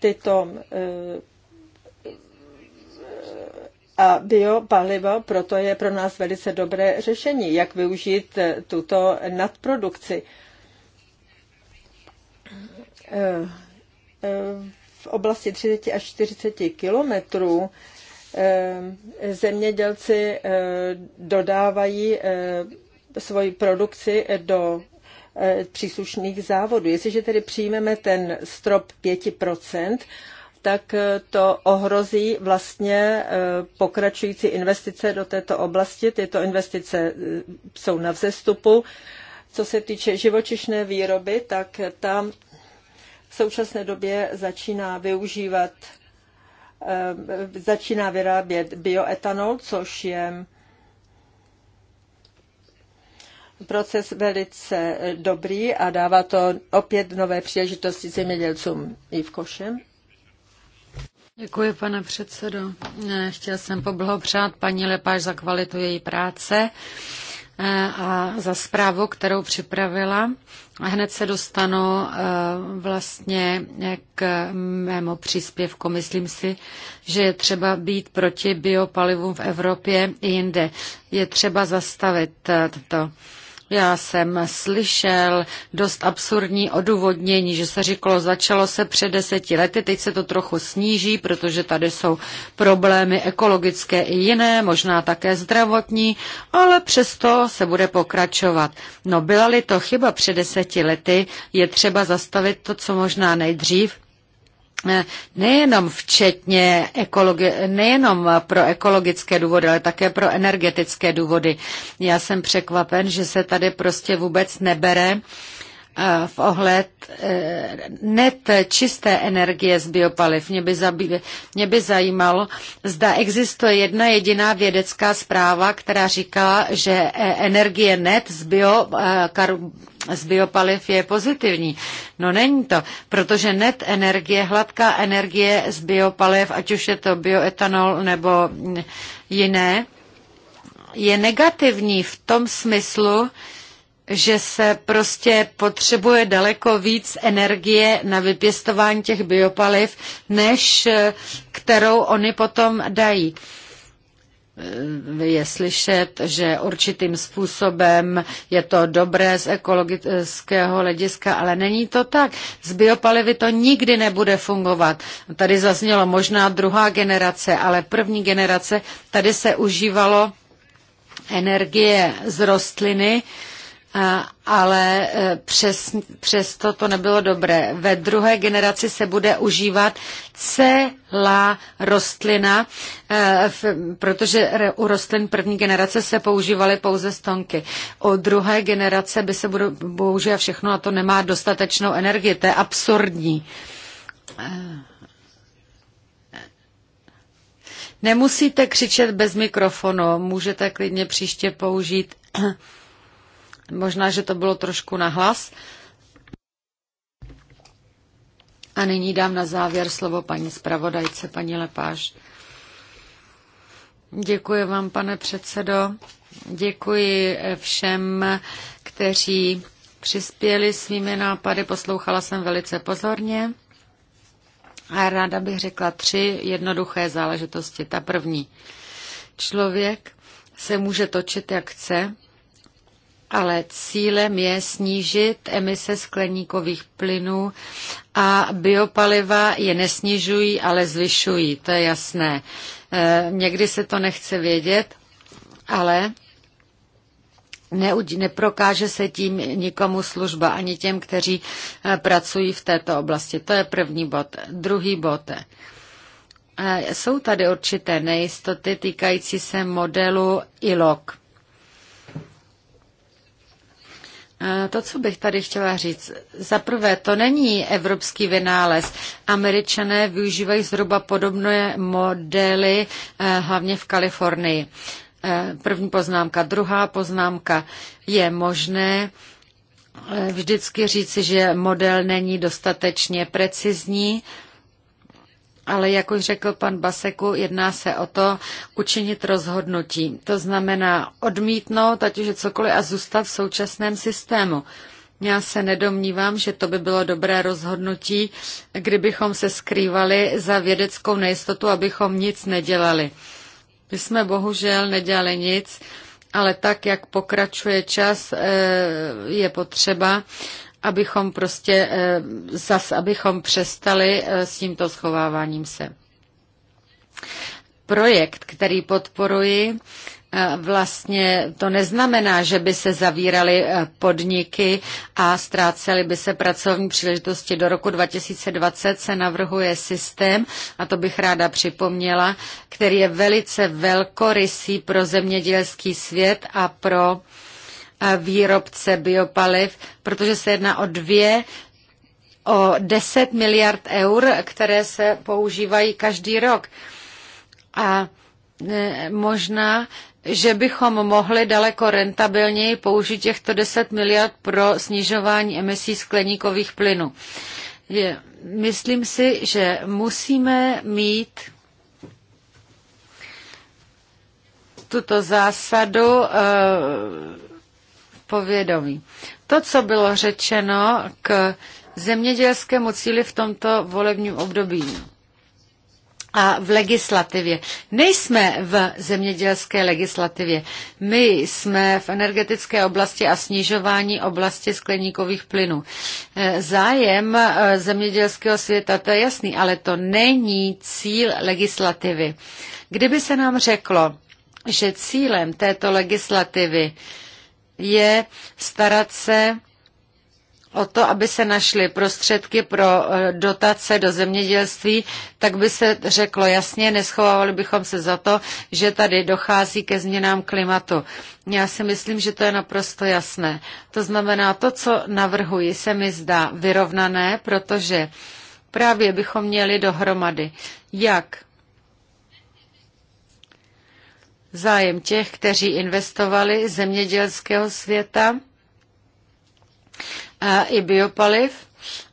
tyto a biopalivo proto je pro nás velice dobré řešení, jak využít eh, tuto nadprodukci. Eh, eh, v oblasti 30 až 40 kilometrů zemědělci dodávají svoji produkci do příslušných závodů. Jestliže tedy přijmeme ten strop 5%, tak eh, to ohrozí vlastně eh, pokračující investice do této oblasti. Tyto investice eh, jsou na vzestupu. Co se týče živočišné výroby, tak tam v současné době začíná využívat, začíná vyrábět bioetanol, což je proces velice dobrý a dává to opět nové příležitosti zemědělcům i v košem. Děkuji, pane předsedo. Eh, chtěl jsem poblahopřát paní Lepáš za kvalitu její práce eh, a za zprávu, kterou připravila. Hned se dostanu eh, vlastně k mému příspěvku. Myslím si, že je třeba být proti biopalivům v Evropě i jinde. Je třeba zastavit to. Já jsem slyšel dost absurdní odůvodnění, že se říkalo, začalo se před deseti lety, teď se to trochu sníží, protože tady jsou problémy ekologické i jiné, možná také zdravotní, ale přesto se bude pokračovat. No byla-li to chyba před deseti lety, je třeba zastavit to, co možná nejdřív, Eh, nejenom včetně ekologi- nejenom pro ekologické důvody, ale také pro energetické důvody. Já jsem překvapen, že se tady prostě vůbec nebere uh, Eh, v ohled eh, net čisté energie z biopaliv. Mě by, zabí, mě by zajímalo, zda existuje jedna jediná vědecká zpráva, která říká, že eh, energie net z, bio, z biopaliv je pozitivní. No není to, protože net energie, hladká energie z biopaliv, ať už je to bioetanol nebo jiné, je negativní v tom smyslu, že se prostě potřebuje daleko víc energie na vypěstování těch biopaliv, než eh, kterou oni potom dají eh, je slyšet, že určitým způsobem je to dobré z ekologického hlediska, ale není to tak. Z biopalivy to nikdy nebude fungovat. Tady zaznělo možná druhá generace, ale první generace, tady se užívalo energie z rostliny, ale e, přes, přesto to nebylo dobré. Ve druhé generaci se bude užívat celá rostlina, e, protože u rostlin první generace se používaly pouze stonky. U druhé generace by se budou používat všechno a to nemá dostatečnou energii. To je absurdní. E, nemusíte křičet bez mikrofonu, můžete klidně příště použít Možná, že to bylo trošku nahlas. A nyní dám na závěr slovo paní zpravodajce, paní Lepáš. Děkuji vám, pane předsedo. Děkuji všem, kteří přispěli svými nápady. Poslouchala jsem velice pozorně. A ráda bych řekla tři jednoduché záležitosti. Ta první. Člověk se může točit, jak chce, ale cílem je snížit emise skleníkových plynů a biopaliva je nesnižují, ale zvyšují, to je jasné. E, někdy se to nechce vědět, ale neprokáže se tím nikomu služba, ani těm, kteří e, pracují v této oblasti. To je první bod. Druhý bod. E, jsou tady určité nejistoty týkající se modelu ILOC. To, co bych tady chtěla říct, za prvé, to není evropský vynález. Američané využívají zhruba podobné modely, eh, hlavně v Kalifornii. Eh, první poznámka. Druhá poznámka. Je možné eh, vždycky říci, že model není dostatečně precizní ale jak už řekl pan Baseku, jedná se o to učinit rozhodnutí. To znamená odmítnout, ať už je cokoliv, a zůstat v současném systému. Já se nedomnívám, že to by bylo dobré rozhodnutí, kdybychom se skrývali za vědeckou nejistotu, abychom nic nedělali. My jsme bohužel nedělali nic, ale tak, jak pokračuje čas, eh, je potřeba, abychom prostě eh, zas, abychom přestali eh, s tímto schováváním se. Projekt, který podporuji, eh, Vlastně to neznamená, že by se zavíraly podniky a ztrácely by se pracovní příležitosti. Do roku 2020 se navrhuje systém, a to bych ráda připomněla, který je velice velkorysý pro zemědělský svět a pro uh, výrobce biopaliv, protože se jedná o dvě o 10 miliard eur, které se používají každý rok. A e, možná, že bychom mohli daleko rentabilněji použít těchto 10 miliard pro snižování emisí skleníkových plynů. Je, myslím si, že musíme mít tuto zásadu uh, povědomí. To, co bylo řečeno k zemědělskému cíli v tomto volebním období a v legislativě. Nejsme v zemědělské legislativě. My jsme v energetické oblasti a snižování oblasti skleníkových plynů. E, zájem e, zemědělského světa, to je jasný, ale to není cíl legislativy. Kdyby se nám řeklo, že cílem této legislativy je starat se o to, aby se našly prostředky pro eh, dotace do zemědělství, tak by se řeklo jasně, neschovávali bychom se za to, že tady dochází ke změnám klimatu. Já si myslím, že to je naprosto jasné. To znamená, to, co navrhuji, se mi zdá vyrovnané, protože právě bychom měli dohromady, jak zájem těch, kteří investovali zemědělského světa a i biopaliv.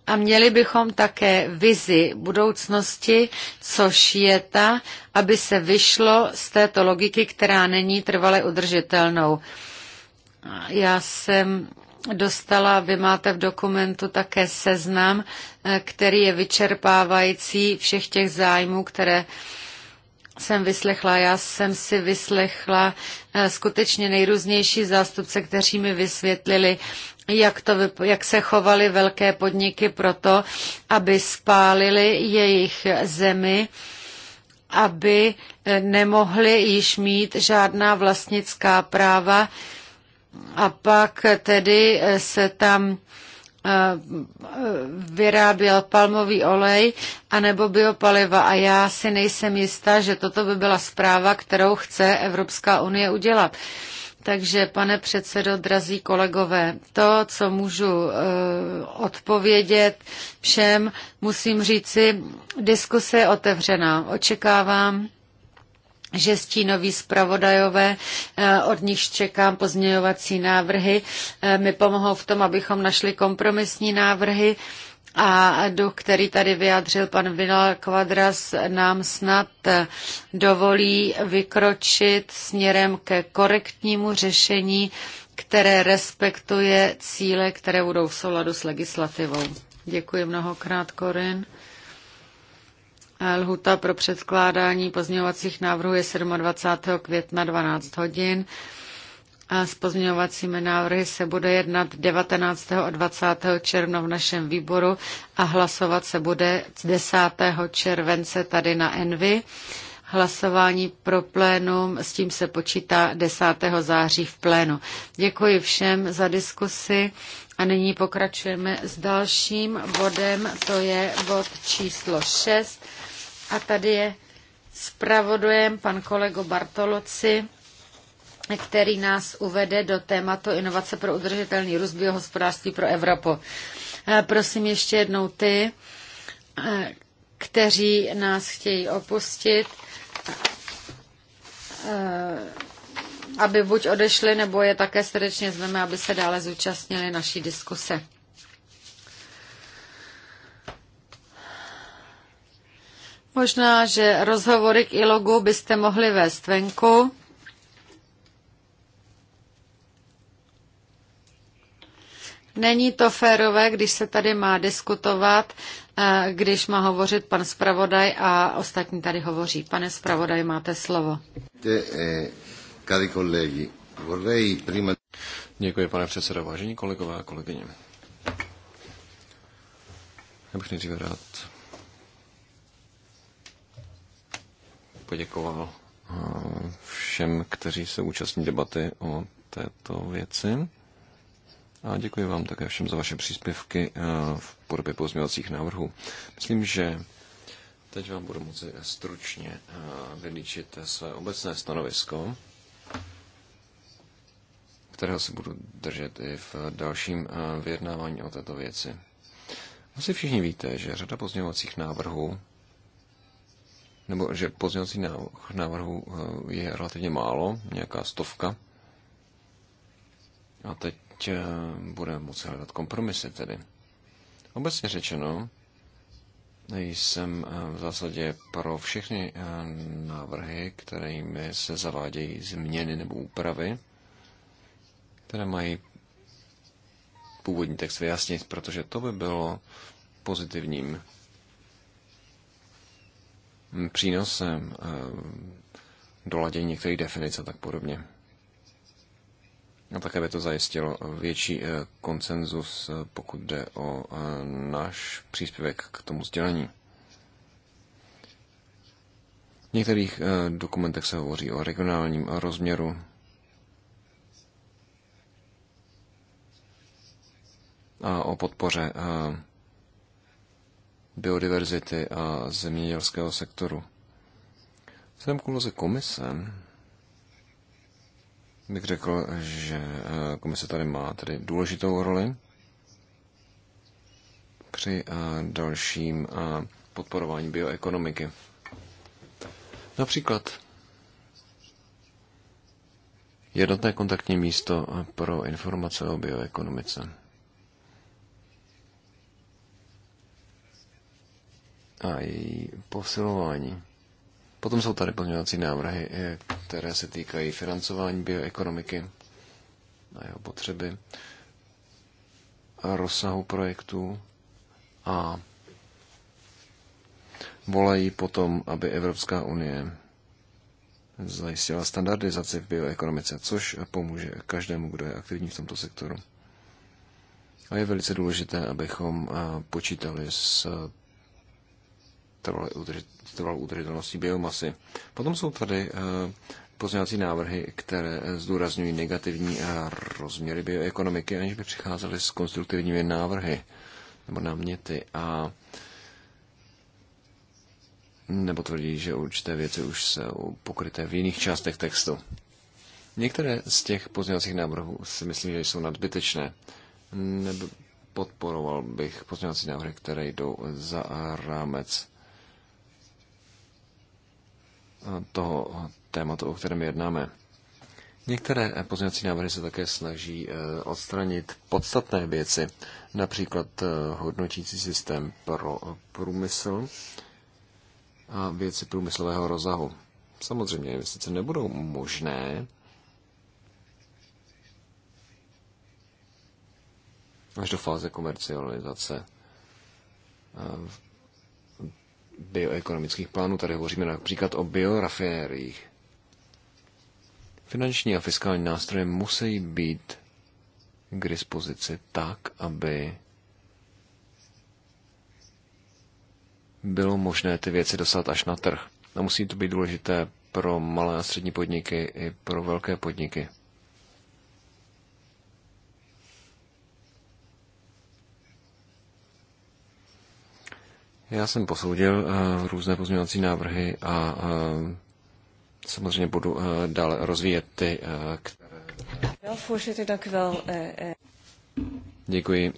A měli bychom také vizi budoucnosti, což je ta, aby se vyšlo z této logiky, která není trvale udržitelnou. Já jsem dostala, vy máte v dokumentu také seznam, eh, který je vyčerpávající všech těch zájmů, které jsem vyslechla, já jsem si vyslechla eh, skutečně nejrůznější zástupce, kteří mi vysvětlili, jak, to, jak se chovaly velké podniky proto, aby spálili jejich zemi, aby eh, nemohli již mít žádná vlastnická práva a pak tedy eh, se tam vyráběl palmový olej anebo biopaliva a já si nejsem jistá, že toto by byla zpráva, kterou chce Evropská unie udělat. Takže, pane předsedo, drazí kolegové, to, co můžu uh, odpovědět všem, musím říci, diskuse je otevřená. Očekávám že stínoví zpravodajové, eh, od nich čekám pozměňovací návrhy, eh, mi pomohou v tom, abychom našli kompromisní návrhy a duch, který tady vyjádřil pan Vinal Quadras, nám snad eh, dovolí vykročit směrem ke korektnímu řešení, které respektuje cíle, které budou v souladu s legislativou. Děkuji mnohokrát, Korin. Lhuta pro předkládání pozměňovacích návrhů je 27. května 12 hodin. A s pozměňovacími návrhy se bude jednat 19. a 20. června v našem výboru a hlasovat se bude 10. července tady na Envy. Hlasování pro plénum, s tím se počítá 10. září v plénu. Děkuji všem za diskusi a nyní pokračujeme s dalším bodem, to je bod číslo 6. A tady je zpravodajem pan kolego Bartoloci, který nás uvede do tématu inovace pro udržitelný růst biohospodářství pro Evropu. Prosím ještě jednou ty, kteří nás chtějí opustit, aby buď odešli, nebo je také srdečně zveme, aby se dále zúčastnili naší diskuse. Možná, že rozhovory k ilogu byste mohli vést venku. Není to férové, když se tady má diskutovat, eh, když má hovořit pan zpravodaj a ostatní tady hovoří. Pane zpravodaj, máte slovo. Eh, Děkuji, pane předsedo. Vážení kolegové a kolegyně. Já bych nejdříve rád poděkoval eh, všem, kteří se účastní debaty o této věci. A děkuji vám také všem za vaše příspěvky eh, v podobě pozměňovacích návrhů. Myslím, že teď vám budu moci stručně eh, vylíčit své obecné stanovisko, kterého se budu držet i v dalším vyjednávání o této věci. Asi všichni víte, že řada pozměňovacích návrhů nebo že pozměňovací návrhů eh, je relativně málo, nějaká stovka. A teď eh, bude moci hledat kompromisy tedy. Obecně řečeno, jsem eh, v zásadě pro všechny návrhy, kterými se zavádějí změny nebo úpravy, které mají původní text vyjasnit, protože to by bylo pozitivním přínosem eh, doladění některých definic a tak podobně. A také by to zajistilo větší eh, konsenzus, eh, pokud jde o náš příspěvek k tomu sdělení. V některých dokumentech se hovoří o regionálním rozměru. A o podpoře biodiverzity a zemědělského sektoru. Jsem k úloze komise bych řekl, že eh, komise tady má tedy důležitou roli při eh, dalším eh, podporování bioekonomiky. Například jednotné kontaktní místo pro informace o bioekonomice. a její posilování. Potom jsou tady pozměňovací návrhy, eh, které se týkají financování bioekonomiky a jeho potřeby, a rozsahu projektů a volají potom, aby Evropská unie zajistila standardizaci v bioekonomice, což pomůže každému, kdo je aktivní v tomto sektoru. A je velice důležité, abychom eh, počítali s trvalou udržitelností biomasy. Potom jsou tady eh, pozměňovací návrhy, které zdůrazňují negativní eh, rozměry bioekonomiky, aniž by přicházely s konstruktivními návrhy nebo náměty a nebo tvrdí, že určité věci už jsou pokryté v jiných částech textu. Některé z těch pozměňovacích návrhů si myslím, že jsou nadbytečné. Nebo podporoval bych pozměňovací návrhy, které jdou za eh, rámec toho tématu, o kterém jednáme. Některé pozměňovací návrhy se také snaží eh, odstranit podstatné věci, například eh, hodnotící systém pro průmysl a věci průmyslového rozahu. Samozřejmě investice nebudou možné, až do fáze komercializace eh, bioekonomických plánů. Tady hovoříme například o biorafinériích. Finanční a fiskální nástroje musí být k dispozici tak, aby bylo možné ty věci dostat až na trh. A musí to být důležité pro malé a střední podniky i pro velké podniky. Já jsem posoudil eh, různé pozměňovací návrhy a eh, samozřejmě budu eh, dále rozvíjet ty, které... Děkuji,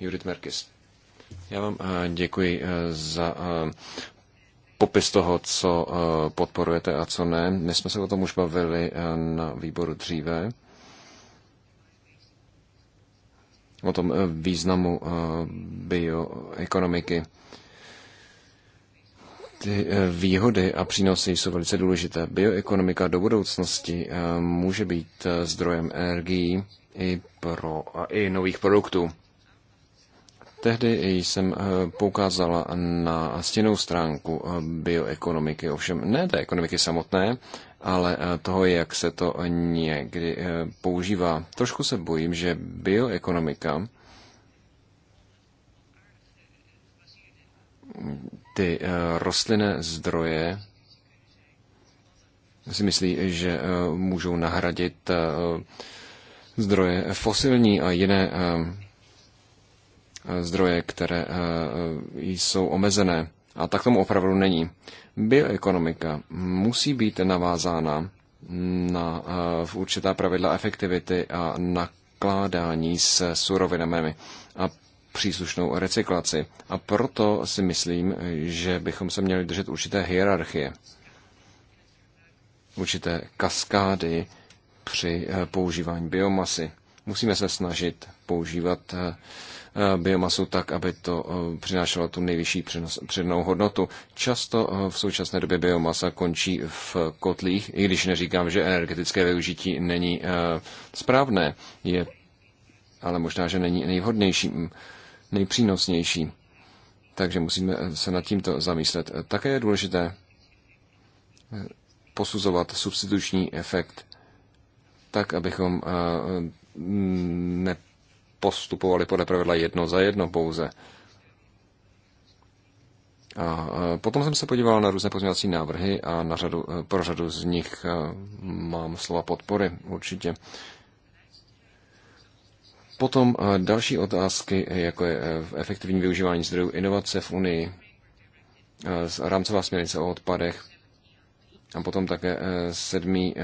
Judith Merkis. Já vám děkuji za popis toho, co podporujete a co ne. My jsme se o tom už bavili na výboru dříve. O tom významu bioekonomiky ty eh, výhody a přínosy jsou velice důležité. Bioekonomika do budoucnosti eh, může být eh, zdrojem energií i, pro, i nových produktů. Tehdy jsem poukázala na stěnou stránku bioekonomiky, ovšem ne té ekonomiky samotné, ale toho, jak se to někdy používá. Trošku se bojím, že bioekonomika ty eh, rostlinné zdroje si myslí, že eh, můžou nahradit eh, zdroje fosilní a jiné zdroje, které jsou omezené. A tak tomu opravdu není. Bioekonomika musí být navázána na v určitá pravidla efektivity a nakládání se surovinami. A příslušnou recyklaci. A proto si myslím, že bychom se měli držet určité hierarchie, určité kaskády při eh, používání biomasy. Musíme se snažit používat eh, eh, biomasu tak, aby to přinášelo tu nejvyšší přednou hodnotu. Často v současné době biomasa končí v kotlích, i když neříkám, že energetické využití není správné, je ale možná, že není nejvhodnějším nejpřínosnější. Takže musíme se nad tímto zamyslet. Také je důležité eh, posuzovat substituční efekt tak, abychom eh, nepostupovali podle pravidla jedno za jedno pouze. A eh, potom jsem se podíval na různé pozměňovací návrhy a na řadu, pro řadu z nich mám slova podpory určitě. Potom eh, další otázky, eh, jako je eh, efektivní využívání zdrojů inovace v Unii, rámcová směrnice o odpadech a potom také sedmý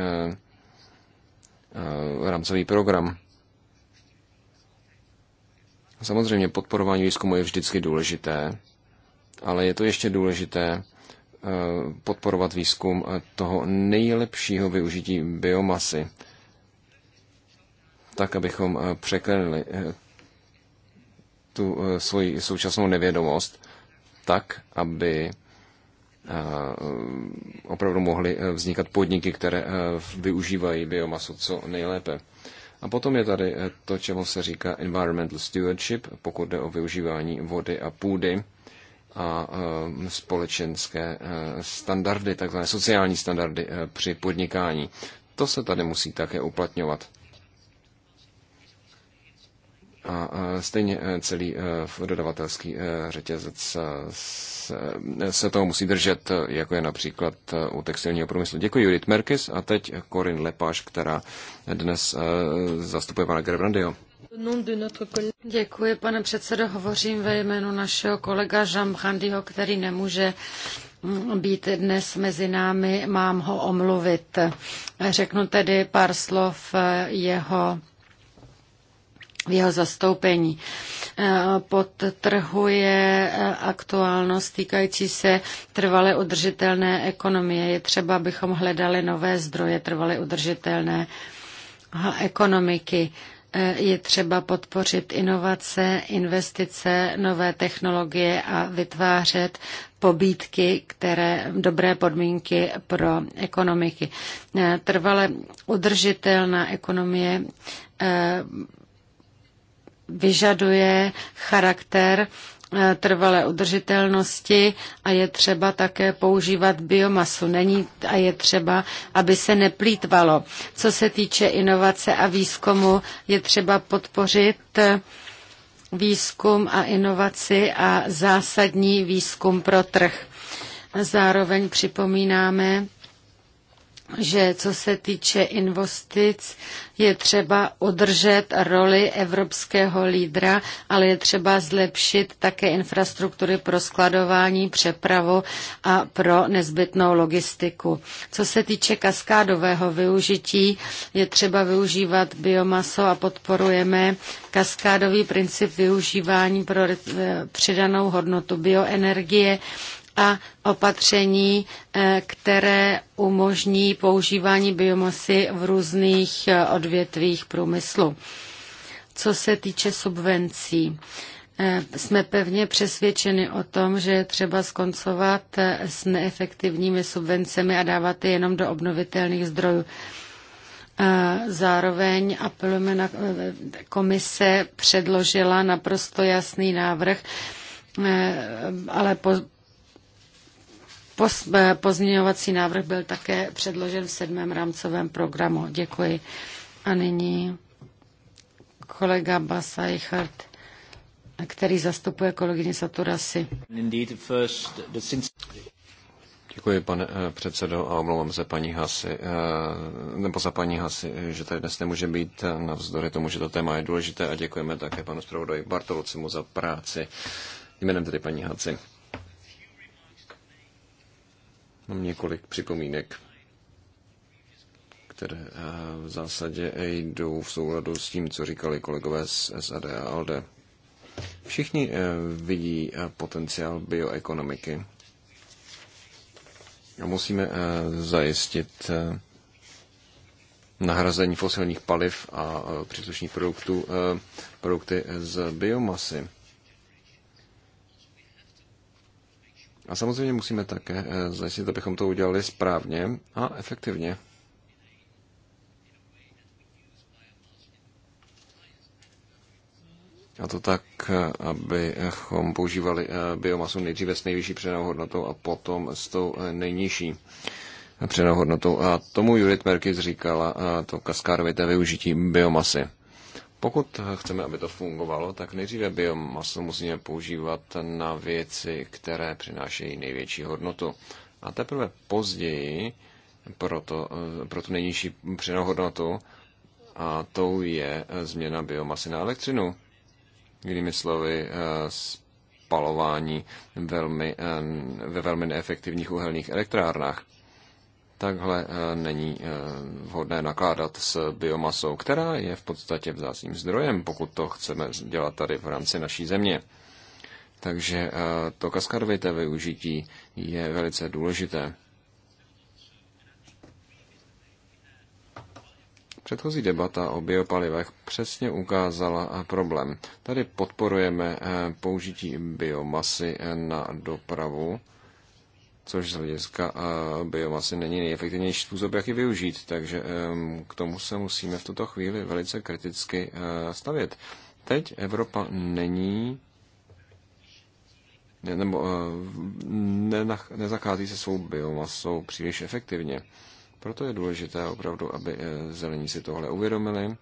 rámcový program. Samozřejmě podporování výzkumu je vždycky důležité, ale je to ještě důležité podporovat výzkum toho nejlepšího využití biomasy tak, abychom eh, překlenili eh, tu eh, svoji současnou nevědomost, tak, aby opravdu mohly vznikat podniky, které využívají biomasu co nejlépe. A potom je tady to, čemu se říká environmental stewardship, pokud jde o využívání vody a půdy a společenské standardy, takzvané sociální standardy při podnikání. To se tady musí také uplatňovat. A stejně e, celý e, dodavatelský e, řetězec se toho musí držet, jako je například u textilního průmyslu. Děkuji Judith Merkis a teď Korin Lepáš, která dnes zastupuje pana Grebrandio. Děkuji, pane předsedo. Hovořím ve jménu našeho kolega Jean Brandyho, který nemůže mm, být dnes mezi námi, mám ho omluvit. Řeknu tedy pár slov jeho v jeho zastoupení. Eh, podtrhuje eh, aktuálnost týkající se trvale udržitelné ekonomie. Je třeba, abychom hledali nové zdroje trvale udržitelné ekonomiky. Eh, je třeba podpořit inovace, investice, nové technologie a vytvářet pobídky, které dobré podmínky pro ekonomiky. Trvale udržitelná ekonomie vyžaduje charakter eh, trvalé udržitelnosti a je třeba také používat biomasu. Není a je třeba, aby se neplýtvalo. Co se týče inovace a výzkumu, je třeba podpořit eh, výzkum a inovaci a zásadní výzkum pro trh. Zároveň připomínáme, že co se týče investic, je třeba udržet roli evropského lídra, ale je třeba zlepšit také infrastruktury pro skladování, přepravu a pro nezbytnou logistiku. Co se týče kaskádového využití, je třeba využívat biomaso a podporujeme kaskádový princip využívání pro eh, přidanou hodnotu bioenergie a opatření, eh, které umožní používání biomasy v různých eh, odvětvích průmyslu. Co se týče subvencí, eh, jsme pevně přesvědčeni o tom, že je třeba skoncovat s neefektivními subvencemi a dávat je jenom do obnovitelných zdrojů. Zároveň apelujeme na komise předložila naprosto jasný návrh, ale po, Eh, pozměňovací návrh byl také předložen v sedmém rámcovém programu. Děkuji. A nyní kolega Basa Eichert, který zastupuje kolegyni Saturasi. Děkuji, pane eh, předsedo, a omlouvám se paní Hasi, eh, nebo za paní Hasi, že tady dnes nemůže být, navzdory tomu, že to téma je důležité a děkujeme také panu zpravodaji Bartolucimu za práci. Jménem tedy paní Hasi. Mám několik připomínek, které eh, v zásadě jdou v souladu s tím, co říkali kolegové z SAD a ALDE. Všichni eh, vidí eh, potenciál bioekonomiky. Musíme zajistit nahrazení fosilních paliv a příslušných produktů produkty z biomasy. A samozřejmě musíme také eh, zajistit, abychom to udělali správně a efektivně. A to tak, eh, abychom používali eh, biomasu nejdříve s nejvyšší přenou hodnotou a potom s tou nejnižší přenou hodnotou. A tomu Judith Merkis říkala to kaskárovité využití biomasy. Pokud chceme, aby to fungovalo, tak nejdříve biomasu musíme používat na věci, které přinášejí největší hodnotu. A teprve později pro, to, pro tu nejnižší přidanou hodnotu, a tou je změna biomasy na elektřinu. Jinými slovy, spalování velmi, eh, ve velmi neefektivních uhelných elektrárnách takhle eh, není eh, vhodné nakládat s biomasou, která je v podstatě vzácným zdrojem, pokud to chceme dělat tady v rámci naší země. Takže eh, to kaskadovité využití je velice důležité. Předchozí debata o biopalivech přesně ukázala problém. Tady podporujeme použití biomasy na dopravu což z hlediska eh, biomasy není nejefektivnější způsob, jak ji využít. Takže k tomu se musíme v tuto chvíli velice kriticky eh, stavět. Teď Evropa není nebo eh, nenach, nezachází se svou biomasou příliš efektivně. Proto je důležité opravdu, aby zelení si tohle uvědomili.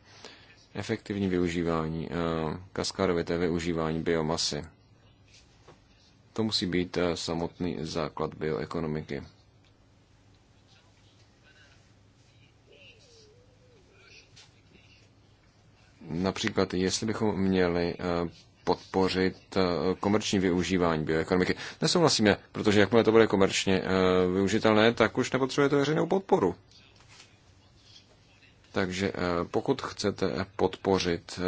Efektivní využívání, kaskádovité využívání biomasy to musí být eh, samotný základ bioekonomiky. Například, jestli bychom měli eh, podpořit eh, komerční využívání bioekonomiky. Nesouhlasíme, protože jakmile to bude komerčně využitelné, tak už nepotřebuje to veřejnou podporu. Takže pokud chcete podpořit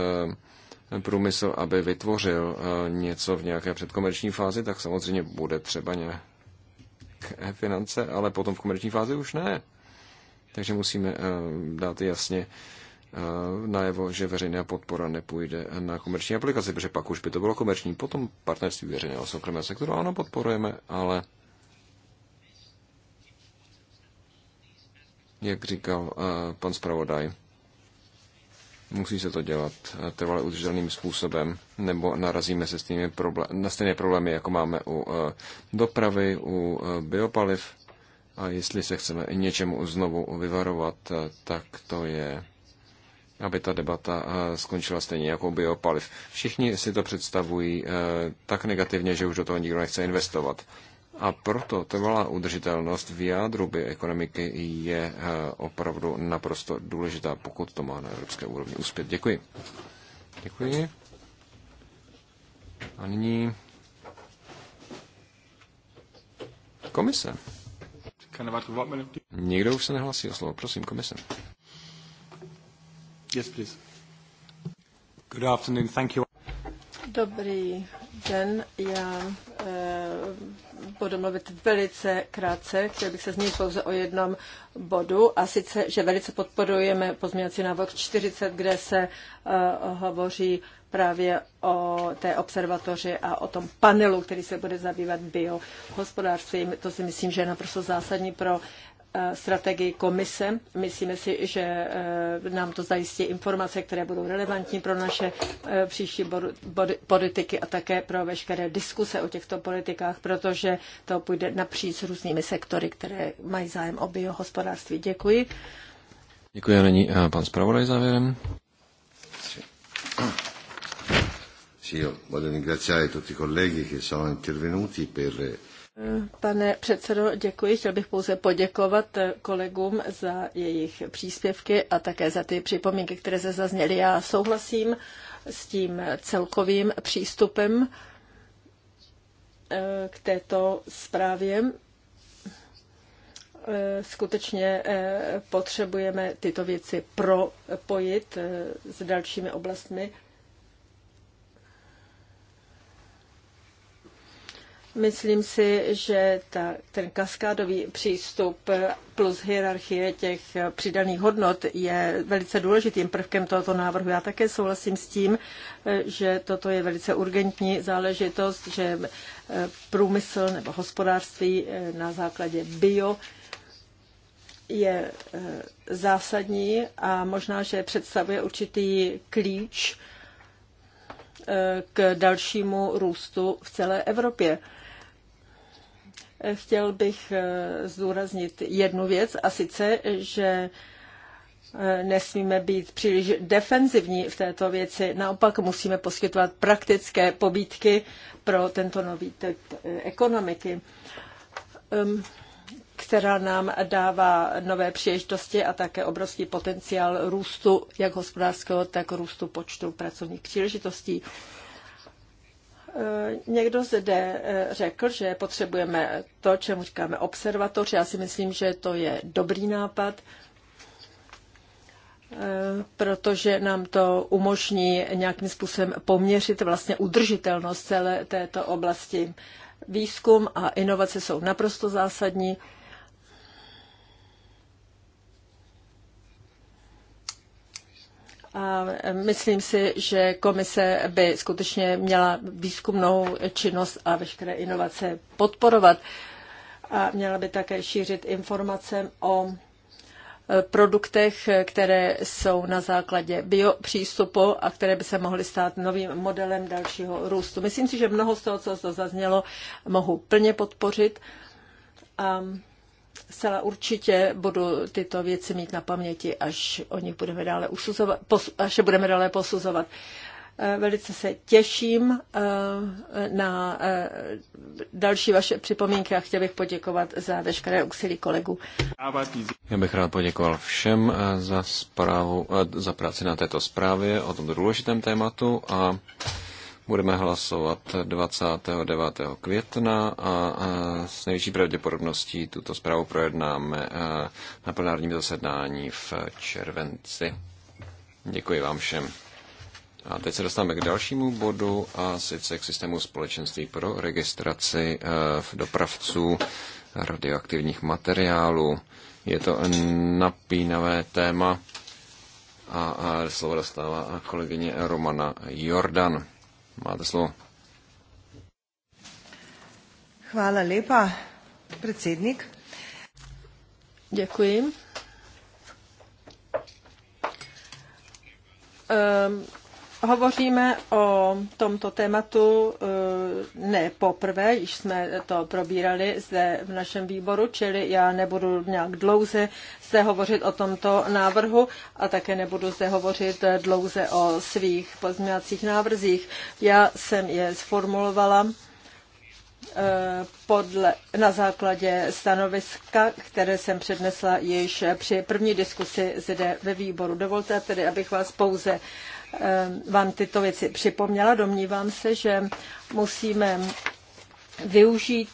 průmysl, aby vytvořil eh, něco v nějaké předkomerční fázi, tak samozřejmě bude třeba nějaké finance, ale potom v komerční fázi už ne. Takže musíme eh, dát jasně eh, najevo, že veřejná podpora nepůjde na komerční aplikaci, protože pak už by to bylo komerční. Potom partnerství veřejného soukromého sektoru, ano, podporujeme, ale jak říkal pan zpravodaj, Musí se to dělat eh, trvale udržitelným způsobem, nebo narazíme se s tými problém, na stejné problémy, jako máme u eh, dopravy, u eh, biopaliv. A jestli se chceme něčemu znovu vyvarovat, tak to je aby ta debata skončila stejně jako biopaliv. Všichni si to představují tak negativně, že už do toho nikdo nechce investovat. A proto trvalá udržitelnost v jádru by ekonomiky je eh, opravdu naprosto důležitá, pokud to má na evropské úrovni uspět. Děkuji. Děkuji. A nyní komise. Někdo už se nehlásí o slovo. Prosím, komise. Yes, please. Good afternoon. Thank you. Dobrý den. Já eh, budu mluvit velice krátce. Chtěl bych se zmínit pouze o jednom bodu, a sice, že velice podporujeme pozměňovací návrh 40, kde se eh, hovoří právě o té observatoři a o tom panelu, který se bude zabývat biohospodářstvím. To si myslím, že je naprosto zásadní pro strategii komise. Myslíme si, že eh, nám to zajistí informace, které budou relevantní pro naše eh, příští politiky a také pro veškeré diskuse o těchto politikách, protože to půjde napříč různými sektory, které mají zájem o biohospodářství. Děkuji. Děkuji a není eh, pan zpravodaj závěrem. Sì, io voglio ringraziare tutti i colleghi che sono intervenuti per Pane předsedo, děkuji. Chtěl bych pouze poděkovat kolegům za jejich příspěvky a také za ty připomínky, které se zazněly. Já souhlasím s tím celkovým přístupem eh, k této zprávě. Eh, skutečně eh, potřebujeme tyto věci propojit s dalšími oblastmi Myslím si, že ta, ten kaskádový přístup plus hierarchie těch přidaných hodnot je velice důležitým prvkem tohoto návrhu. Já také souhlasím s tím, že toto je velice urgentní záležitost, že eh, průmysl nebo hospodářství eh, na základě bio je eh, zásadní a možná, že představuje určitý klíč k dalšímu růstu v celé Evropě chtěl bych eh, zdůraznit jednu věc, a sice, že eh, nesmíme být příliš defenzivní v této věci. Naopak musíme poskytovat praktické pobídky pro tento nový typ eh, ekonomiky, ehm, která nám dává nové příležitosti a také obrovský potenciál růstu, jak hospodářského, tak růstu počtu pracovních příležitostí. Eh, někdo zde eh, řekl, že potřebujeme to, čemu říkáme observatoř. Já si myslím, že to je dobrý nápad, eh, protože nám to umožní nějakým způsobem poměřit vlastně udržitelnost celé této oblasti. Výzkum a inovace jsou naprosto zásadní. A myslím si, že komise by skutečně měla výzkumnou činnost a veškeré inovace podporovat. A měla by také šířit informace o e, produktech, které jsou na základě biopřístupu a které by se mohly stát novým modelem dalšího růstu. Myslím si, že mnoho z toho, co to zaznělo, mohu plně podpořit. A Zcela určitě budu tyto věci mít na paměti, až o nich budeme dále usuzovat, až je budeme dále posuzovat. Eh, velice se těším eh, na eh, další vaše připomínky a chtěl bych poděkovat za veškeré úsilí kolegů. Já bych rád poděkoval všem za, zprávu, za práci na této zprávě o tom důležitém tématu a budeme hlasovat 29. května a s největší pravděpodobností tuto zprávu projednáme e, na plenárním zasedání v červenci. Děkuji vám všem. A teď se dostáváme k dalšímu bodu a sice k systému společenství pro registraci e, v dopravců radioaktivních materiálů. Je to napínavé téma a slovo dostává kolegyně Romana Jordan. Máte slovo. Hvala lepa, predsednik. Děkuji. Um Hovoříme o tomto tématu eh, ne poprvé, již jsme to probírali zde v našem výboru, čili já nebudu nějak dlouze zde hovořit o tomto návrhu a také nebudu zde hovořit dlouze o svých pozměňovacích návrzích. Já jsem je sformulovala eh, podle, na základě stanoviska, které jsem přednesla již při první diskusi zde ve výboru. Dovolte tedy, abych vás pouze uh, Eh, vám tyto věci připomněla. Domnívám se, že musíme využít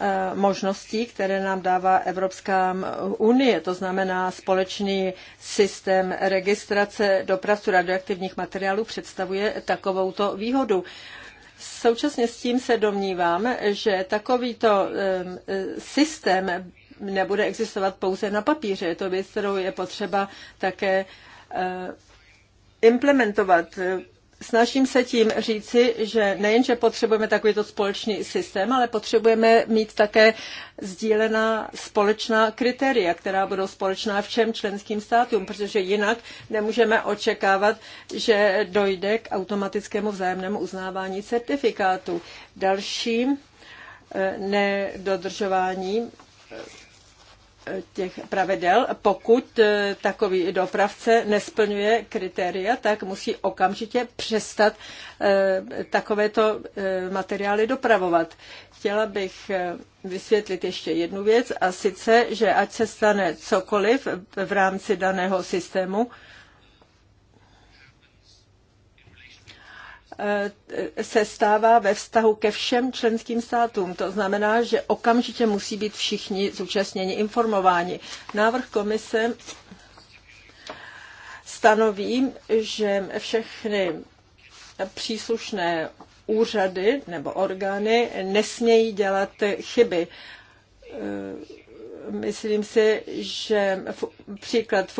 eh, možností, které nám dává Evropská unie, to znamená společný systém registrace dopravců radioaktivních materiálů představuje takovouto výhodu. Současně s tím se domnívám, že takovýto eh, systém nebude existovat pouze na papíře. Je to věc, kterou je potřeba také eh, implementovat. Snažím se tím říci, že nejenže potřebujeme takovýto společný systém, ale potřebujeme mít také sdílená společná kritéria, která budou společná všem členským státům, protože jinak nemůžeme očekávat, že dojde k automatickému vzájemnému uznávání certifikátu. Dalším eh, nedodržováním těch pravidel, pokud e, takový dopravce nesplňuje kritéria, tak musí okamžitě přestat e, takovéto e, materiály dopravovat. Chtěla bych vysvětlit ještě jednu věc a sice, že ať se stane cokoliv v rámci daného systému, Eh, se stává ve vztahu ke všem členským státům. To znamená, že okamžitě musí být všichni zúčastněni informováni. Návrh komise stanoví, že všechny příslušné úřady nebo orgány nesmějí dělat chyby eh, myslím si, že příklad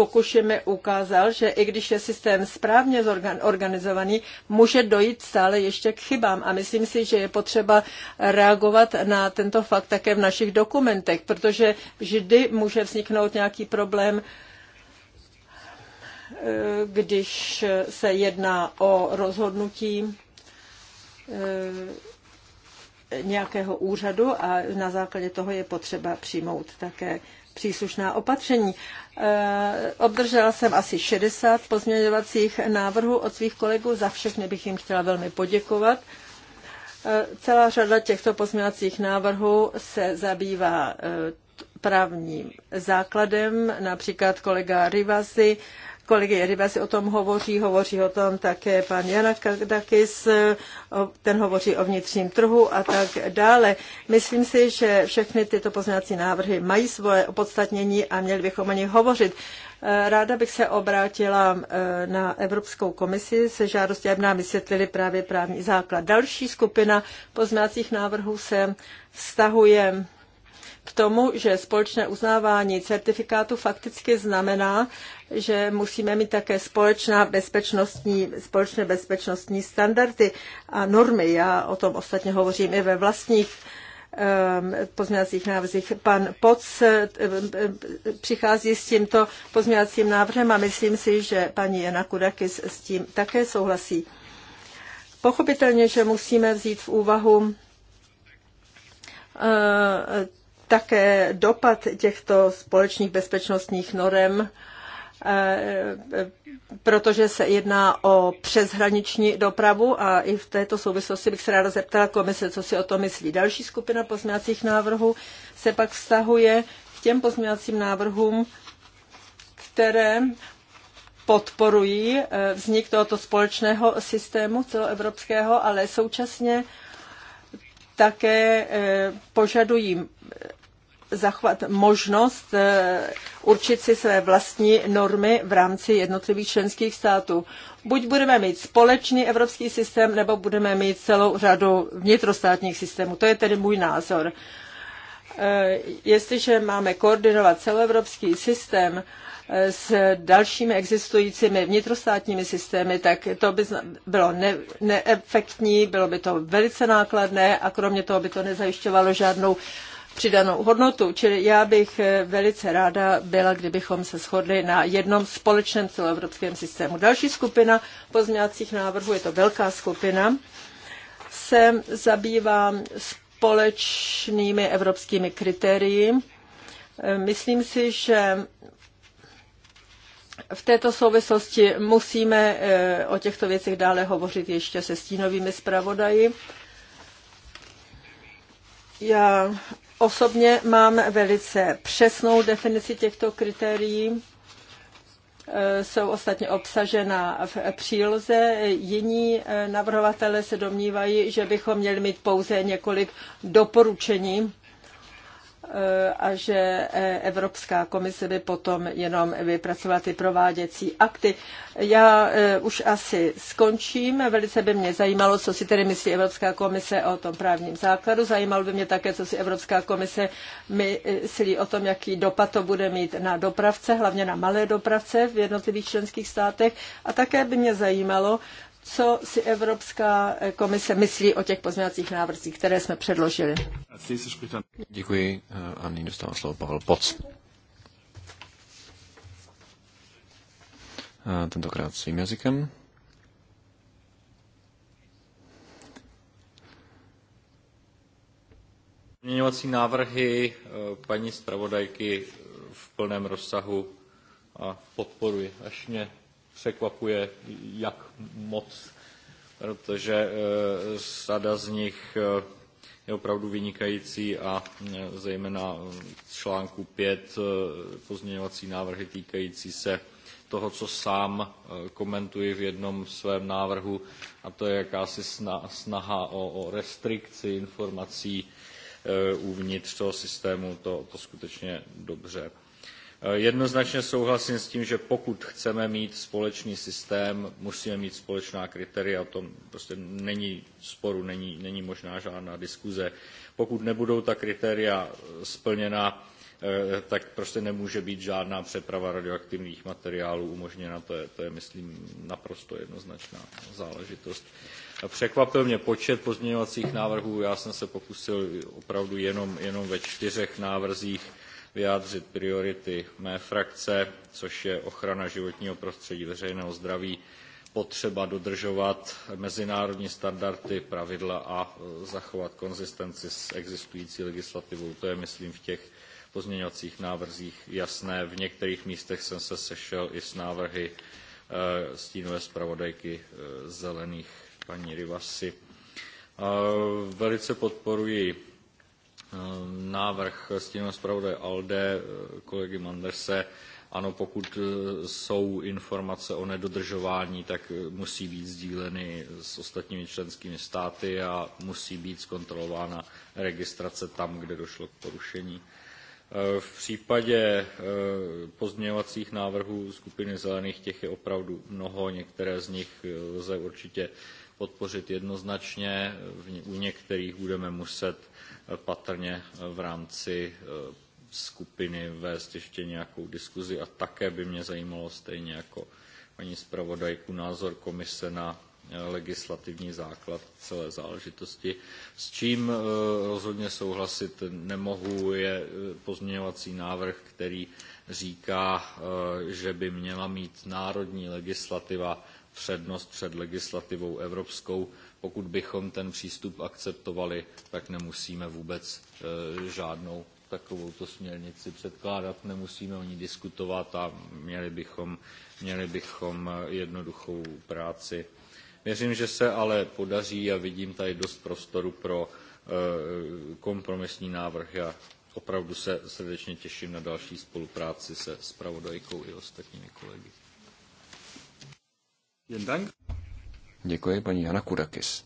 mi ukázal, že i když je systém správně organizovaný, může dojít stále ještě k chybám. A myslím si, že je potřeba reagovat na tento fakt také v našich dokumentech, protože vždy může vzniknout nějaký problém, eh, když se jedná o rozhodnutí eh, nějakého úřadu a na základě toho je potřeba přijmout také příslušná opatření. E, obdržela jsem asi 60 pozměňovacích návrhů od svých kolegů, za všechny bych jim chtěla velmi poděkovat. E, celá řada těchto pozměňovacích návrhů se zabývá e, právním základem, například kolega Rivasi Kolegy Edibasi o tom hovoří, hovoří o tom také pan Jana ten hovoří o vnitřním trhu a tak dále. Myslím si, že všechny tyto pozměňovací návrhy mají svoje opodstatnění a měli bychom o nich hovořit. Eh, ráda bych se obrátila eh, na Evropskou komisi se žádostí, aby nám vysvětlili právě právní základ. Další skupina pozměňovacích návrhů se vztahuje k tomu, že společné uznávání certifikátu fakticky znamená, že musíme mít také společná bezpečnostní, společné bezpečnostní standardy a normy. Já o tom ostatně hovořím i ve vlastních ehm, pozměňovacích návrzích. Pan Poc ehm, přichází s tímto pozměňovacím návrhem a myslím si, že paní Jana Kudakis s tím také souhlasí. Pochopitelně, že musíme vzít v úvahu ehm, také dopad těchto společných bezpečnostních norem eh, protože se jedná o přeshraniční dopravu a i v této souvislosti bych se ráda zeptala komise, co si o to myslí. Další skupina pozměňovacích návrhů se pak vztahuje k těm pozměňovacím návrhům, které podporují eh, vznik tohoto společného systému celoevropského, ale současně také e, požadují e, zachovat možnost e, určit si své vlastní normy v rámci jednotlivých členských států. Buď budeme mít společný evropský systém, nebo budeme mít celou řadu vnitrostátních systémů. To je tedy můj názor. Jestliže máme koordinovat celoevropský systém, s dalšími existujícími vnitrostátními systémy, tak to by bylo ne- neefektní, bylo by to velice nákladné a kromě toho by to nezajišťovalo žádnou přidanou hodnotu. Čili já bych eh, velice ráda byla, kdybychom se shodli na jednom společném celoevropském systému. Další skupina pozměňovacích návrhů, je to velká skupina, se zabývá společnými evropskými kritérii. Eh, myslím si, že v této souvislosti musíme eh, o těchto věcech dále hovořit ještě se stínovými zpravodaji. Já osobně mám velice přesnou definici těchto kritérií. Eh, jsou ostatně obsažena v příloze. Jiní eh, navrhovatelé se domnívají, že bychom měli mít pouze několik doporučení Eh, a že eh, Evropská komise by potom jenom vypracovala ty prováděcí akty. Já eh, už asi skončím. Velice by mě zajímalo, co si tedy myslí Evropská komise o tom právním základu. Zajímalo by mě také, co si Evropská komise myslí o tom, jaký dopad to bude mít na dopravce, hlavně na malé dopravce v jednotlivých členských státech. A také by mě zajímalo, co si Evropská komise myslí o těch pozměňovacích návrzích, které jsme předložili. Děkuji eh, a nyní dostává slovo Pavel Poc. Eh, tentokrát svým jazykem. Pozměňovací návrhy eh, paní zpravodajky v plném rozsahu a podporuji. Až mě překvapuje, jak moc, protože sada eh, z nich eh, je opravdu vynikající a eh, zejména článku 5 pozměňovací návrhy týkající se toho, co sám komentuji v jednom svém návrhu, a to je jakási snaha o, o restrikci informací uvnitř toho systému, to, to skutečně dobře Eh, jednoznačně souhlasím s tím, že pokud chceme mít společný systém, musíme mít společná kritéria, o tom prostě není sporu, není, není možná žádná diskuze. Pokud nebudou ta kritéria eh, splněna, eh, tak prostě nemůže být žádná přeprava radioaktivních materiálů umožněna. To je, to je myslím, naprosto jednoznačná záležitost. Překvapil mě počet pozměňovacích návrhů. Já jsem se pokusil opravdu jenom, jenom ve čtyřech návrzích vyjádřit priority mé frakce, což je ochrana životního prostředí, veřejného zdraví, potřeba dodržovat mezinárodní standardy, pravidla a e, zachovat konzistenci s existující legislativou. To je, myslím, v těch pozměňovacích návrzích jasné. V některých místech jsem se sešel i s návrhy e, stínové zpravodajky e, zelených paní Rivasy. Velice podporuji Eh, návrh stínového zpravodaje ALDE eh, kolegy Manderse. Ano, pokud eh, jsou informace o nedodržování, tak musí být sdíleny s ostatními členskými státy a musí být zkontrolována registrace tam, kde došlo k porušení. V případě pozměňovacích návrhů skupiny zelených těch je opravdu mnoho, některé z nich lze určitě podpořit jednoznačně, u některých budeme muset patrně v rámci eh, skupiny vést ještě nějakou diskuzi a také by mě zajímalo stejně jako paní zpravodajku názor komise na eh, legislativní základ celé záležitosti. S čím eh, rozhodně souhlasit nemohu je pozměňovací návrh, který říká, že by měla mít národní legislativa přednost před legislativou evropskou pokud bychom ten přístup akceptovali, tak nemusíme vůbec e, žádnou takovouto směrnici předkládat, nemusíme o ní diskutovat a měli bychom, měli bychom e, jednoduchou práci. Věřím, že se ale podaří a vidím tady dost prostoru pro e, kompromisní návrh a opravdu se srdečně těším na další spolupráci se spravodajkou i ostatními kolegy. Jen dank. Děkuji, paní Jana Kudakis.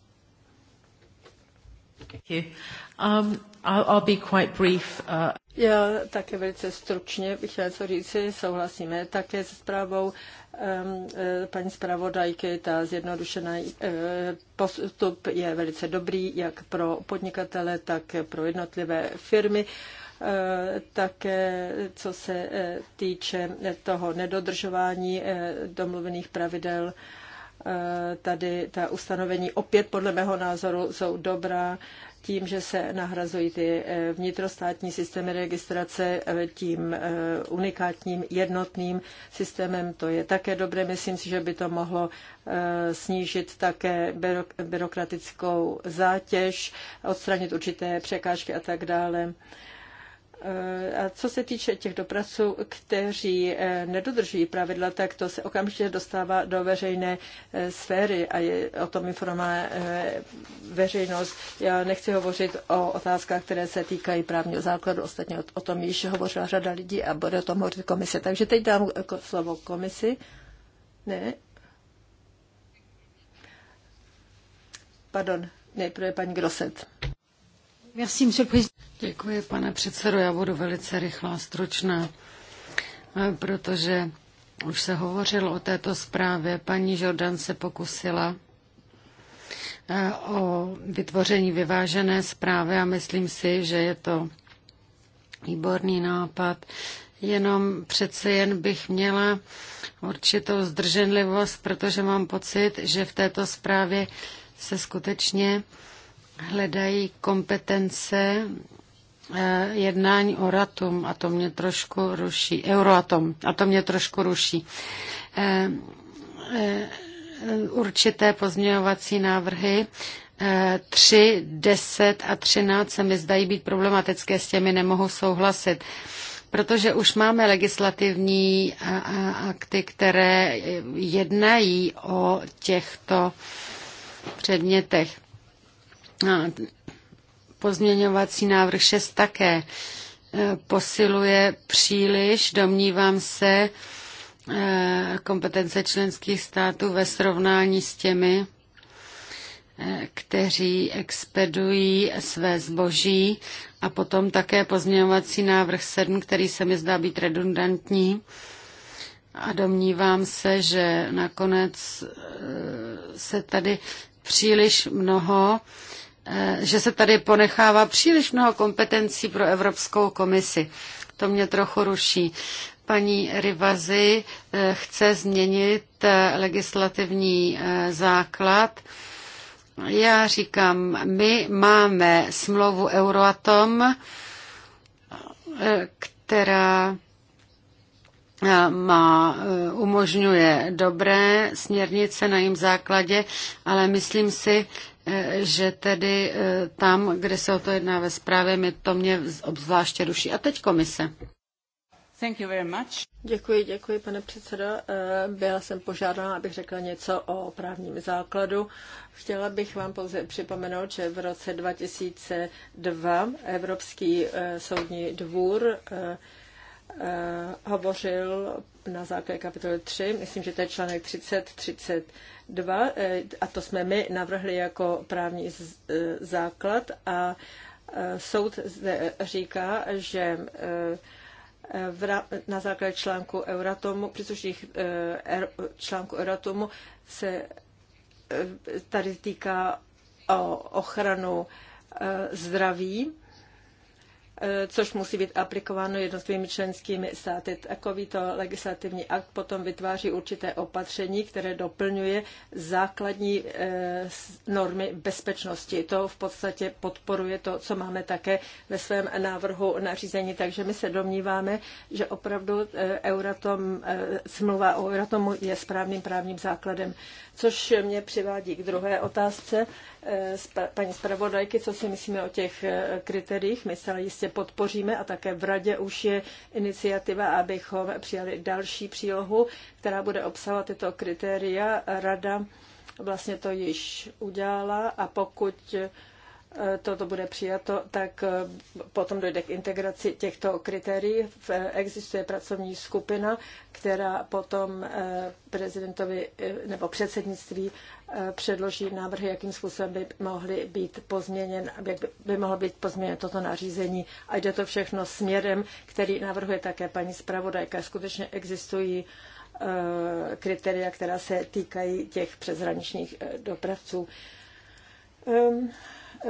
Um, uh, Já také velice stručně bych chtěla co říci. Souhlasíme také se zprávou um, eh, paní zpravodajky. Ta zjednodušená uh, postup je velice dobrý jak pro podnikatele, tak pro jednotlivé firmy. Eh, také co se týče toho nedodržování domluvených pravidel Eh, tady ta ustanovení opět podle mého názoru jsou dobrá tím, že se nahrazují ty eh, vnitrostátní systémy registrace eh, tím unikátním jednotným systémem. To je také dobré. Myslím si, že by to mohlo snížit také byrokratickou zátěž, odstranit určité překážky a tak dále. A co se týče těch dopravců, kteří eh, nedodržují pravidla, tak to se okamžitě dostává do veřejné eh, sféry a je o tom informovaná eh, veřejnost. Já nechci hovořit o otázkách, které se týkají právního základu. Ostatně o tom již hovořila řada lidí a bude o tom hovořit komise. Takže teď dám slovo komisi. Ne. Pardon, nejprve paní Groset. Děkuji, pane předsedo. Já budu velice rychlá, stručná, eh, protože už se hovořilo o této zprávě. Paní Jordan se pokusila eh, o vytvoření vyvážené zprávy a myslím si, že je to výborný nápad. Jenom přece jen bych měla určitou zdrženlivost, protože mám pocit, že v této zprávě se skutečně hledají kompetence eh, jednání o ratum a to mě trošku ruší, euroatom a to mě trošku ruší. Eh, eh, určité pozměňovací návrhy 3, 10 a 13 se mi zdají být problematické, s těmi nemohu souhlasit protože už máme legislativní akty, které jednají o těchto předmětech. Pozměňovací návrh 6 také eh, posiluje příliš, domnívám se, eh, kompetence členských států ve srovnání s těmi, eh, kteří expedují své zboží a potom také pozměňovací návrh 7, který se mi zdá být redundantní. A domnívám se, že nakonec se tady příliš mnoho Eh, že se tady ponechává příliš mnoho kompetencí pro Evropskou komisi. To mě trochu ruší. Paní Rivazi eh, chce změnit eh, legislativní základ. Já říkám, my máme smlouvu Euroatom, která má, umožňuje dobré směrnice na jejím základě, ale myslím si, Eh, že tedy eh, tam, kde se o to jedná ve zprávě, mi to mě obzvláště ruší. A teď komise. Thank you very much. Děkuji, děkuji, pane předsedo. Eh, byla jsem požádána, abych řekla něco o právním základu. Chtěla bych vám pouze připomenout, že v roce 2002 Evropský soudní dvůr Eh, hovořil na základě kapitoly 3, myslím, že to je článek 3032, eh, a to jsme my navrhli jako právní eh, základ a soud zde říká, že na základě článku Euratomu, příslušných er, článku Euratomu se tady týká o ochranu zdraví což musí být aplikováno jednotlivými členskými státy. Takovýto legislativní akt potom vytváří určité opatření, které doplňuje základní eh, normy bezpečnosti. To v podstatě podporuje to, co máme také ve svém návrhu nařízení, takže my se domníváme, že opravdu eh, Euratom, eh, smlouva o Euratomu je správným právním základem. Což mě přivádí k druhé otázce paní zpravodajky, co si myslíme o těch kritériích. My se jistě podpoříme a také v radě už je iniciativa, abychom přijali další přílohu, která bude obsahovat tyto kritéria. Rada vlastně to již udělala a pokud toto bude přijato, tak eh, potom dojde k integraci těchto kritérií. Eh, existuje pracovní skupina, která potom eh, prezidentovi nebo předsednictví předloží návrhy, jakým způsobem by mohly být pozměněn, jak by mohlo být pozměněn toto nařízení. A jde to všechno směrem, který navrhuje také paní zpravodajka. Skutečně existují kritéria, která se týkají těch přeshraničních dopravců. Ehm, Eh,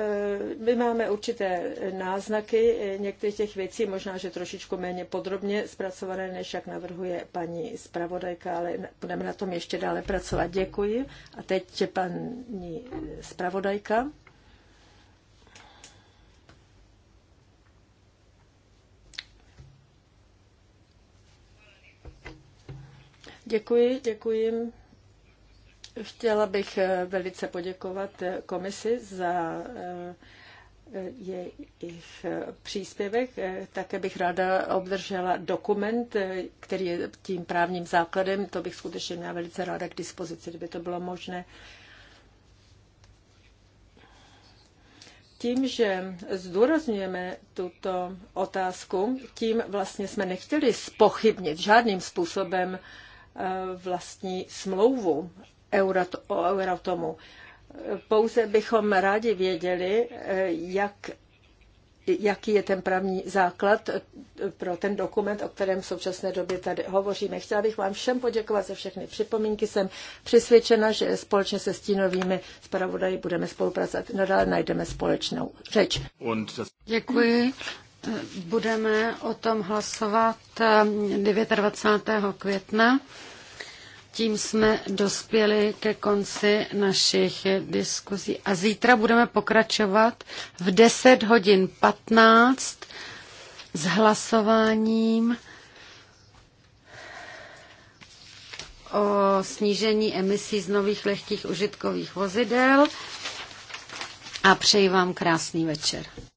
my máme určité náznaky některých těch věcí, možná, že trošičku méně podrobně zpracované, než jak navrhuje paní zpravodajka, ale budeme na tom ještě dále pracovat. Děkuji. A teď paní zpravodajka. Děkuji, děkuji Chtěla bych eh, velice poděkovat eh, komisi za eh, jejich příspěvek. Také bych ráda obdržela dokument, který je tím právním základem. To bych skutečně měla velice ráda k dispozici, kdyby to bylo možné. tím, že zdůrazňujeme tuto otázku, tím vlastně jsme nechtěli spochybnit žádným způsobem vlastní smlouvu Euratomu. Pouze bychom rádi věděli, jak, jaký je ten právní základ pro ten dokument, o kterém v současné době tady hovoříme. Chtěla bych vám všem poděkovat za všechny připomínky. Jsem přesvědčena, že společně se stínovými zpravodaji budeme spolupracovat. Nadále najdeme společnou řeč. Děkuji. Budeme o tom hlasovat eh, 29. května. Tím jsme dospěli ke konci našich diskuzí a zítra budeme pokračovat v 10 hodin 15 s hlasováním o snížení emisí z nových lehkých užitkových vozidel a přeji vám krásný večer.